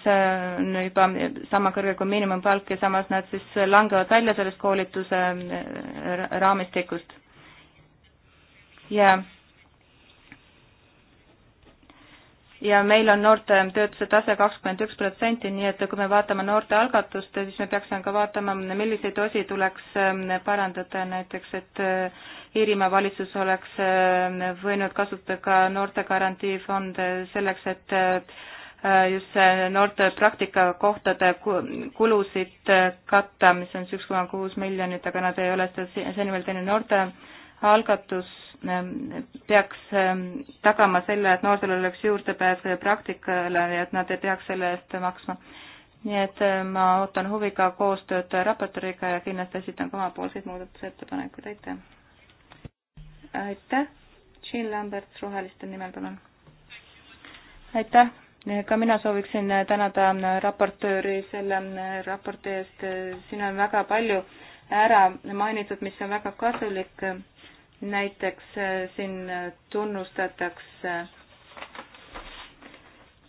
see on juba sama kõrge kui miinimumpalk ja samas nad siis langevad välja sellest koolituse raamistikust ja ja meil on noorte töötuse tase kakskümmend üks protsenti, nii et kui me vaatame noorte algatust, siis me peaksime ka vaatama, milliseid osi tuleks ähm, parandada, näiteks et äh, Iirimaa valitsus oleks ähm, võinud kasutada ka noortegarantiifonde selleks, et äh, just see noorte praktikakohtade kulusid äh, katta, mis on üks koma kuus miljonit, aga nad ei ole seda seni veel teinud noorte algatus ähm, peaks ähm, tagama selle, et noortel oleks juurdepääs praktikale ja et nad ei peaks selle eest maksma. nii et äh, ma ootan huviga koostööd raportööriga ja kindlasti esitan ka omapoolseid muudatusettepanekuid, aitäh! aitäh, Jean Lambert Roheliste nimel, palun! aitäh! ka mina sooviksin tänada raportööri selle äh, raporti eest, siin on väga palju ära mainitud, mis on väga kasulik näiteks äh, siin äh, tunnustatakse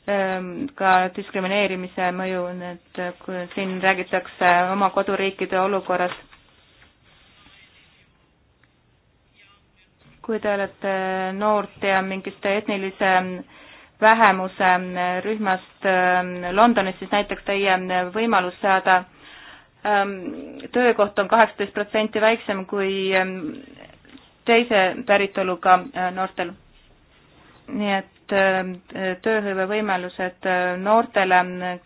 ähm, ka diskrimineerimise mõju, et äh, kui siin räägitakse oma koduriikide olukorrast. kui te olete noort ja mingist etnilise ähm, vähemuse ähm, rühmast Londonis, siis näiteks teie võimalus saada töökoht on kaheksateist protsenti väiksem kui teise päritoluga äh, noortel. nii et äh, tööhõive võimalused äh, noortele,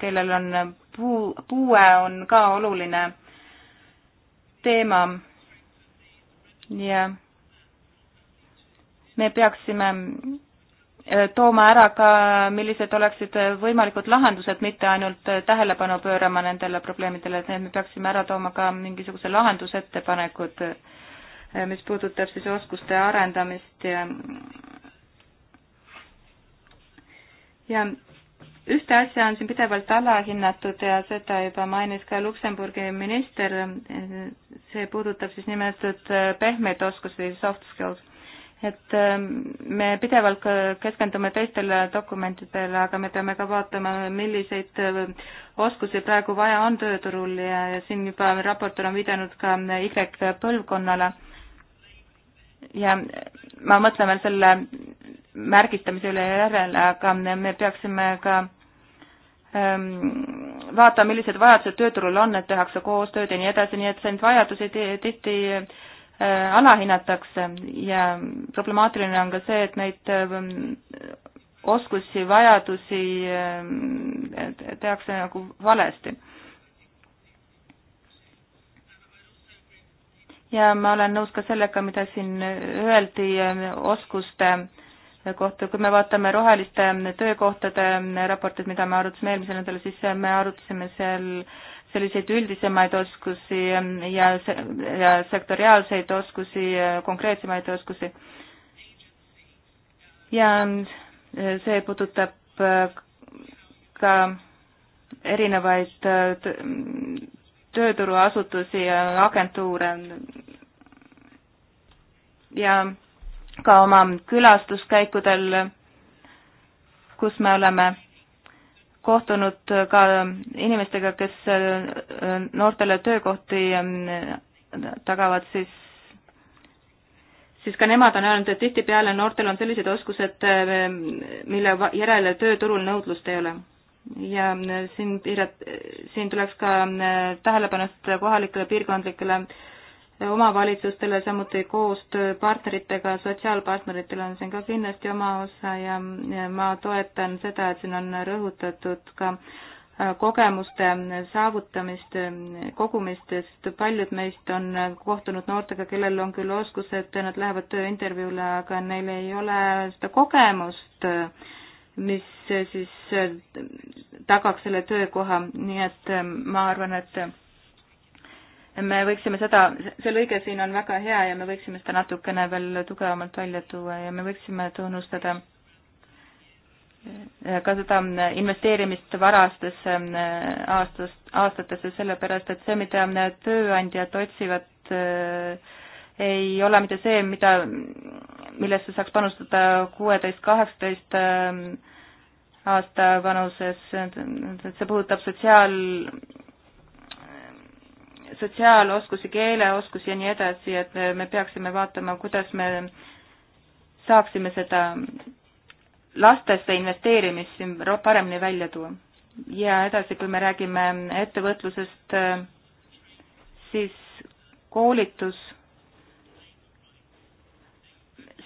kellel on puu, puue, on ka oluline teema ja me peaksime tooma ära ka, millised oleksid võimalikud lahendused, mitte ainult tähelepanu pöörama nendele probleemidele, et me peaksime ära tooma ka mingisuguse lahendusettepanekud Äh, mis puudutab siis oskuste arendamist ja ja ühte asja on siin pidevalt alahinnatud ja seda juba mainis ka Luksemburgi minister, see puudutab siis nimetatud äh, pehmeid oskusi, soft skills. et ähm, me pidevalt keskendume teistele dokumentidele, aga me peame ka vaatama, milliseid äh, oskusi praegu vaja on tööturul ja siin juba raportöör on viidanud ka Y põlvkonnale ja ma mõtlen veel selle märgistamise üle järele, aga me peaksime ka ähm, vaatama, millised vajadused tööturul on, et tehakse koostööd ja nii edasi, nii et neid vajadusi tihti äh, alahinnatakse ja problemaatiline on ka see, et neid äh, oskusi, vajadusi äh, tehakse nagu valesti ja ma olen nõus ka sellega, mida siin öeldi e, oskuste kohta, kui me vaatame roheliste e, töökohtade e, raportit, mida me arutasime eelmisel nädalal, siis me arutasime seal selliseid üldisemaid oskusi ja, ja sektoriaalseid oskusi, konkreetsemaid oskusi. ja see puudutab ka erinevaid tööturuasutusi ja agentuure ja ka oma külastuskäikudel, kus me oleme kohtunud ka inimestega, kes äh, noortele töökohti äh, tagavad, siis siis ka nemad on öelnud, et tihtipeale noortel on sellised oskused, äh, mille järele tööturul nõudlust ei ole ja äh, siin piirat-, siin tuleks ka äh, tähelepanust kohalikele piirkondlikele äh, omavalitsustele, samuti koostöö partneritega, sotsiaalpartneritel on siin ka kindlasti oma osa ja, ja ma toetan seda, et siin on rõhutatud ka kogemuste saavutamist, kogumist, sest paljud meist on kohtunud noortega, kellel on küll oskused, nad lähevad tööintervjuule, aga neil ei ole seda kogemust äh, mis eh, siis eh, tagaks selle töökoha, nii et eh, ma arvan, et me võiksime seda, see lõige siin on väga hea ja me võiksime seda natukene veel tugevamalt välja tuua ja me võiksime tunnustada ka seda investeerimist varastesse aastast, aastatesse, sellepärast et see, mida tööandjad otsivad äh, ei ole mitte see, mida, millesse saaks panustada kuueteist, kaheksateist ähm, aasta vanuses, et see puudutab sotsiaal, sotsiaaloskusi, keeleoskusi ja nii edasi, et me peaksime vaatama, kuidas me saaksime seda lastesse investeerimist siin paremini välja tuua. ja edasi, kui me räägime ettevõtlusest, äh, siis koolitus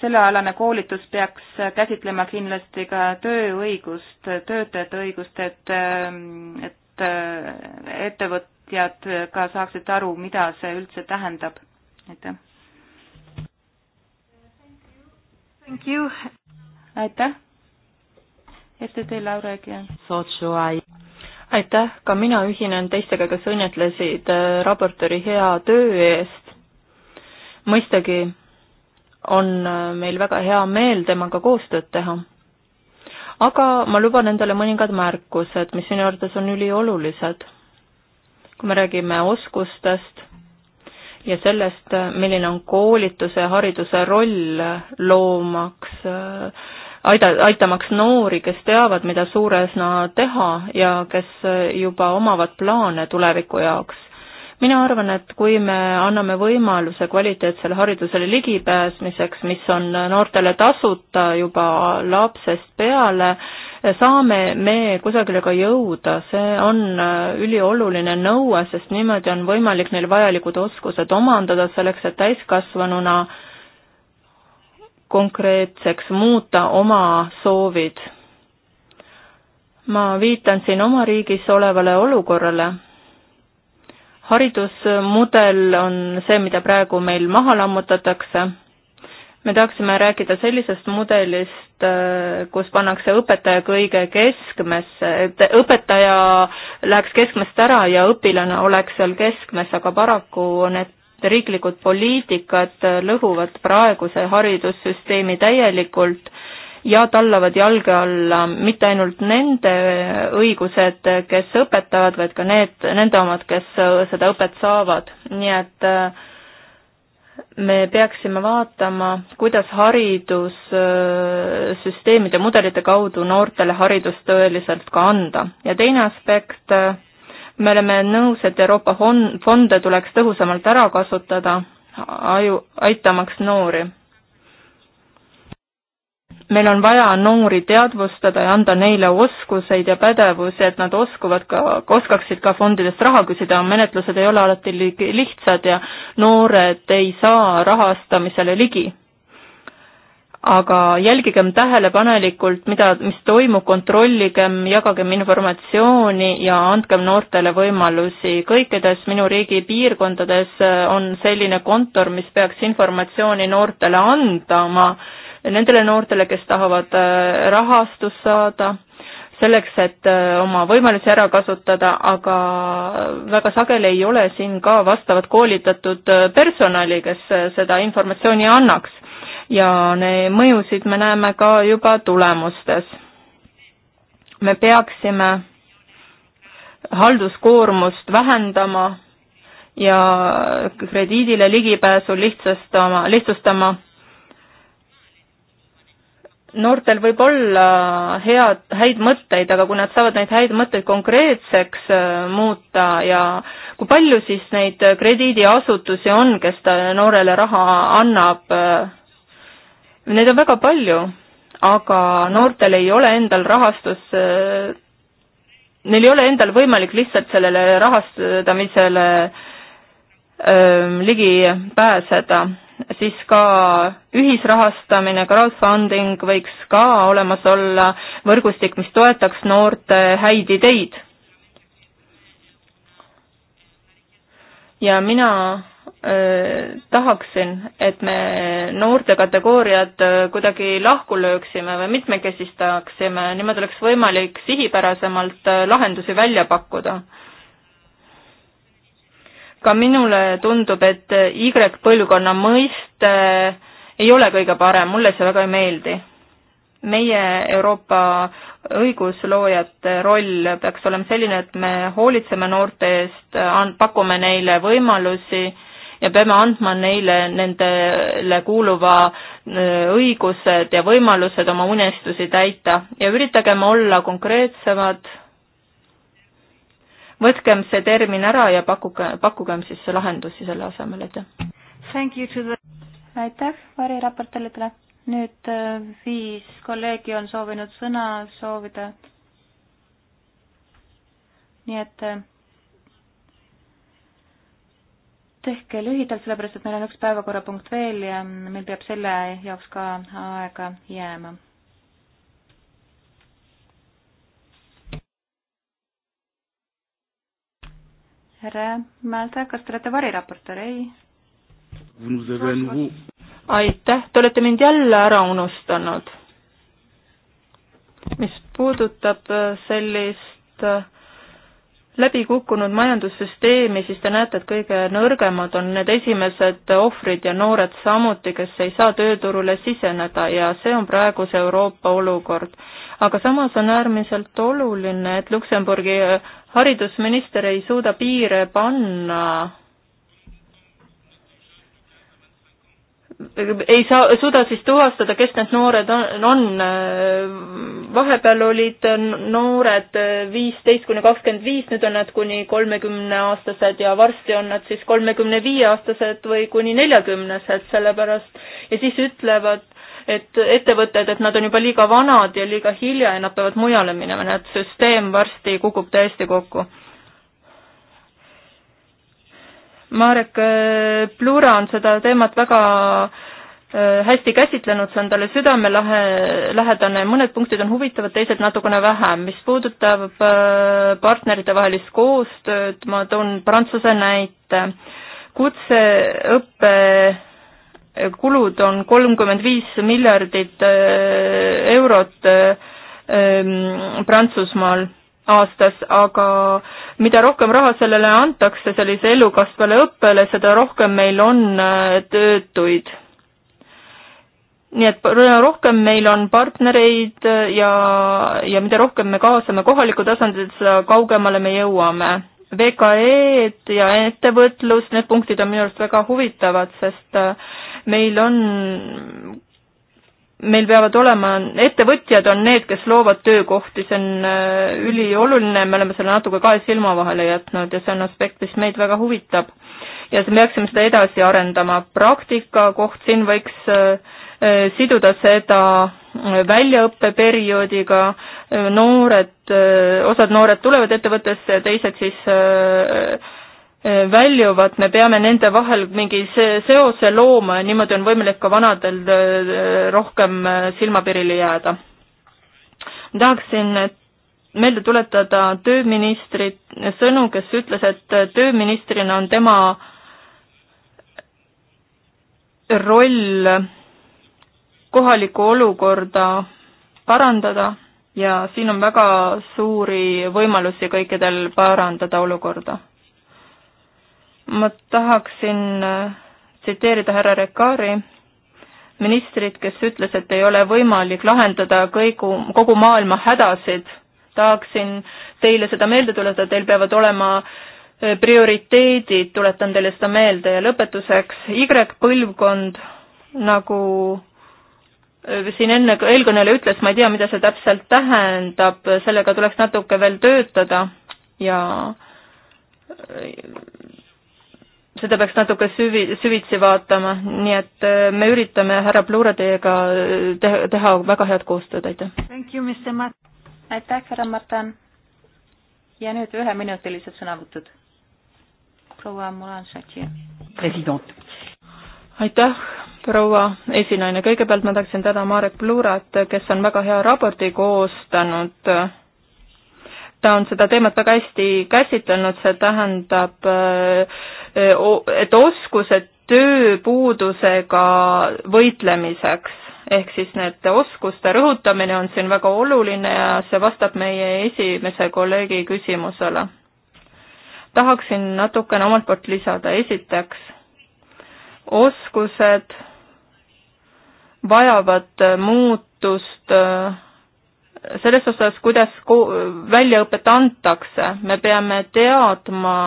sellealane koolitus peaks käsitlema kindlasti ka tööõigust, töötajate õigust, et, et ettevõtjad ka saaksid aru, mida see üldse tähendab. aitäh. aitäh. FTT Laura Egia. aitäh, ka mina ühinen teistega, kes õnnetlesid äh, raportööri hea töö eest. mõistagi on äh, meil väga hea meel temaga koostööd teha. aga ma luban endale mõningad märkused, mis minu arvates on üliolulised. kui me räägime oskustest ja sellest, äh, milline on koolituse ja hariduse roll loomaks äh, aida-, aitamaks noori, kes teavad, mida suures nad teha ja kes juba omavad plaane tuleviku jaoks mina arvan, et kui me anname võimaluse kvaliteetsele haridusele ligipääsmiseks, mis on noortele tasuta juba lapsest peale, saame me kusagile ka jõuda, see on äh, ülioluline nõue, sest niimoodi on võimalik neil vajalikud oskused omandada selleks, et täiskasvanuna konkreetseks muuta oma soovid. ma viitan siin oma riigis olevale olukorrale haridusmudel on see, mida praegu meil maha lammutatakse. me tahaksime rääkida sellisest mudelist, äh, kus pannakse õpetaja kõige keskmesse, et õpetaja läheks keskmest ära ja õpilane oleks seal keskmes, aga paraku need riiklikud poliitikad lõhuvad praeguse haridussüsteemi täielikult ja tallavad jalge alla mitte ainult nende õigused, kes õpetavad, vaid ka need, nende omad, kes seda õpet saavad, nii et äh, me peaksime vaatama, kuidas haridussüsteemide, mudelite kaudu noortele haridust tõeliselt ka anda. ja teine aspekt, äh, me oleme nõus, et Euroopa fonde tuleks tõhusamalt ära kasutada, aju, aitamaks noori meil on vaja noori teadvustada ja anda neile oskuseid ja pädevusi, et nad oskavad ka, oskaksid ka fondidest raha küsida, menetlused ei ole alati lihtsad ja noored ei saa rahastamisele ligi. aga jälgigem tähelepanelikult, mida, mis toimub, kontrolligem, jagagem informatsiooni ja andkem noortele võimalusi. kõikides minu riigi piirkondades eh, on selline kontor, mis peaks informatsiooni noortele andma nendele noortele, kes tahavad äh, rahastust saada, selleks, et äh, oma võimalusi ära kasutada, aga väga sageli ei ole siin ka vastavat koolitatud äh, personali, kes seda informatsiooni annaks. ja neid mõjusid me näeme ka juba tulemustes. me peaksime halduskoormust vähendama ja krediidile ligipääsu lihtsustama, lihtsustama noortel võib olla head, häid mõtteid, aga kui nad saavad neid häid mõtteid konkreetseks äh, muuta ja kui palju siis neid krediidiasutusi on, kes ta noorele raha annab? Äh, neid on väga palju, aga noortel ei ole endal rahastus, äh, neil ei ole endal võimalik lihtsalt sellele rahastamisele ligi pääseda siis ka ühisrahastamine, crowdfunding võiks ka olemas olla võrgustik, mis toetaks noorte häid ideid. ja mina tahaksin, et me noorte kategooriad kuidagi lahku lööksime või mitmekesistaksime, niimoodi oleks võimalik sihipärasemalt lahendusi välja pakkuda ka minule tundub, et Y-põlvkonna mõiste äh, ei ole kõige parem, mulle see väga ei meeldi. meie Euroopa õigusloojate roll peaks olema selline, et me hoolitseme noorte eest, pakume neile võimalusi ja peame andma neile nendele kuuluva äh, õigused ja võimalused oma unistusi täita ja üritagem olla konkreetsemad võtkem see termin ära ja pakuge, pakugem siis lahendusi selle asemel, aitäh. The... aitäh variraportööridele. nüüd äh, viis kolleegi on soovinud sõna soovida. nii et äh, tehke lühidalt, sellepärast et meil on üks päevakorrapunkt veel ja meil peab selle jaoks ka aega jääma härra Mälde, kas te olete variraportöör, ei? aitäh, te olete mind jälle ära unustanud. mis puudutab äh, sellist äh, läbikukkunud majandussüsteemi, siis te näete, et kõige nõrgemad on need esimesed ohvrid ja noored samuti, kes ei saa tööturule siseneda ja see on praeguse Euroopa olukord aga samas on äärmiselt oluline, et Luksemburgi äh, haridusminister ei suuda piire panna ei saa, suuda siis tuvastada, kes need noored on. vahepeal olid noored viisteist kuni kakskümmend viis, nüüd on nad kuni kolmekümneaastased ja varsti on nad siis kolmekümne viie aastased või kuni neljakümnesed, sellepärast ja siis ütlevad et ettevõtted, et nad on juba liiga vanad ja liiga hilja ja nad peavad mujale minema, nii et süsteem varsti kukub täiesti kokku. Marek äh, Plura on seda teemat väga äh, hästi käsitlenud, see on talle südamelahe, lähedane, mõned punktid on huvitavad, teised natukene vähem. mis puudutab äh, partneritevahelist koostööd, ma toon Prantsuse näite. kutseõppe kulud on kolmkümmend viis miljardit äh, eurot äh, ähm, Prantsusmaal aastas, aga mida rohkem raha sellele antakse, sellise elukastvale õppele, seda rohkem meil on äh, töötuid. nii et rohkem meil on partnereid ja, ja mida rohkem me kaasame kohalikku tasandit, seda kaugemale me jõuame. VKE-d ja ettevõtlus, need punktid on minu arust väga huvitavad, sest äh, meil on, meil peavad olema, ettevõtjad on need, kes loovad töökohti, see on äh, ülioluline, me oleme selle natuke kahe silma vahele jätnud ja see on aspekt, mis meid väga huvitab. ja me peaksime seda edasi arendama, praktikakoht siin võiks äh, äh, siduda seda väljaõppeperioodiga, noored, osad noored tulevad ettevõttesse ja teised siis Äh, väljuvad, me peame nende vahel mingi seose looma ja niimoodi on võimalik ka vanadel äh, rohkem äh, silmapiirile jääda. tahaksin meelde tuletada tööministri sõnu, kes ütles, et tööministrina on tema roll kohalikku olukorda parandada ja siin on väga suuri võimalusi kõikidel parandada olukorda ma tahaksin äh, tsiteerida härra Rekari, ministrit, kes ütles, et ei ole võimalik lahendada kõigu, kogu maailma hädasid. tahaksin teile seda meelde tuletada, teil peavad olema äh, prioriteedid, tuletan teile seda meelde ja lõpetuseks, Y-põlvkond nagu äh, siin enne, eelkõneleja ütles, ma ei tea, mida see täpselt tähendab, sellega tuleks natuke veel töötada ja seda peaks natuke süvi, süvitsi vaatama, nii et äh, me üritame härra Plura teiega äh, teha, teha väga head koostööd, aitäh. aitäh, härra Martin. ja nüüd üheminutilised sõnavõtud. proua Mulan-Šatši. president. aitäh, proua esinaine, kõigepealt ma tahaksin tänada Marek Plurat, kes on väga hea raporti koostanud ta on seda teemat väga hästi käsitlenud, see tähendab äh, et oskused tööpuudusega võitlemiseks ehk siis need oskuste rõhutamine on siin väga oluline ja see vastab meie esimese kolleegi küsimusele. tahaksin natukene omalt poolt lisada, esiteks oskused vajavad muutust selles osas, kuidas väljaõpet antakse, me peame teadma,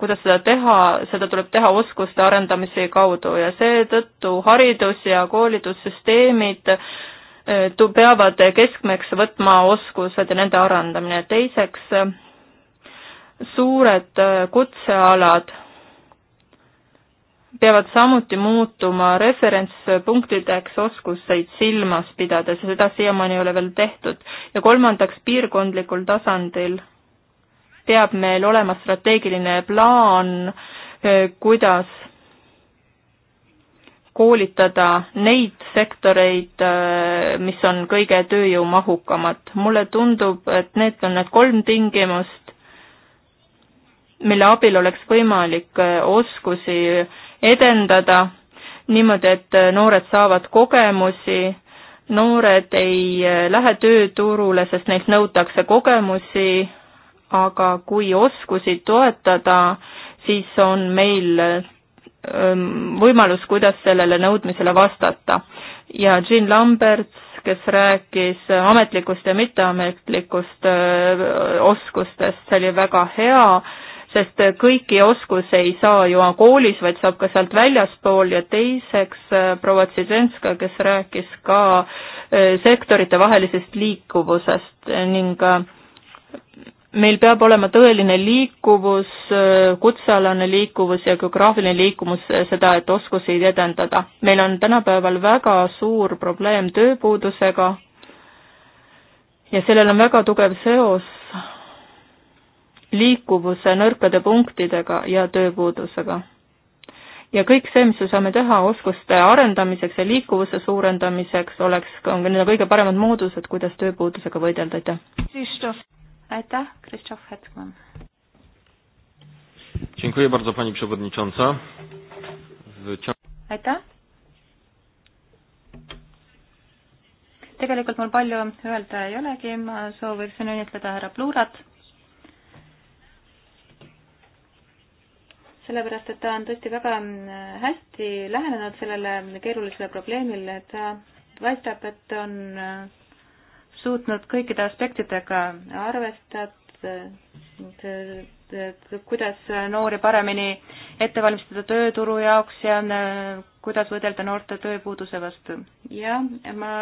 kuidas seda teha, seda tuleb teha oskuste arendamise kaudu ja seetõttu haridus- ja koolitussüsteemid eh, peavad keskmeks võtma oskused ja nende arendamine. teiseks, suured eh, kutsealad peavad samuti muutuma referentspunktideks oskuseid silmas pidades ja seda siiamaani ei ole veel tehtud. ja kolmandaks, piirkondlikul tasandil peab meil olema strateegiline plaan, eh, kuidas koolitada neid sektoreid, eh, mis on kõige tööjõumahukamad. mulle tundub, et need on need kolm tingimust, mille abil oleks võimalik eh, oskusi edendada niimoodi, et noored saavad kogemusi, noored ei eh, lähe tööturule, sest neilt nõutakse kogemusi, aga kui oskusi toetada, siis on meil ehm, võimalus, kuidas sellele nõudmisele vastata. ja Jean Lamberts, kes rääkis ametlikust ja mitteametlikust eh, oskustest, see oli väga hea, sest kõiki oskusi ei saa ju koolis, vaid saab ka sealt väljaspool ja teiseks äh, proua Tsisenska, kes rääkis ka äh, sektoritevahelisest liikuvusest ning äh, meil peab olema tõeline liikuvus, kutsealane liikuvus ja geograafiline liikuvus, seda, et oskusi edendada. meil on tänapäeval väga suur probleem tööpuudusega ja sellel on väga tugev seos liikuvuse nõrkade punktidega ja tööpuudusega. ja kõik see, mis me saame teha oskuste arendamiseks ja liikuvuse suurendamiseks, oleks, on ka need kõige paremad moodused, kuidas tööpuudusega võidelda, aitäh. aitäh, Krzysztof Hetman. Dziękuję bardzo Pani Przewodnicząca. aitäh. tegelikult mul palju öelda ei olegi, ma sooviksin õnnitleda härra Pluurat sellepärast et ta on tõesti väga mm, hästi lähenenud sellele keerulisele probleemile, ta paistab, et on äh, suutnud kõikide aspektidega arvestada, kuidas noori paremini ette valmistada tööturu jaoks ja äh, kuidas võidelda noorte tööpuuduse vastu. ja ma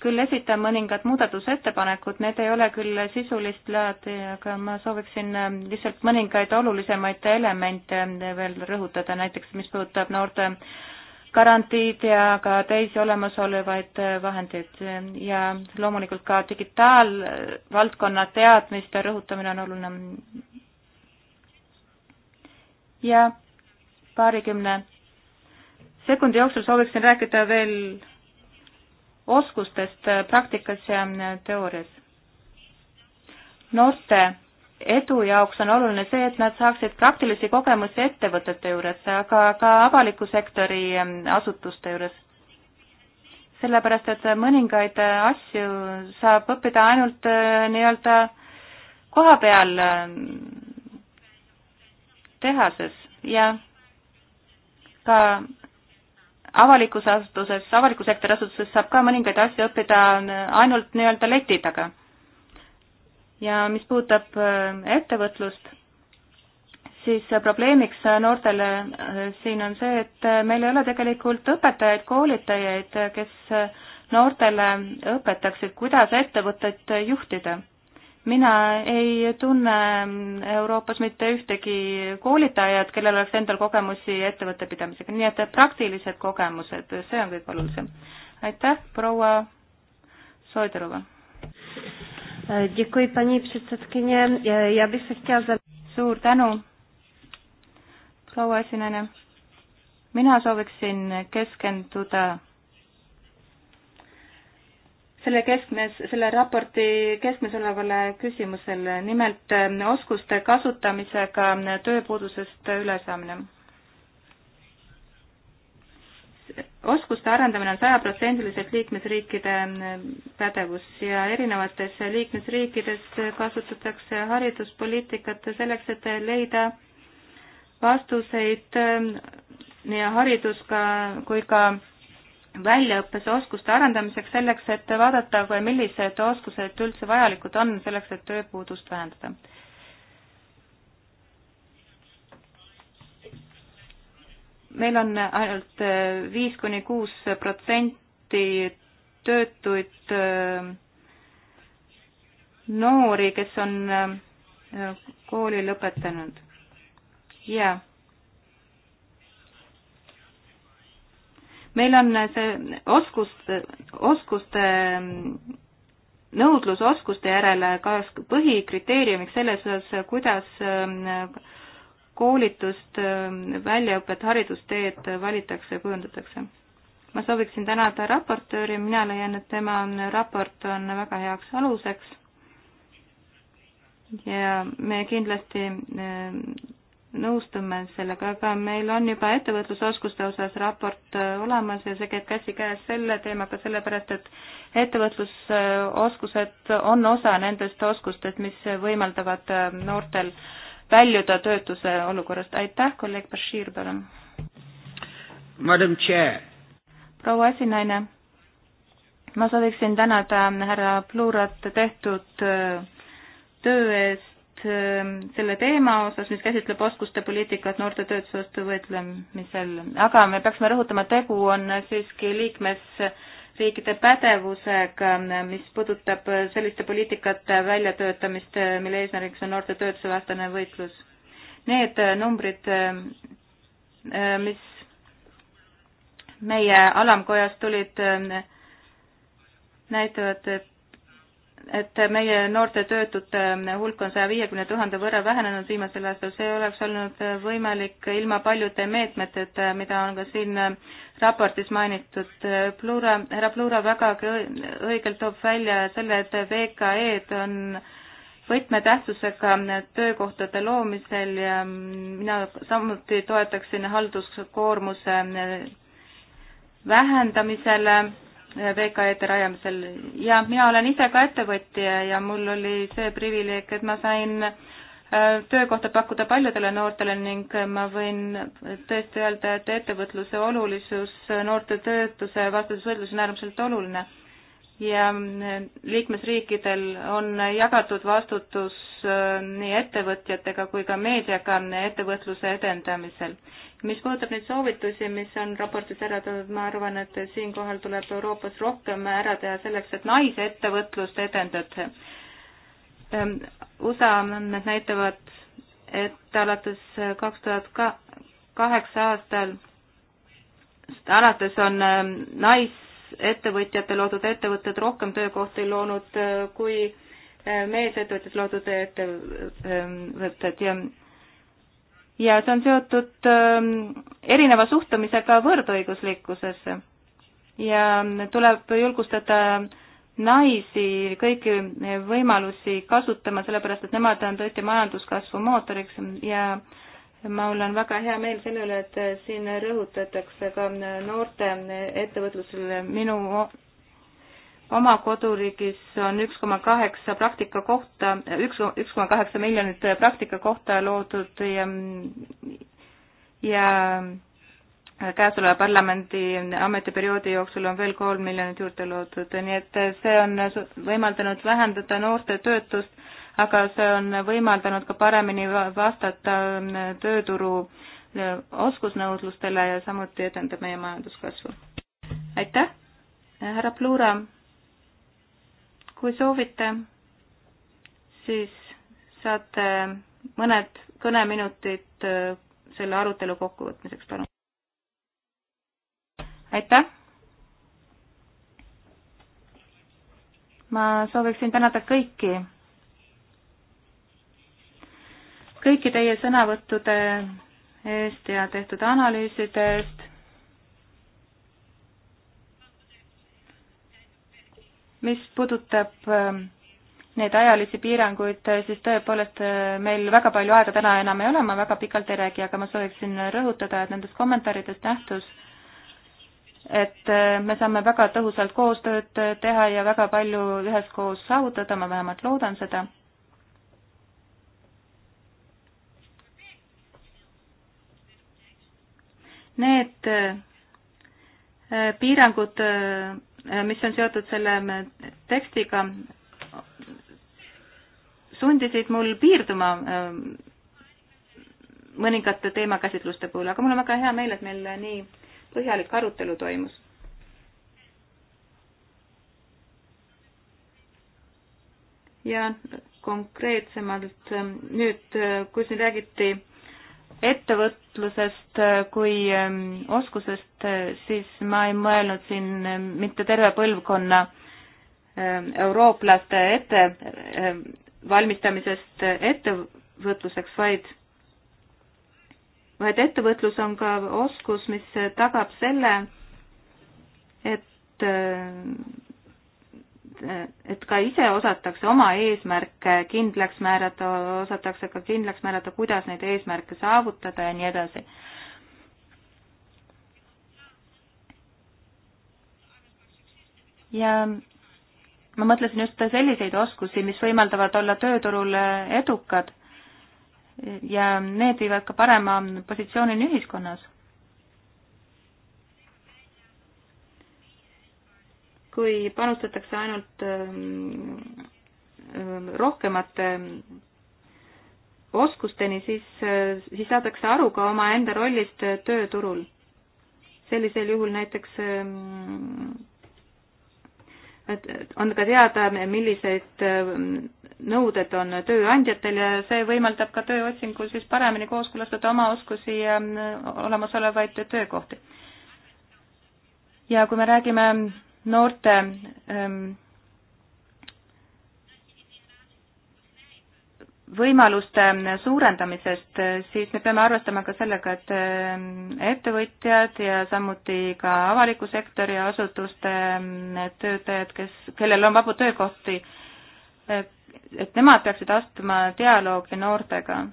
küll esitan mõningad muudatusettepanekud, need ei ole küll sisulist laadi, aga ma sooviksin äh, lihtsalt mõningaid olulisemaid elemente äh, veel rõhutada, näiteks mis puudutab noorte garantiid ja ka teisi olemasolevaid äh, vahendeid ja loomulikult ka digitaalvaldkonna teadmiste rõhutamine on oluline. ja paarikümne sekundi jooksul sooviksin rääkida veel oskustest äh, praktikas ja äh, teoorias. noorte edu jaoks on oluline see, et nad saaksid praktilisi kogemusi ettevõtete juures, aga ka avaliku sektori ähm, asutuste juures. sellepärast, et mõningaid äh, asju saab õppida ainult nii-öelda koha peal ähm, tehases ja ka avalikus asutuses, avaliku sektori asutuses saab ka mõningaid asju õppida ainult nii-öelda leti taga. ja mis puudutab äh, ettevõtlust, siis äh, probleemiks äh, noortele siin on see, et meil ei ole tegelikult õpetajaid, koolitajaid, kes noortele õpetaksid, kuidas ettevõtet juhtida mina ei tunne Euroopas mitte ühtegi koolitajat, kellel oleks endal kogemusi ettevõtte pidamisega, nii et praktilised kogemused, see on kõige olulisem. aitäh, proua Soiderova. Äh, suur tänu, proua esinaine. mina sooviksin keskenduda selle keskmes, selle raporti keskmes olevale küsimusele, nimelt ähm, oskuste kasutamisega äh, tööpuudusest ülesaamine. oskuste arendamine on sajaprotsendiliselt liikmesriikide ähm, pädevus ja erinevates liikmesriikides kasutatakse hariduspoliitikat selleks, et leida vastuseid ähm, nii haridus ka, kui ka väljaõppes oskuste arendamiseks, selleks et vaadata, millised oskused üldse vajalikud on selleks, et tööpuudust vähendada. meil on ainult viis kuni kuus protsenti töötuid äh, noori, kes on äh, kooli lõpetanud. jaa meil on see oskuste, oskuste, nõudlus oskuste järele ka põhikriteeriumiks selles osas, kuidas ähm, koolitust, ähm, väljaõpet, haridusteed valitakse ja kujundatakse. ma sooviksin tänada raportööri, mina leian, et tema raport on väga heaks aluseks ja me kindlasti ähm, nõustume sellega, aga meil on juba ettevõtlusoskuste osas raport äh, olemas ja see käib käsikäes selle teemaga, sellepärast et ettevõtlusoskused on osa nendest oskustest, mis võimaldavad äh, noortel väljuda töötuse olukorrast. aitäh, kolleeg Bashir, palun. proua esinaine, ma sooviksin tänada härra Plurat tehtud äh, töö eest Ähm, selle teema osas, mis käsitleb oskuste poliitikat noorte töötuse vastu võitlemisel, aga me peaksime rõhutama, et tegu on siiski liikmesriikide pädevusega, mis puudutab selliste poliitikate väljatöötamist, mille eesmärgiks on noorte töötuse vastane võitlus. Need numbrid, äh, mis meie alamkojast tulid, äh, näitavad, et et meie noorte töötute hulk on saja viiekümne tuhande võrra vähenenud viimasel aastal, see oleks olnud võimalik ilma paljude meetmeteta, mida on ka siin raportis mainitud. Plura, härra Plura vägagi õigelt toob välja selle, et VKE-d on võtmetähtsusega töökohtade loomisel ja mina samuti toetaksin halduskoormuse vähendamisele VKE-de rajamisel ja mina olen ise ka ettevõtja ja mul oli see privileeg, et ma sain äh, töökohta pakkuda paljudele noortele ning ma võin tõesti öelda, et ettevõtluse olulisus noorte töötuse vastases võrdluses on äärmiselt oluline. ja äh, liikmesriikidel on jagatud vastutus äh, nii ettevõtjatega kui ka meediaga ettevõtluse edendamisel mis puudutab neid soovitusi, mis on raportis ära toodud, ma arvan, et siinkohal tuleb Euroopas rohkem ära teha selleks, et naise ettevõtlust edendada. Ehm, USA andmed näitavad, et alates kaks tuhat kaheksa aastal, alates on ehm, naisettevõtjate loodud ettevõtted rohkem töökohti loonud eh, kui eh, meesettevõtjad loodud ettevõtted ja ja see on seotud ähm, erineva suhtumisega võrdõiguslikkusesse. ja tuleb julgustada naisi kõiki võimalusi kasutama, sellepärast et nemad on tõesti majanduskasvu mootoriks ja mul on väga hea meel selle üle, et siin rõhutatakse ka noorte ettevõtlusele minu oma koduriigis on üks koma kaheksa praktika kohta, üks, üks koma kaheksa miljonit praktika kohta loodud ja, ja käesoleva parlamendi ametiperioodi jooksul on veel kolm miljonit juurde loodud, nii et see on võimaldanud vähendada noorte töötust, aga see on võimaldanud ka paremini vastata tööturu oskusnõudlustele ja samuti edendab meie majanduskasvu. aitäh, härra Plura, kui soovite, siis saate mõned kõneminutid äh, selle arutelu kokkuvõtmiseks, palun. aitäh! ma sooviksin tänada kõiki, kõiki teie sõnavõttude eest ja tehtud analüüside eest mis puudutab ähm, neid ajalisi piiranguid, äh, siis tõepoolest äh, meil väga palju aega täna enam ei ole, ma väga pikalt ei räägi, aga ma sooviksin rõhutada, et nendest kommentaaridest nähtus, et äh, me saame väga tõhusalt koostööd teha ja väga palju üheskoos saavutada, ma vähemalt loodan seda. Need piirangud Äh, mis on seotud selle äh, tekstiga, sundisid mul piirduma äh, mõningate teemakäsitluste puhul, aga mul on väga hea meel, et meil nii põhjalik arutelu toimus. ja konkreetsemalt nüüd, kus nüüd räägiti ettevõtlusest äh, kui ähm, oskusest, äh, siis ma ei mõelnud siin ähm, mitte terve põlvkonna ähm, eurooplaste ettevalmistamisest äh, ettevõtluseks, vaid, vaid ettevõtlus on ka oskus, mis tagab selle, et et ka ise osatakse oma eesmärke kindlaks määrata, osatakse ka kindlaks määrata, kuidas neid eesmärke saavutada ja nii edasi. ja ma mõtlesin just selliseid oskusi, mis võimaldavad olla tööturul edukad ja need viivad ka parema positsioonini ühiskonnas kui panustatakse ainult ähm, ähm, rohkemate oskusteni, siis, äh, siis saadakse aru ka omaenda rollist äh, tööturul. sellisel juhul näiteks ähm, et on ka teada, millised nõuded on tööandjatel ja see võimaldab ka tööotsingul siis paremini kooskõlastada oma oskusi ja äh, olemasolevaid töökohti. ja kui me räägime noorte ähm, võimaluste ähm, suurendamisest, äh, siis me peame arvestama ka sellega, et ähm, ettevõtjad ja samuti ka avaliku sektori asutuste töötajad, kes, kellel on vabu töökohti, et nemad peaksid astuma dialoogi noortega.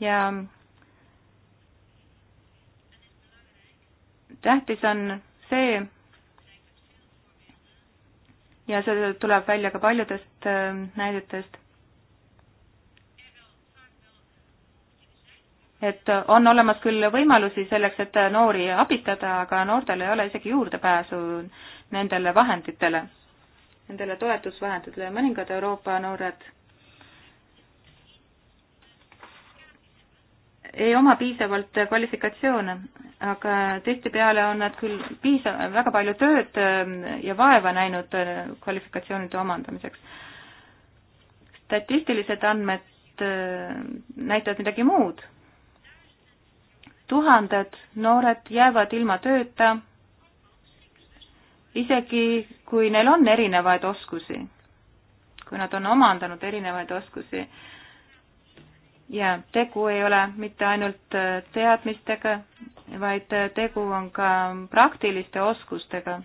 ja tähtis on see ja see tuleb välja ka paljudest äh, näidetest, et on olemas küll võimalusi selleks, et noori abitada, aga noortel ei ole isegi juurdepääsu nendele vahenditele, nendele toetusvahenditele. mõningad Euroopa noored ei oma piisavalt kvalifikatsioone, aga tihtipeale on nad küll piisa-, väga palju tööd ähm, ja vaeva näinud äh, kvalifikatsioonide omandamiseks. statistilised andmed äh, näitavad midagi muud. tuhanded noored jäävad ilma tööta, isegi kui neil on erinevaid oskusi, kui nad on omandanud erinevaid oskusi ja tegu ei ole mitte ainult äh, teadmistega, vaid äh, tegu on ka praktiliste oskustega.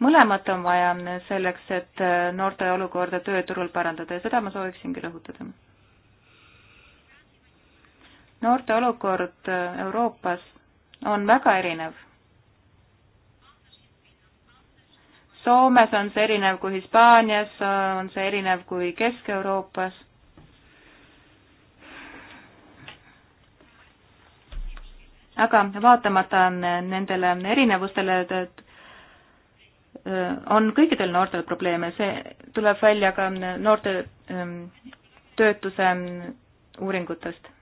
mõlemat on vaja selleks, et äh, noorte olukorda tööturul parandada ja seda ma sooviksingi rõhutada. noorte olukord Euroopas on väga erinev. Soomes on see erinev kui Hispaanias, on see erinev kui Kesk-Euroopas aga vaatamata nendele erinevustele, et äh, on kõikidel noortel probleeme, see tuleb välja ka noorte ähm, töötuse ähm, uuringutest.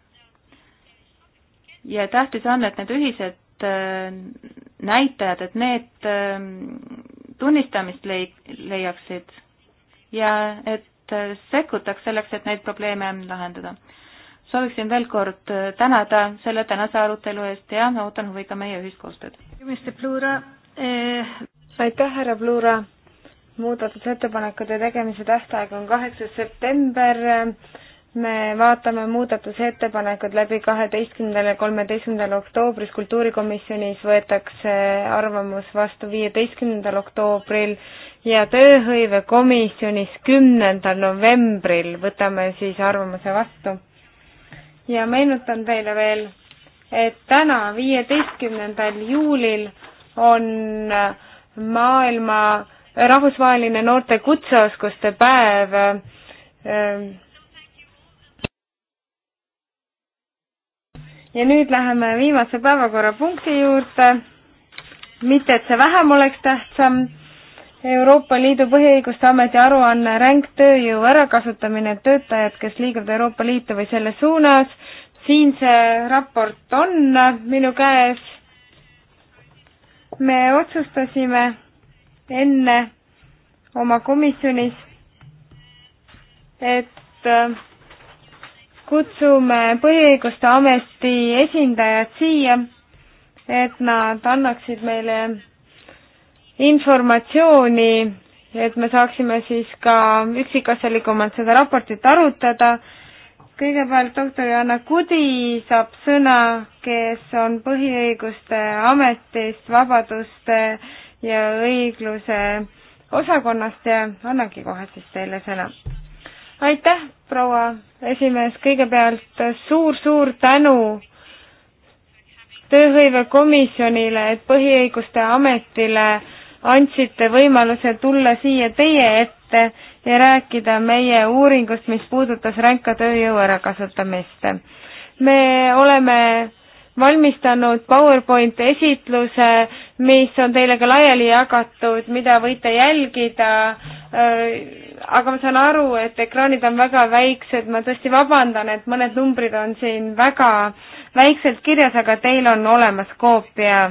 ja tähtis on, et need ühised äh, näitajad, et need ähm, tunnistamist leid-, leiaksid ja et äh, sekkutaks selleks, et neid probleeme lahendada sooviksin veel kord äh, tänada selle tänase arutelu eest ja ootan huviga meie ühist koostööd. Eh, aitäh, härra Plura! muudatusettepanekute tegemise tähtaeg on kaheksas september. me vaatame muudatusettepanekud läbi kaheteistkümnendal ja kolmeteistkümnendal oktoobris. kultuurikomisjonis võetakse arvamus vastu viieteistkümnendal oktoobril ja tööhõivekomisjonis kümnendal novembril võtame siis arvamuse vastu ja meenutan teile veel, et täna, viieteistkümnendal juulil on maailma rahvusvaheline noorte kutseoskuste päev. ja nüüd läheme viimase päevakorrapunkti juurde. mitte, et see vähem oleks tähtsam Euroopa Liidu põhiõiguste ameti aruanne Ränk tööjõu ärakasutamine, töötajad, kes liiguvad Euroopa Liitu või selle suunas. siin see raport on minu käes. me otsustasime enne oma komisjonis, et kutsume põhiõiguste ameti esindajad siia, et nad annaksid meile informatsiooni, et me saaksime siis ka üksikasjalikumalt seda raportit arutada. kõigepealt doktor Joanna Kudi saab sõna, kes on põhiõiguste ametist, vabaduste ja õigluse osakonnast ja annangi kohe siis teile sõna. aitäh, proua esimees, kõigepealt suur-suur tänu tööhõivekomisjonile, et Põhiõiguste Ametile andsite võimaluse tulla siia teie ette ja rääkida meie uuringust, mis puudutas ränka tööjõu ärakasutamist. me oleme valmistanud PowerPoint esitluse, mis on teile ka laiali jagatud, mida võite jälgida, äh, aga ma saan aru, et ekraanid on väga väiksed, ma tõesti vabandan, et mõned numbrid on siin väga väikselt kirjas, aga teil on olemas koopia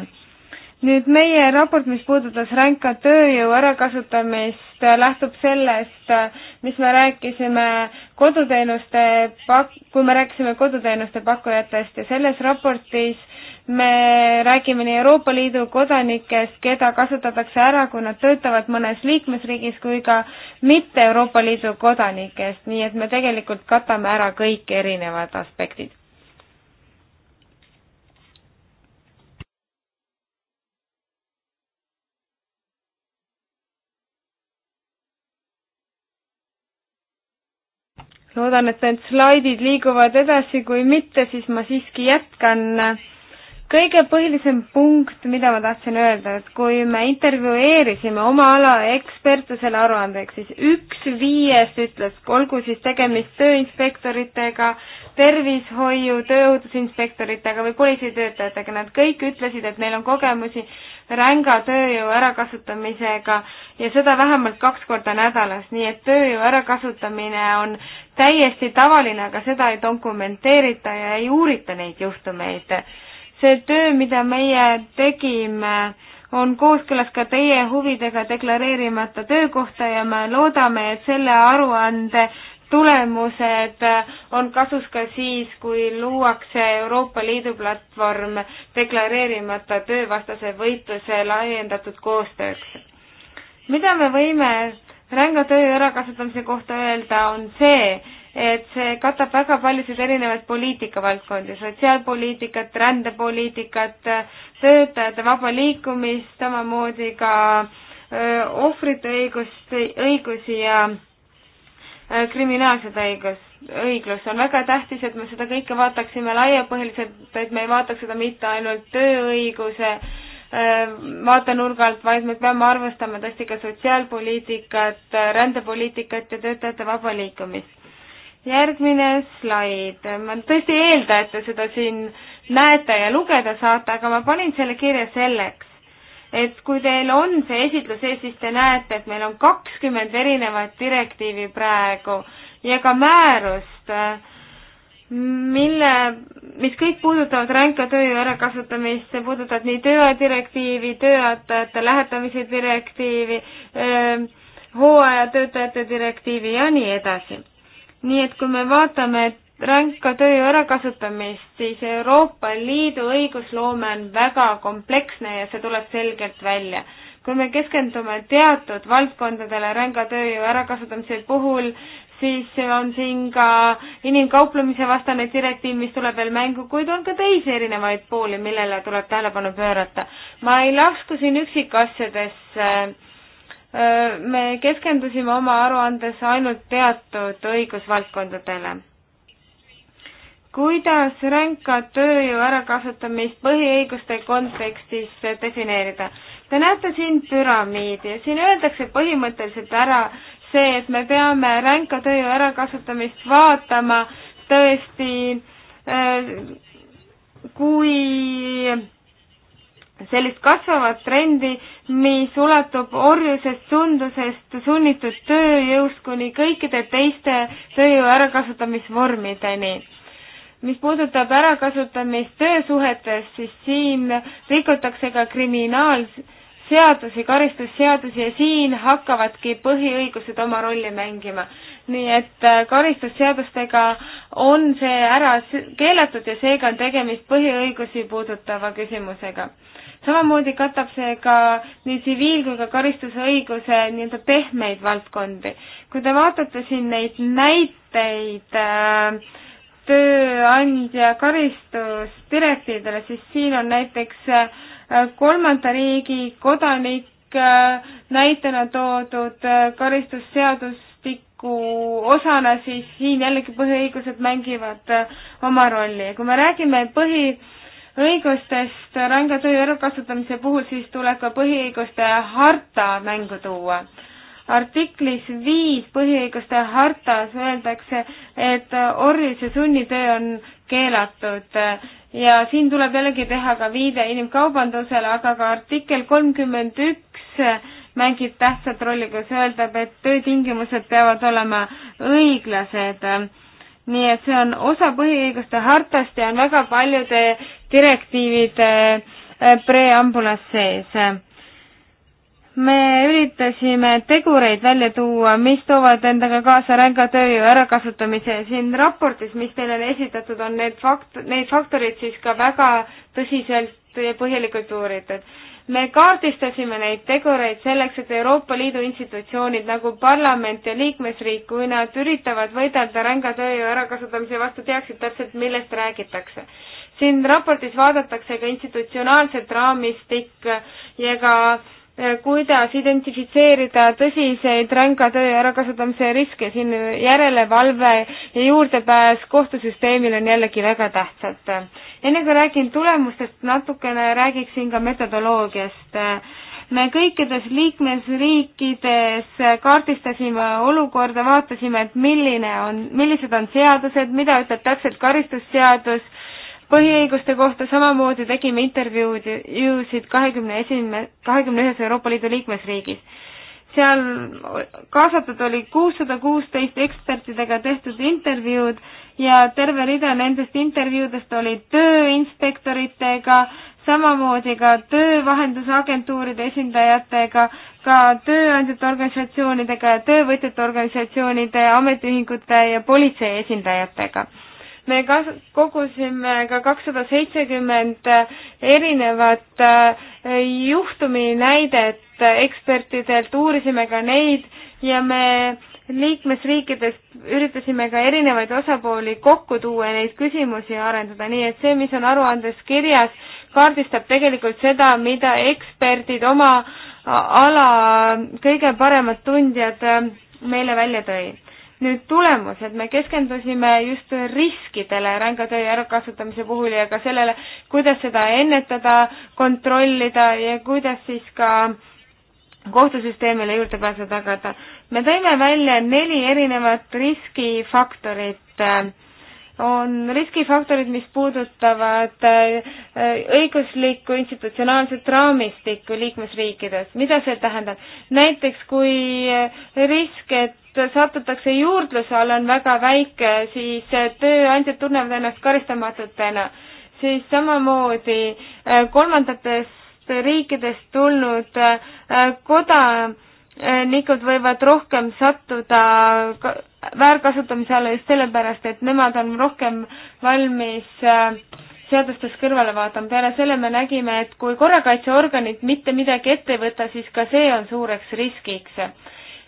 nüüd meie raport, mis puudutas ränka tööjõu ärakasutamist, lähtub sellest, mis me rääkisime koduteenuste pak-, kui me rääkisime koduteenuste pakkujatest ja selles raportis me räägime nii Euroopa Liidu kodanikest, keda kasutatakse ära, kui nad töötavad mõnes liikmesriigis, kui ka mitte Euroopa Liidu kodanikest, nii et me tegelikult katame ära kõik erinevad aspektid loodan, et need slaidid liiguvad edasi, kui mitte, siis ma siiski jätkan kõige põhilisem punkt, mida ma tahtsin öelda, et kui me intervjueerisime oma ala eksperte selle aruandeks, siis üks viiest ütles, olgu siis tegemist tööinspektoritega, tervishoiu, tööohutusinspektoritega või politseitöötajatega, nad kõik ütlesid, et neil on kogemusi ränga tööjõu ärakasutamisega ja seda vähemalt kaks korda nädalas, nii et tööjõu ärakasutamine on täiesti tavaline, aga seda ei dokumenteerita ja ei uurita neid juhtumeid see töö, mida meie tegime, on kooskõlas ka teie huvidega deklareerimata töökohta ja me loodame, et selle aruande tulemused on kasus ka siis, kui luuakse Euroopa Liidu platvorm deklareerimata töövastase võitluse laiendatud koostööks. mida me võime ränga töö ärakasutamise kohta öelda, on see, et see katab väga paljusid erinevaid poliitikavaldkondi, sotsiaalpoliitikat, rändepoliitikat, töötajate vaba liikumist, samamoodi ka ohvrite õigust, õigusi ja kriminaalsed õigus, õiglus. on väga tähtis, et me seda kõike vaataksime laiapõhjaliselt, et me ei vaataks seda mitte ainult tööõiguse vaatenurgalt, vaid me peame arvestama tõesti ka sotsiaalpoliitikat, rändepoliitikat ja töötajate vaba liikumist järgmine slaid, ma tõesti ei eelda, et te seda siin näete ja lugeda saate, aga ma panin selle kirja selleks, et kui teil on see esitlus ees, siis te näete, et meil on kakskümmend erinevat direktiivi praegu ja ka määrust, mille, mis kõik puudutavad ränka tööjõu ärakasutamist, see puudutab nii tööaja direktiivi, töötajate lähetamise direktiivi, hooajatöötajate direktiivi ja nii edasi nii et kui me vaatame ränka tööjõu ärakasutamist, siis Euroopa Liidu õigusloome on väga kompleksne ja see tuleb selgelt välja. kui me keskendume teatud valdkondadele ränga tööjõu ärakasutamise puhul, siis on siin ka inimkauplemise vastane direktiiv, mis tuleb veel mängu, kuid on ka teisi erinevaid pooli, millele tuleb tähelepanu pöörata. ma ei lasku siin üksikasjadesse äh, me keskendusime oma aruandes ainult teatud õigusvaldkondadele. kuidas ränka tööjõu ärakasutamist põhiõiguste kontekstis defineerida? Te näete siin püramiidi ja siin öeldakse põhimõtteliselt ära see, et me peame ränka tööjõu ärakasutamist vaatama tõesti äh, kui sellist kasvavat trendi, mis ulatub orjusest, sundusest, sunnitud tööjõust kuni kõikide teiste tööjõu ärakasutamisvormideni. mis puudutab ärakasutamist töösuhetes, siis siin rikutakse ka kriminaalseadusi, karistusseadusi ja siin hakkavadki põhiõigused oma rolli mängima nii et äh, karistusseadustega on see ära keelatud ja seega on tegemist põhiõigusi puudutava küsimusega samamoodi katab see ka nii tsiviil- kui ka karistusõiguse nii-öelda pehmeid valdkondi. kui te vaatate siin neid näiteid äh, tööandja karistusdirektiividele, siis siin on näiteks äh, kolmanda riigi kodanik äh, näitena toodud äh, karistusseadustiku osana, siis siin jällegi põhiõigused mängivad äh, oma rolli ja kui me räägime põhi õigustest range töö ärakasutamise puhul, siis tuleb ka põhiõiguste harta mängu tuua. artiklis viis põhiõiguste hartas öeldakse, et orjus ja sunnitöö on keelatud ja siin tuleb jällegi teha ka viide inimkaubandusele, aga ka artikkel kolmkümmend üks mängib tähtsat rolli, kus öeldab, et töötingimused peavad olema õiglased nii et see on osa põhiõiguste hartast ja on väga paljude direktiivide eh, preambulas sees. me üritasime tegureid välja tuua, mis toovad endaga kaasa ränga tööjõu ärakasutamise. siin raportis, mis teile on esitatud, on need fakt-, neid faktoreid siis ka väga tõsiselt ja põhjalikult uuritud me kaardistasime neid tegureid selleks, et Euroopa Liidu institutsioonid nagu parlament ja liikmesriik, kui nad üritavad võidelda ränga tööjõu ärakasutamise vastu, teaksid täpselt, millest räägitakse siin raportis vaadatakse ka institutsionaalset raamistik ja ka eh, kuidas identifitseerida tõsiseid ränga töö ärakasutamise riske, siin järelevalve ja juurdepääs kohtusüsteemil on jällegi väga tähtsad. enne kui räägin tulemustest, natukene räägiksin ka metodoloogiast. me kõikides liikmesriikides kaardistasime olukorda, vaatasime, et milline on, millised on seadused, mida ütleb täpselt karistusseadus põhiõiguste kohta samamoodi tegime intervjuusid kahekümne esimene, kahekümne ühes Euroopa Liidu liikmesriigis. seal kaasatud oli kuussada kuusteist ekspertidega tehtud intervjuud ja terve rida nendest intervjuudest olid tööinspektoritega, samamoodi ka töövahendusagentuuride esindajatega, ka tööandjate organisatsioonidega ja töövõtjate organisatsioonide, ametiühingute ja politsei esindajatega me kas-, kogusime ka kakssada seitsekümmend erinevat äh, juhtuminäidet ekspertidelt, uurisime ka neid ja me liikmesriikides üritasime ka erinevaid osapooli kokku tuua ja neid küsimusi arendada, nii et see, mis on aruandes kirjas, kaardistab tegelikult seda, mida eksperdid oma ala kõige paremad tundjad äh, meile välja tõi nüüd tulemused, me keskendusime just riskidele ränga töö ärakasutamise puhul ja ka sellele, kuidas seda ennetada, kontrollida ja kuidas siis ka kohtusüsteemile juurdepääsu tagada. me tõime välja neli erinevat riskifaktorit. on riskifaktorid, mis puudutavad äh, õiguslikku institutsionaalset raamistikku liikmesriikides. mida see tähendab? näiteks kui äh, risk, et satutakse juurdluse alla, on väga väike, siis tööandjad tunnevad ennast karistamatutena. siis samamoodi äh, kolmandatest riikidest tulnud äh, kodanikud võivad rohkem sattuda väärkasutamise alla just sellepärast, et nemad on rohkem valmis äh, seadustest kõrvale vaatama. peale selle me nägime, et kui korrakaitseorganid mitte midagi ette ei võta, siis ka see on suureks riskiks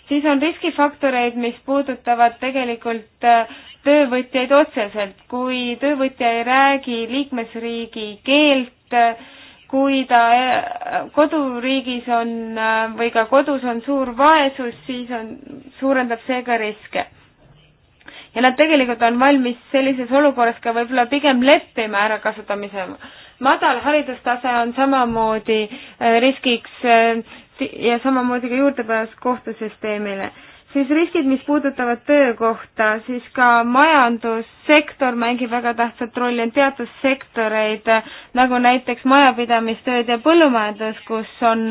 siis on riskifaktoreid, mis puudutavad tegelikult äh, töövõtjaid otseselt, kui töövõtja ei räägi liikmesriigi keelt, kui ta äh, koduriigis on äh, või ka kodus on suur vaesus, siis on, suurendab see ka riske. ja nad tegelikult on valmis sellises olukorras ka võib-olla pigem leppima ärakasutamisega madal haridustase on samamoodi riskiks ja samamoodi ka juurdepääs kohtusüsteemile. siis riskid, mis puudutavad töökohta, siis ka majandussektor mängib väga tähtsat rolli, on teatud sektoreid, nagu näiteks majapidamistööd ja põllumajandus, kus on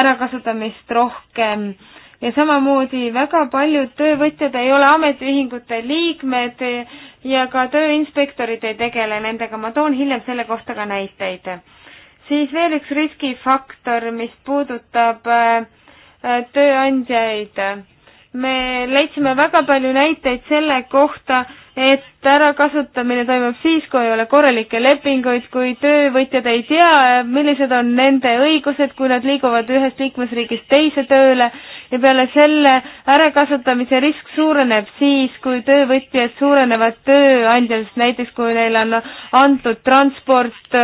ärakasutamist rohkem ja samamoodi väga paljud töövõtjad ei ole ametiühingute liikmed ja ka tööinspektorid ei tegele nendega, ma toon hiljem selle kohta ka näiteid siis veel üks riskifaktor, mis puudutab äh, äh, tööandjaid. me leidsime väga palju näiteid selle kohta, et ärakasutamine toimub siis, kui ei ole korralikke lepinguid, kui töövõtjad ei tea, millised on nende õigused, kui nad liiguvad ühest liikmesriigist teise tööle ja peale selle ärakasutamise risk suureneb siis, kui töövõtjad suurenevad tööandjast, näiteks kui neile on antud transport,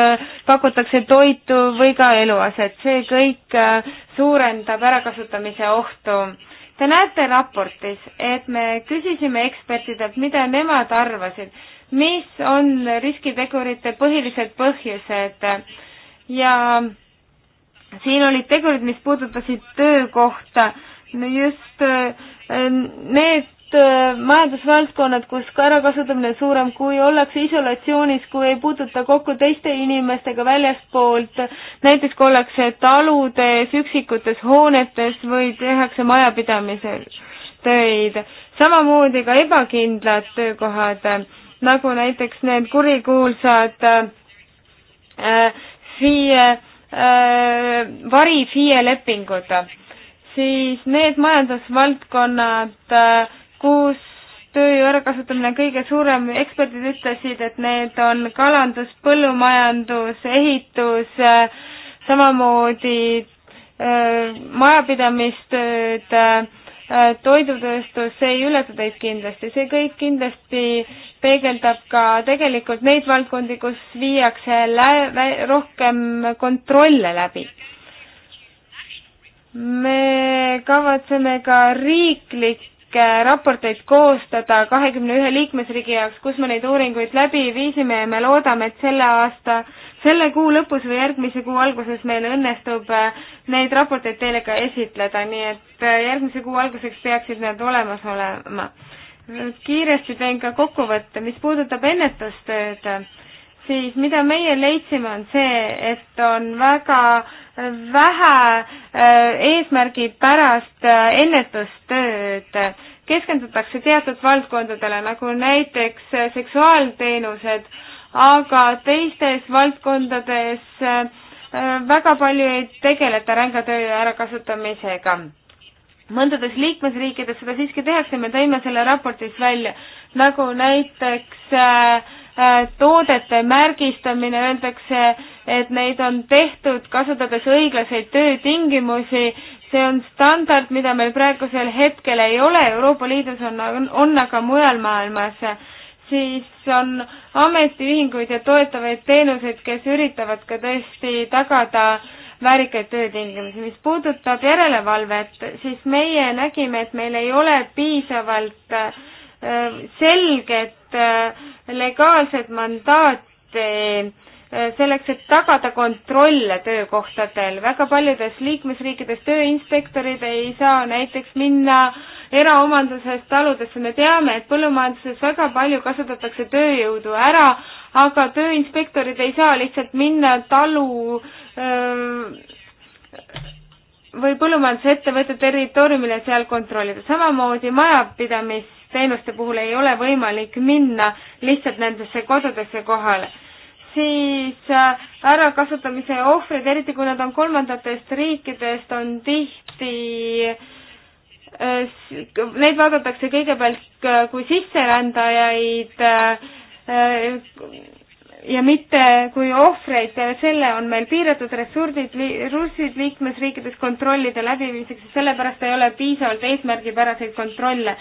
pakutakse toitu või ka eluaset, see kõik äh, suurendab ärakasutamise ohtu Te näete raportis, et me küsisime ekspertidelt, mida nemad arvasid, mis on riskitegurite põhilised põhjused ja siin olid tegurid, mis puudutasid töökohta, just Ähm, need äh, majandusvaldkonnad, kus ka ärakasutamine on suurem, kui ollakse isolatsioonis, kui ei puututa kokku teiste inimestega väljastpoolt, näiteks kui ollakse taludes, üksikutes hoonetes või tehakse majapidamisel töid, samamoodi ka ebakindlad töökohad, nagu näiteks need kurikuulsad äh, FIE äh,, vari FIE lepingud siis need majandusvaldkonnad, äh, kus tööjõu ärakasutamine kõige suurem, eksperdid ütlesid, et need on kalandus, põllumajandus, ehitus, äh, samamoodi äh, majapidamistööd, toidutööstus, see ei üllata teid kindlasti, see kõik kindlasti peegeldab ka tegelikult neid valdkondi, kus viiakse lä-, rohkem kontrolle läbi me kavatseme ka riiklikke raporteid koostada kahekümne ühe liikmesriigi jaoks, kus me neid uuringuid läbi viisime ja me loodame, et selle aasta, selle kuu lõpus või järgmise kuu alguses meil õnnestub äh, neid raporteid teile ka esitleda, nii et äh, järgmise kuu alguseks peaksid need olemas olema. kiiresti teen ka kokkuvõtte, mis puudutab ennetustööd siis mida meie leidsime, on see, et on väga vähe äh, eesmärgipärast äh, ennetustööd, keskendutakse teatud valdkondadele, nagu näiteks äh, seksuaalteenused, aga teistes valdkondades väga palju ei tegeleta ränga töö ärakasutamisega mõndades liikmesriikides seda siiski tehakse, me tõime selle raportis välja, nagu näiteks äh, Äh, toodete märgistamine, öeldakse, et neid on tehtud kasutades õiglaseid töötingimusi, see on standard, mida meil praegusel hetkel ei ole, Euroopa Liidus on, on aga mujal maailmas, siis on ametiühinguid ja toetavaid teenuseid, kes üritavad ka tõesti tagada väärikaid töötingimusi. mis puudutab järelevalvet, siis meie nägime, et meil ei ole piisavalt äh, selget Äh, legaalset mandaati äh, selleks, et tagada kontrolle töökohtadel. väga paljudes liikmesriikides tööinspektorid ei saa näiteks minna eraomanduses taludesse, me teame, et põllumajanduses väga palju kasutatakse tööjõudu ära, aga tööinspektorid ei saa lihtsalt minna talu öö, äh, või põllumajandusettevõtte territooriumile seal kontrollida. samamoodi majapidamis teenuste puhul ei ole võimalik minna lihtsalt nendesse kodudesse kohale. siis äh, ärakasutamise ohvrid, eriti kui nad on kolmandatest riikidest, on tihti äh, Neid vaadatakse kõigepealt äh, kui sisserändajaid ja mitte kui ohvreid, peale selle on meil piiratud ressursid, ressursid liikmesriikides kontrollide läbiviimiseks ja sellepärast ei ole piisavalt eesmärgipäraseid kontrolle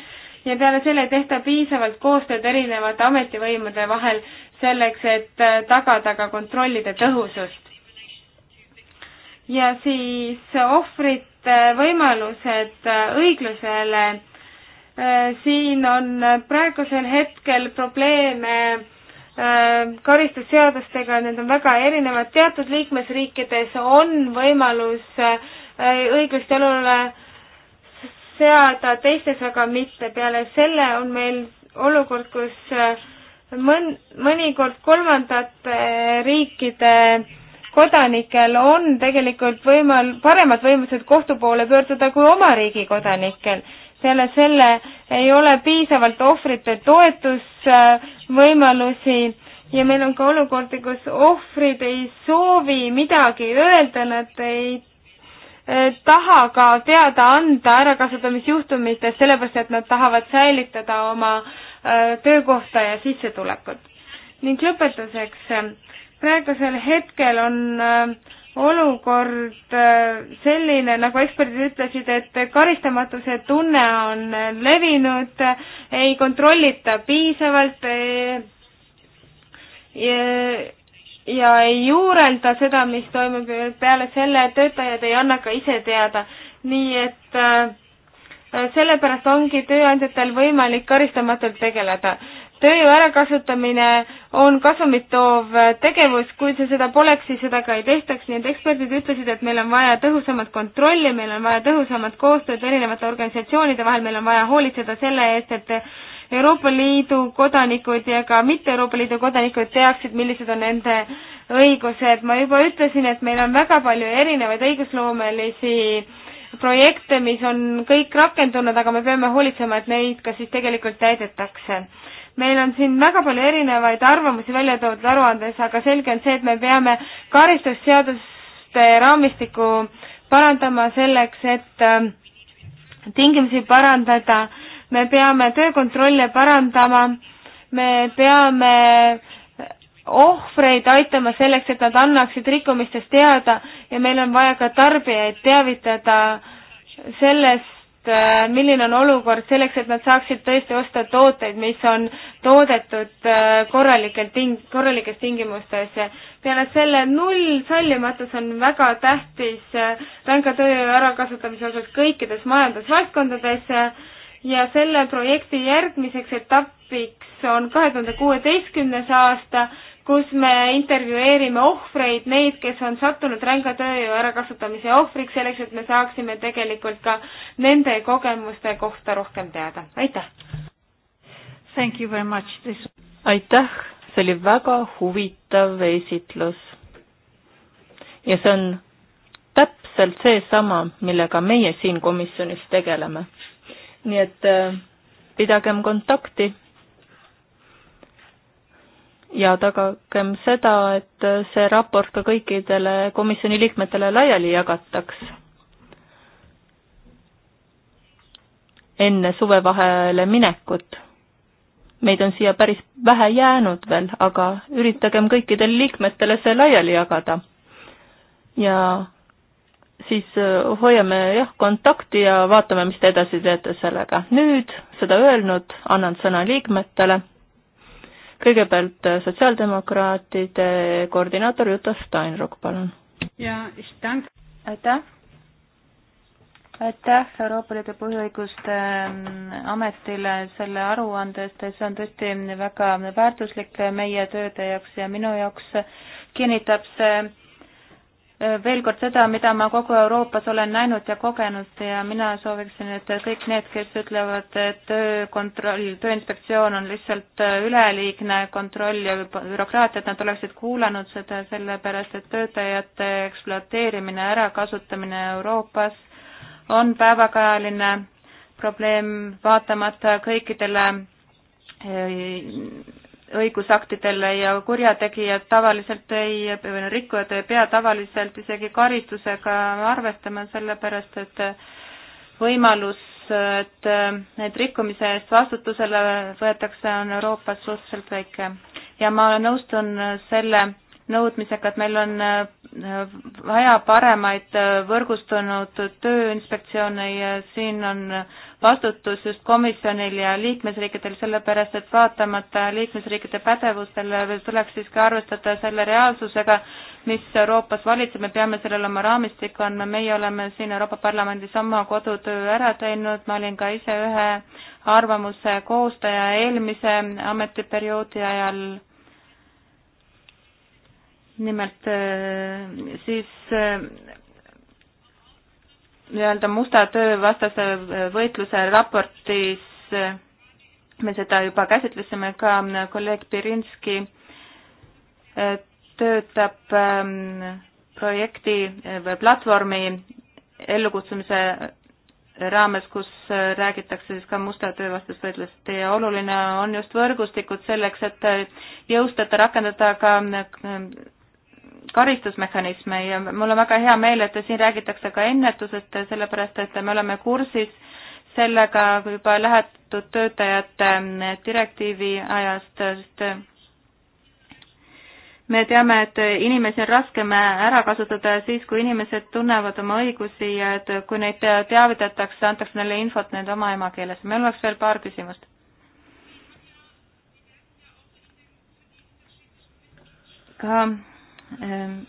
ja peale selle ei tehta piisavalt koostööd erinevate ametivõimude vahel selleks, et äh, tagada ka kontrollide tõhusust. ja siis ohvrite äh, võimalused äh, õiglusele. siin on praegusel hetkel probleeme karistusseadustega, need on väga erinevad, teatud liikmesriikides on võimalus õiglustalule seada, teistes aga mitte. peale selle on meil olukord, kus äh, mõn-, mõnikord kolmandate riikide kodanikel on tegelikult võimal-, paremad võimalused kohtu poole pöörduda kui oma riigi kodanikel. peale selle ei ole piisavalt ohvrite toetusvõimalusi äh, ja meil on ka olukordi, kus ohvrid ei soovi midagi öelda, nad ei Eh, taha ka teada anda ärakasutamisjuhtumitest, sellepärast et nad tahavad säilitada oma eh, töökohta ja sissetulekut. ning lõpetuseks, praegusel hetkel on eh, olukord selline, nagu eksperdid ütlesid, et karistamatuse tunne on levinud, ei kontrollita piisavalt, ja ei juurelda seda, mis toimub peale selle, et töötajad ei anna ka ise teada. nii et äh, sellepärast ongi tööandjatel võimalik karistamatult tegeleda. tööjõu ärakasutamine on kasumit toov tegevus, kui see seda poleks, siis seda ka ei tehtaks, nii et eksperdid ütlesid, et meil on vaja tõhusamat kontrolli, meil on vaja tõhusamat koostööd erinevate organisatsioonide vahel, meil on vaja hoolitseda selle eest, et Euroopa Liidu kodanikud ja ka mitte Euroopa Liidu kodanikud teaksid, millised on nende õigused. ma juba ütlesin, et meil on väga palju erinevaid õigusloomelisi projekte, mis on kõik rakendunud, aga me peame hoolitsema, et neid ka siis tegelikult täidetakse. meil on siin väga palju erinevaid arvamusi välja toodud aruandes, aga selge on see, et me peame karistusseaduste raamistiku parandama selleks, et äh, tingimusi parandada me peame töökontrolle parandama, me peame ohvreid aitama selleks, et nad annaksid rikkumistest teada ja meil on vaja ka tarbijaid teavitada sellest, äh, milline on olukord selleks, et nad saaksid tõesti osta tooteid, mis on toodetud äh, korralikel ting-, korralikes tingimustes. peale selle null sallimatus on väga tähtis äh, ränga töö ärakasutamise osas kõikides majandusvaldkondades ja selle projekti järgmiseks etapiks on kahe tuhande kuueteistkümnes aasta, kus me intervjueerime ohvreid, neid, kes on sattunud ränga tööjõu ärakasutamise ohvriks, selleks et me saaksime tegelikult ka nende kogemuste kohta rohkem teada. aitäh! Thank you very much This...! aitäh, see oli väga huvitav esitlus. ja see on täpselt seesama, millega meie siin komisjonis tegeleme nii et äh, pidagem kontakti ja tagagem seda, et äh, see raport ka kõikidele komisjoni liikmetele laiali jagataks. enne suvevahele minekut. meid on siia päris vähe jäänud veel, aga üritagem kõikidele liikmetele see laiali jagada. ja siis äh, hoiame jah kontakti ja vaatame, mis te edasi teete sellega. nüüd seda öelnud, annan sõna liikmetele. kõigepealt äh, sotsiaaldemokraatide koordinaator Juta Steinruck, palun. ja, aitäh aitäh Euroopa Liidu põhiõiguste ähm, ametile selle aruande eest, see on tõesti väga väärtuslik meie tööde jaoks ja minu jaoks kinnitab see Äh, veel kord seda, mida ma kogu Euroopas olen näinud ja kogenud ja mina sooviksin, et kõik need, kes ütlevad, et töökontroll, tööinspektsioon on lihtsalt äh, üleliigne kontroll ja bürokraatia, et nad oleksid kuulanud seda sellepärast, et töötajate ekspluateerimine, ärakasutamine Euroopas on päevakajaline probleem, vaatamata kõikidele äh, õigusaktidele ja kurjategijad tavaliselt ei, või noh, rikkujad ei pea tavaliselt isegi karistusega arvestama, sellepärast et võimalus, et need rikkumise eest vastutusele võetakse, on Euroopas suhteliselt väike. ja ma nõustun selle nõudmisega, et meil on äh, vaja paremaid äh, võrgustunud tööinspektsioone ja siin on vastutus just komisjonil ja liikmesriikidel, sellepärast et vaatamata liikmesriikide pädevustele tuleks siiski arvestada selle reaalsusega, mis Euroopas valitseb, me peame sellele oma raamistiku andma, meie oleme siin Euroopa Parlamendis oma kodutöö ära teinud, ma olin ka ise ühe arvamuse koostaja eelmise ametiperioodi ajal nimelt äh, siis äh, nii-öelda musta töö vastase äh, võitluse raportis me seda juba käsitlesime ka, kolleeg Pirinski töötab ähm, projekti või platvormi ellukutsumise raames, kus räägitakse siis ka musta töövastast võitlusest ja oluline on just võrgustikud selleks, et jõustada, rakendada ka karistusmehhanisme ja mul on väga hea meel, et siin räägitakse ka ennetusest, sellepärast et me oleme kursis sellega juba lähetud töötajate direktiivi ajast, sest me teame, et inimesi on raskem ära kasutada siis, kui inimesed tunnevad oma õigusi ja et kui neid teavitatakse, antakse neile infot nende oma emakeeles. meil oleks veel paar küsimust ka Ehm,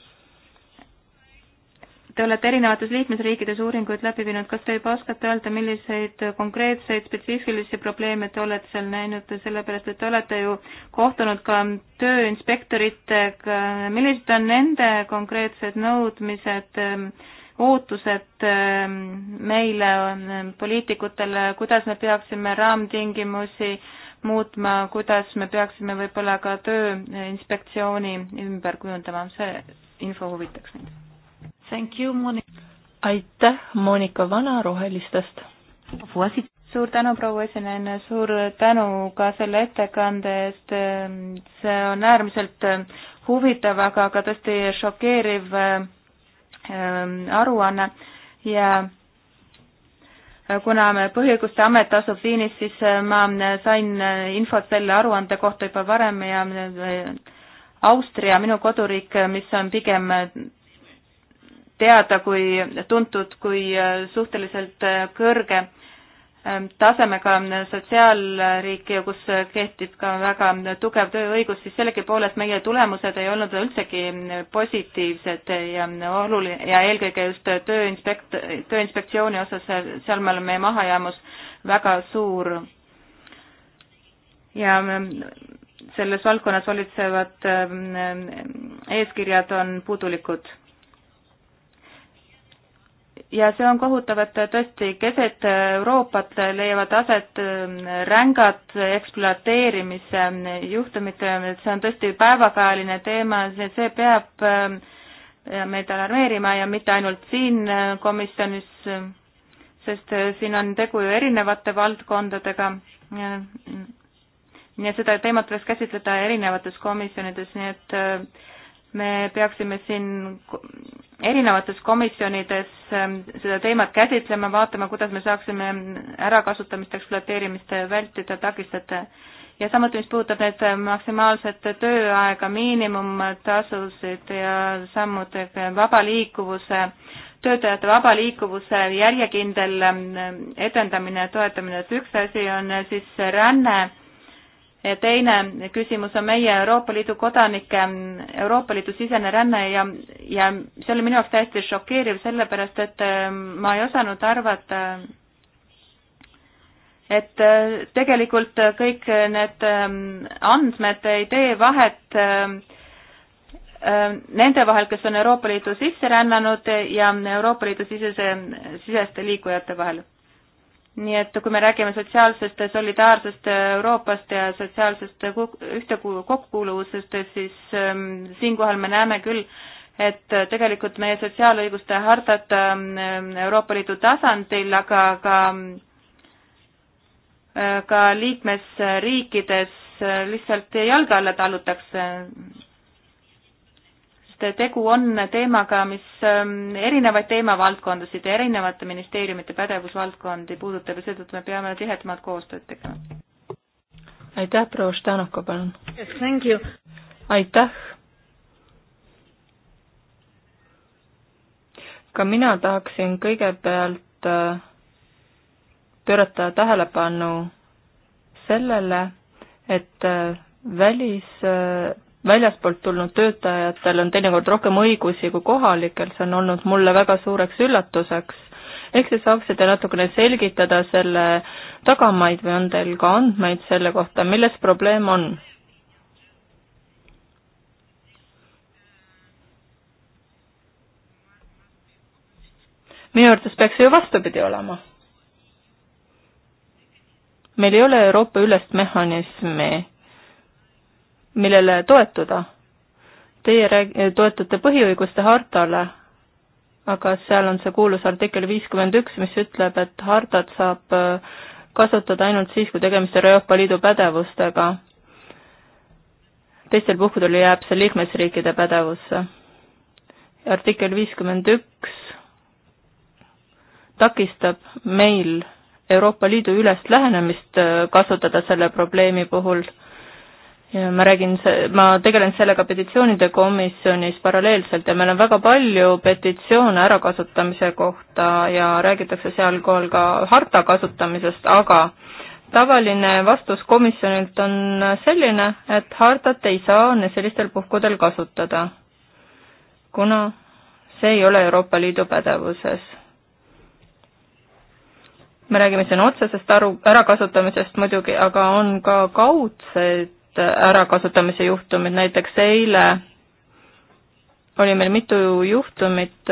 te olete erinevates liikmesriikides uuringuid läbi viinud, kas te juba oskate öelda, milliseid konkreetseid spetsiifilisi probleeme te olete seal näinud, sellepärast et te olete ju kohtunud ka tööinspektoritega, millised on nende konkreetsed nõudmised, ehm, ootused ehm, meile, poliitikutele, kuidas me peaksime raamtingimusi muutma, kuidas me peaksime võib-olla ka Tööinspektsiooni ümber kujundama, see info huvitaks mind. Thank you, Monika. aitäh, Monika Vana Rohelistest. suur tänu, proua esineja, suur tänu ka selle ettekande eest, see on äärmiselt huvitav, aga ka tõesti šokeeriv ähm, aruanne ja kuna Põhiõiguste Amet asub Viinis, siis äh, ma äh, sain äh, infot selle aruande kohta juba varem ja Austria, minu koduriik, mis on pigem teada kui, tuntud kui suhteliselt kõrge Ähm, tasemega ähm, sotsiaalriiki, kus äh, kehtib ka väga äh, tugev tööõigus, siis sellegipoolest meie tulemused ei olnud üldsegi ähm, positiivsed ja äh, oluline ja eelkõige just tööinspekt-, tööinspektsiooni osas, seal me oleme mahajäämus väga suur. ja selles valdkonnas valitsevad eeskirjad on puudulikud ja see on kohutav, et tõesti keset Euroopat leiavad aset ähm, rängad ekspluateerimise ähm, juhtumid, ähm, see on tõesti päevakajaline teema, see, see peab meid alarmeerima ja mitte ainult siin äh, komisjonis, sest äh, siin on tegu ju erinevate valdkondadega ja, mm, ja seda teemat tuleks käsitleda erinevates komisjonides, nii et äh, me peaksime siin erinevates komisjonides ähm, seda teemat käsitlema, vaatama, kuidas me saaksime ärakasutamist, ekspluateerimist vältida, takistada. ja samuti, mis puudutab neid maksimaalset tööaega, miinimumtasusid ja samuti vaba liikuvuse, töötajate vaba liikuvuse järjekindel ähm, edendamine ja toetamine, et üks asi on siis ränne teine küsimus on meie Euroopa Liidu kodanike Euroopa Liidu sisene ränne ja, ja see oli minu jaoks täiesti šokeeriv, sellepärast et ähm, ma ei osanud arvata, et äh, tegelikult kõik need ähm, andmed ei tee vahet ähm, nende vahel, kes on Euroopa Liidu sisse rännanud ja Euroopa Liidu sisese, siseste liikujate vahel nii et kui me räägime sotsiaalsest solidaarsest Euroopast ja sotsiaalsest ühtekokkuuluvusest, siis ähm, siinkohal me näeme küll, et tegelikult meie sotsiaalõiguste hartat ähm, Euroopa Liidu tasandil, aga ka äh, ka liikmesriikides lihtsalt jalge alla tallutakse et tegu on teemaga, mis ähm, erinevaid teemavaldkondasid ja erinevate ministeeriumite pädevusvaldkondi puudutab ja seetõttu me peame tihedamat koostööd tegema. aitäh, proua Štanoko, palun yes,! aitäh! ka mina tahaksin kõigepealt äh, pöörata tähelepanu sellele, et äh, välis äh, väljaspoolt tulnud töötajatel on teinekord rohkem õigusi kui kohalikel, see on olnud mulle väga suureks üllatuseks. ehk te saaksite natukene selgitada selle tagamaid või on teil ka andmeid selle kohta, milles probleem on? minu arvates peaks see ju vastupidi olema. meil ei ole Euroopa ülest mehhanismi millele toetuda. Teie rääg-, toetute põhiõiguste hartale, aga seal on see kuulus artikkel viiskümmend üks, mis ütleb, et hartat saab äh, kasutada ainult siis, kui tegemist on Euroopa Liidu pädevustega. teistel puhkudel jääb see liikmesriikide pädevusse. artikkel viiskümmend üks takistab meil Euroopa Liidu ülest lähenemist äh, kasutada selle probleemi puhul ja ma räägin, ma tegelen sellega petitsioonide komisjonis paralleelselt ja meil on väga palju petitsioone ärakasutamise kohta ja räägitakse sealkohal ka harta kasutamisest, aga tavaline vastus komisjonilt on selline, et hardat ei saa sellistel puhkudel kasutada, kuna see ei ole Euroopa Liidu pädevuses me räägime siin otsesest aru, ärakasutamisest muidugi, aga on ka kaudseid ärakasutamise juhtumid, näiteks eile oli meil mitu juhtumit,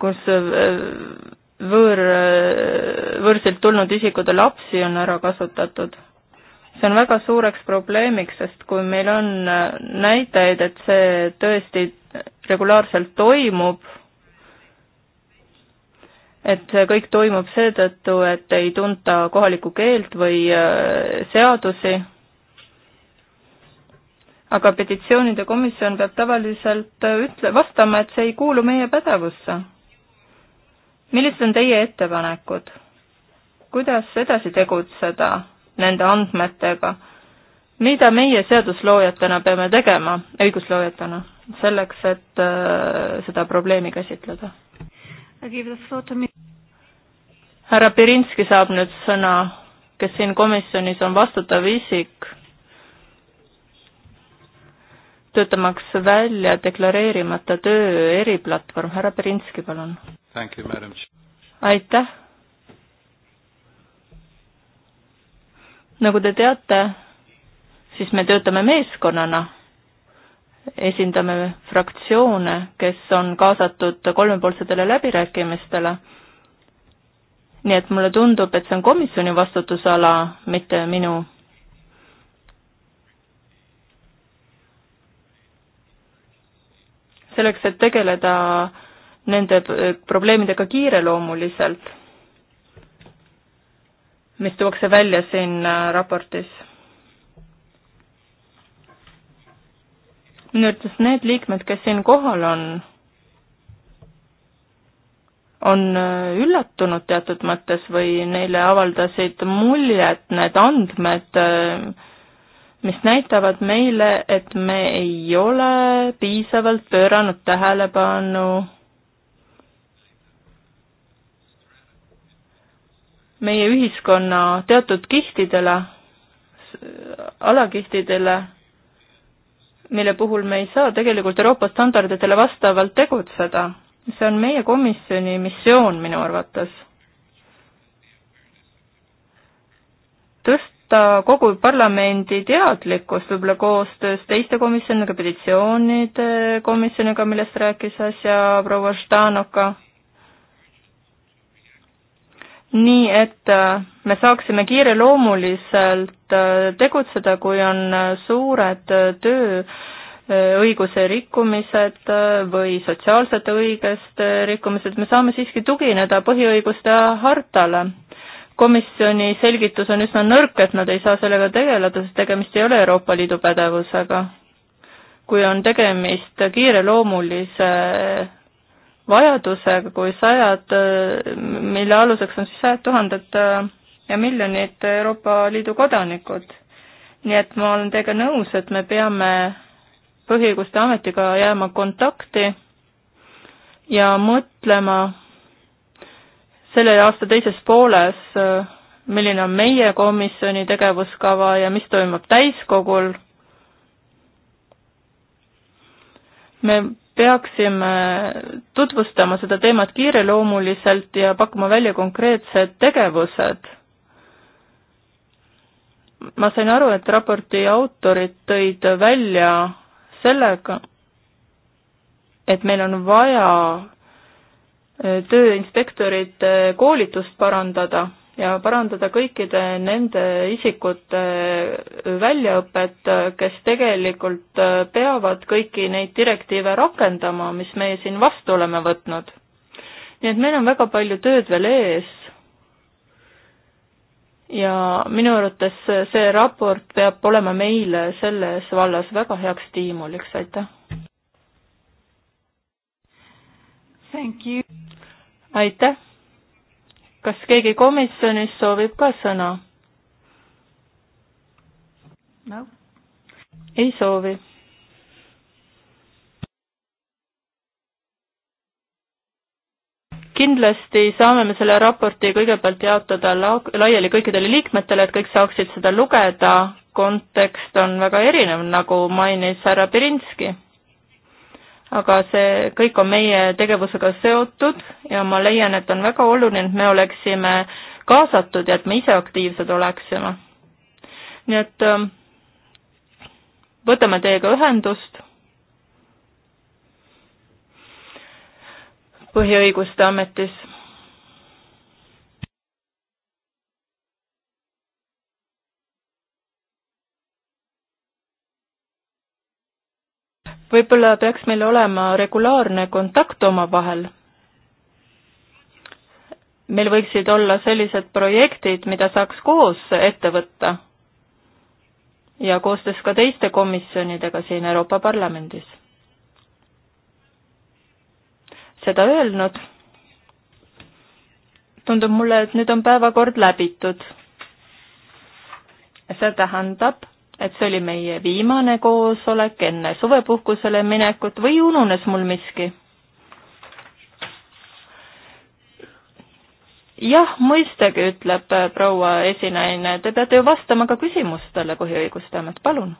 kus võõr, võõrsilt tulnud isikud ja lapsi on ära kasutatud. see on väga suureks probleemiks, sest kui meil on näitajaid, et see tõesti regulaarselt toimub, et see kõik toimub seetõttu, et ei tunta kohalikku keelt või äh, seadusi aga petitsioonide komisjon peab tavaliselt ütle, vastama, et see ei kuulu meie pädevusse. millised on teie ettepanekud? kuidas edasi tegutseda nende andmetega? mida meie seadusloojatena peame tegema, õigusloojatena, selleks, et äh, seda probleemi käsitleda? härra Pirinski saab nüüd sõna, kes siin komisjonis on vastutav isik töötamaks välja deklareerimata töö eriplatvorm. härra Berinski, palun. aitäh. nagu te teate, siis me töötame meeskonnana, esindame fraktsioone, kes on kaasatud kolmepoolsetele läbirääkimistele. nii et mulle tundub, et see on komisjoni vastutusala, mitte minu selleks, et tegeleda nende probleemidega kiireloomuliselt, mis tuuakse välja siin äh, raportis. minu arvates need liikmed, kes siin kohal on, on äh, üllatunud teatud mõttes või neile avaldasid muljet need andmed, äh, mis näitavad meile, et me ei ole piisavalt pööranud tähelepanu meie ühiskonna teatud kihtidele, alakihtidele, mille puhul me ei saa tegelikult Euroopa standarditele vastavalt tegutseda. see on meie komisjoni missioon minu arvates. tõst-, tõsta kogu parlamendi teadlikkust võib-olla koostöös teiste komisjonidega, petitsioonide komisjoniga, millest rääkis äsja proua Ždanoka. nii et äh, me saaksime kiireloomuliselt äh, tegutseda, kui on äh, suured töö õiguse rikkumised või sotsiaalsete õigeste rikkumised, me saame siiski tugineda põhiõiguste hartale komisjoni selgitus on üsna nõrk, et nad ei saa sellega tegeleda, sest tegemist ei ole Euroopa Liidu pädevusega. kui on tegemist kiireloomulise vajadusega, kui sajad, mille aluseks on siis sajad tuhanded ja miljonid Euroopa Liidu kodanikud. nii et ma olen teiega nõus, et me peame põhiõiguste ametiga jääma kontakti ja mõtlema selle aasta teises pooles, äh, milline on meie komisjoni tegevuskava ja mis toimub täiskogul. me peaksime tutvustama seda teemat kiireloomuliselt ja pakkuma välja konkreetsed tegevused ma sain aru, et raporti autorid tõid välja sellega, et meil on vaja tööinspektorite koolitust parandada ja parandada kõikide nende isikute väljaõpet, kes tegelikult peavad kõiki neid direktiive rakendama, mis meie siin vastu oleme võtnud. nii et meil on väga palju tööd veel ees ja minu arvates see raport peab olema meile selles vallas väga heaks stiimuliks, aitäh! Thank you aitäh. kas keegi komisjonis soovib ka sõna? no. ei soovi. kindlasti saame me selle raporti kõigepealt jaotada la-, laiali kõikidele liikmetele, et kõik saaksid seda lugeda, kontekst on väga erinev, nagu mainis härra Pirinski aga see kõik on meie tegevusega seotud ja ma leian, et on väga oluline, et me oleksime kaasatud ja et me ise aktiivsed oleksime. nii et ähm, võtame teiega ühendust. põhiõiguste ametis võib-olla peaks meil olema regulaarne kontakt omavahel. meil võiksid olla sellised projektid, mida saaks koos ette võtta ja koostöös ka teiste komisjonidega siin Euroopa Parlamendis. seda öelnud, tundub mulle, et nüüd on päevakord läbitud. see tähendab et see oli meie viimane koosolek enne suvepuhkusele minekut või ununes mul miski? jah, mõistagi, ütleb äh, proua esinaine, te peate ju vastama ka küsimustele, Põhiõiguste Amet, palun.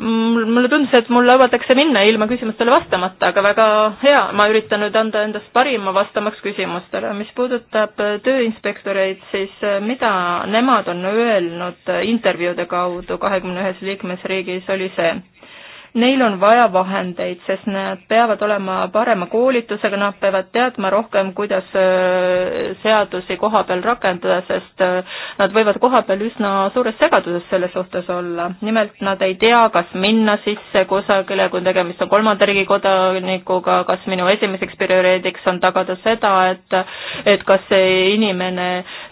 mulle tundus, et mulle lubatakse minna ilma küsimustele vastamata, aga väga hea, ma üritan nüüd anda endast parima vastamaks küsimustele. mis puudutab äh, tööinspektoreid, siis äh, mida nemad on öelnud intervjuude kaudu kahekümne ühes liikmesriigis, oli see Neil on vaja vahendeid, sest nad peavad olema parema koolitusega, nad peavad teadma rohkem, kuidas äh, seadusi koha peal rakendada, sest äh, nad võivad koha peal üsna suures segaduses selle suhtes olla. nimelt nad ei tea, kas minna sisse kusagile, kui tegemist on kolmanda riigi kodanikuga, kas minu esimeseks prioriteediks on tagada seda, et et kas see inimene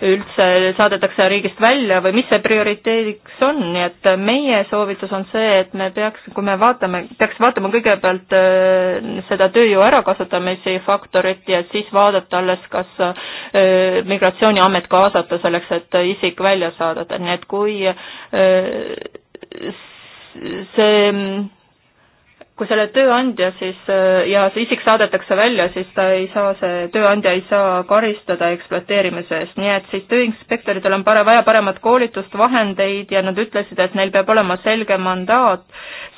üldse saadetakse riigist välja või mis see prioriteediks on, nii et meie soovitus on see, et me peaks, kui me vaatame, peaks vaatama kõigepealt äh, seda tööjõu ärakasutamise faktorit ja siis vaadata alles, kas äh, migratsiooniamet kaasata selleks, et isik välja saadada, nii et kui äh, see kui selle tööandja siis ja see isik saadetakse välja, siis ta ei saa, see tööandja ei saa karistada ekspluateerimise eest, nii et siis tööinspektoritel on pare-, vaja paremat koolitust, vahendeid ja nad ütlesid, et neil peab olema selge mandaat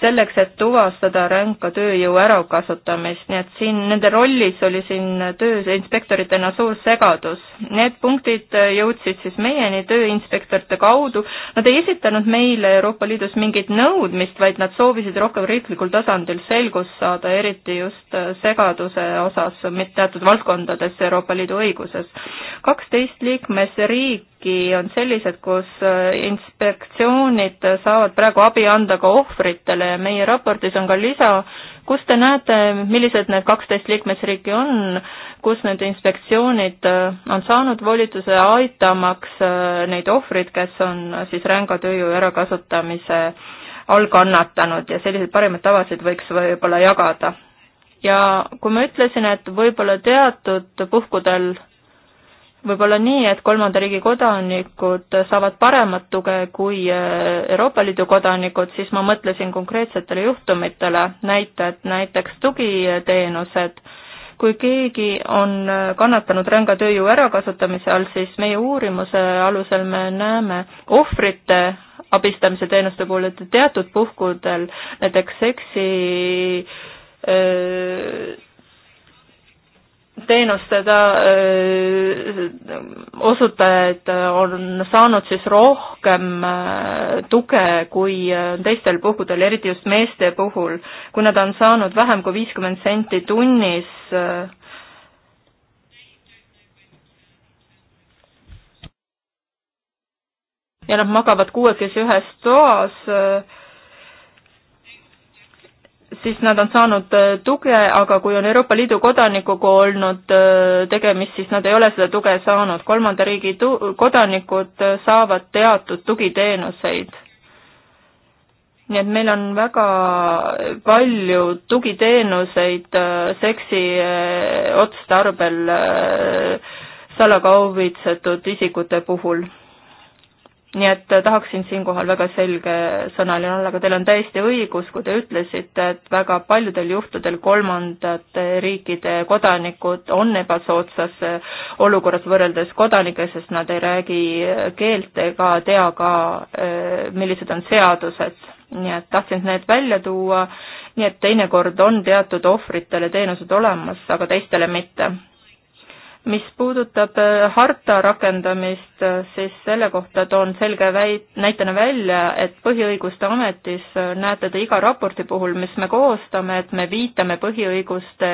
selleks, et tuvastada ränka tööjõu ärakasutamist, nii et siin nende rollis oli siin tööinspektoritena suur segadus. Need punktid jõudsid siis meieni tööinspektorite kaudu, nad ei esitanud meile Euroopa Liidus mingit nõudmist, vaid nad soovisid rohkem riiklikul tasandil tasandil selgust saada, eriti just äh, segaduse osas teatud valdkondades Euroopa Liidu õiguses. kaksteist liikmesriiki on sellised, kus äh, inspektsioonid saavad praegu abi anda ka ohvritele ja meie raportis on ka lisa, kus te näete, millised need kaksteist liikmesriiki on, kus need inspektsioonid äh, on saanud volituse aitamaks neid ohvrid, kes on siis ränga tööjõu ärakasutamise all kannatanud ja sellised parimad tavasid võiks võib-olla jagada. ja kui ma ütlesin, et võib-olla teatud puhkudel võib-olla nii, et kolmanda riigi kodanikud saavad paremat tuge kui eh, Euroopa Liidu kodanikud, siis ma mõtlesin konkreetsetele juhtumitele, näited, näiteks tugiteenused, kui keegi on eh, kannatanud ränga tööjõu ärakasutamise all, siis meie uurimuse alusel me näeme ohvrite abistamise teenuste puhul, et teatud puhkudel näiteks seksi öö, teenuste ta, osutajad on saanud siis rohkem tuge kui teistel puhkudel, eriti just meeste puhul, kui nad on saanud vähem kui viiskümmend senti tunnis öö, ja nad magavad kuuekesi ühes toas, siis nad on saanud äh, tuge, aga kui on Euroopa Liidu kodanikuga olnud äh, tegemist, siis nad ei ole seda tuge saanud. kolmanda riigi tu-, kodanikud äh, saavad teatud tugiteenuseid. nii et meil on väga palju tugiteenuseid seksi otstarbel salakaubitsetud isikute puhul nii et äh, tahaksin siinkohal väga selge sõnaline olla, aga teil on täiesti õigus, kui te ütlesite, et väga paljudel juhtudel kolmandate riikide kodanikud on ebasoodsas äh, olukorras võrreldes kodanikega, sest nad ei räägi äh, keelt ega tea ka, millised on seadused. nii et tahtsin need välja tuua, nii et teinekord on teatud ohvritele teenused olemas, aga teistele mitte mis puudutab äh, harta rakendamist, äh, siis selle kohta toon selge väi-, näitena välja, et Põhiõiguste Ametis äh, näete te iga raporti puhul, mis me koostame, et me viitame põhiõiguste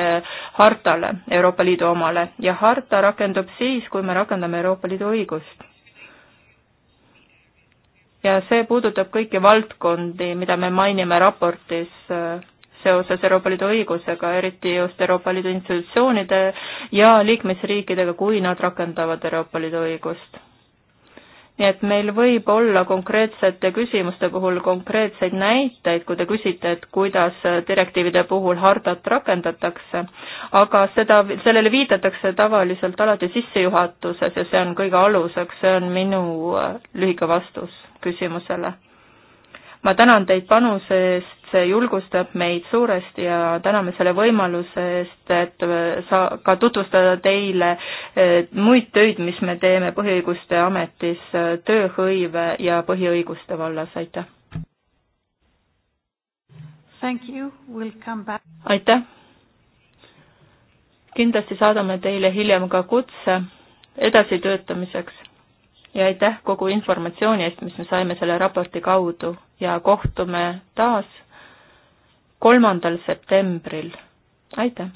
hartale, Euroopa Liidu omale, ja harta rakendub siis, kui me rakendame Euroopa Liidu õigust. ja see puudutab kõiki valdkondi, mida me mainime raportis seoses Euroopa Liidu õigusega, eriti just Euroopa Liidu institutsioonide ja liikmesriikidega, kui nad rakendavad Euroopa Liidu õigust. nii et meil võib olla konkreetsete küsimuste puhul konkreetseid näiteid, kui te küsite, et kuidas direktiivide puhul hardat rakendatakse, aga seda, sellele viidatakse tavaliselt alati sissejuhatuses ja see on kõige aluseks, see on minu lühike vastus küsimusele ma tänan teid panuse eest see julgustab meid suuresti ja täname selle võimaluse eest, et saa-, ka tutvustada teile eh, muid töid, mis me teeme Põhiõiguste Ametis eh, tööhõive ja põhiõiguste vallas, aitäh! We'll aitäh! kindlasti saadame teile hiljem ka kutse edasitöötamiseks ja aitäh kogu informatsiooni eest, mis me saime selle raporti kaudu ja kohtume taas kolmandal septembril. aitäh!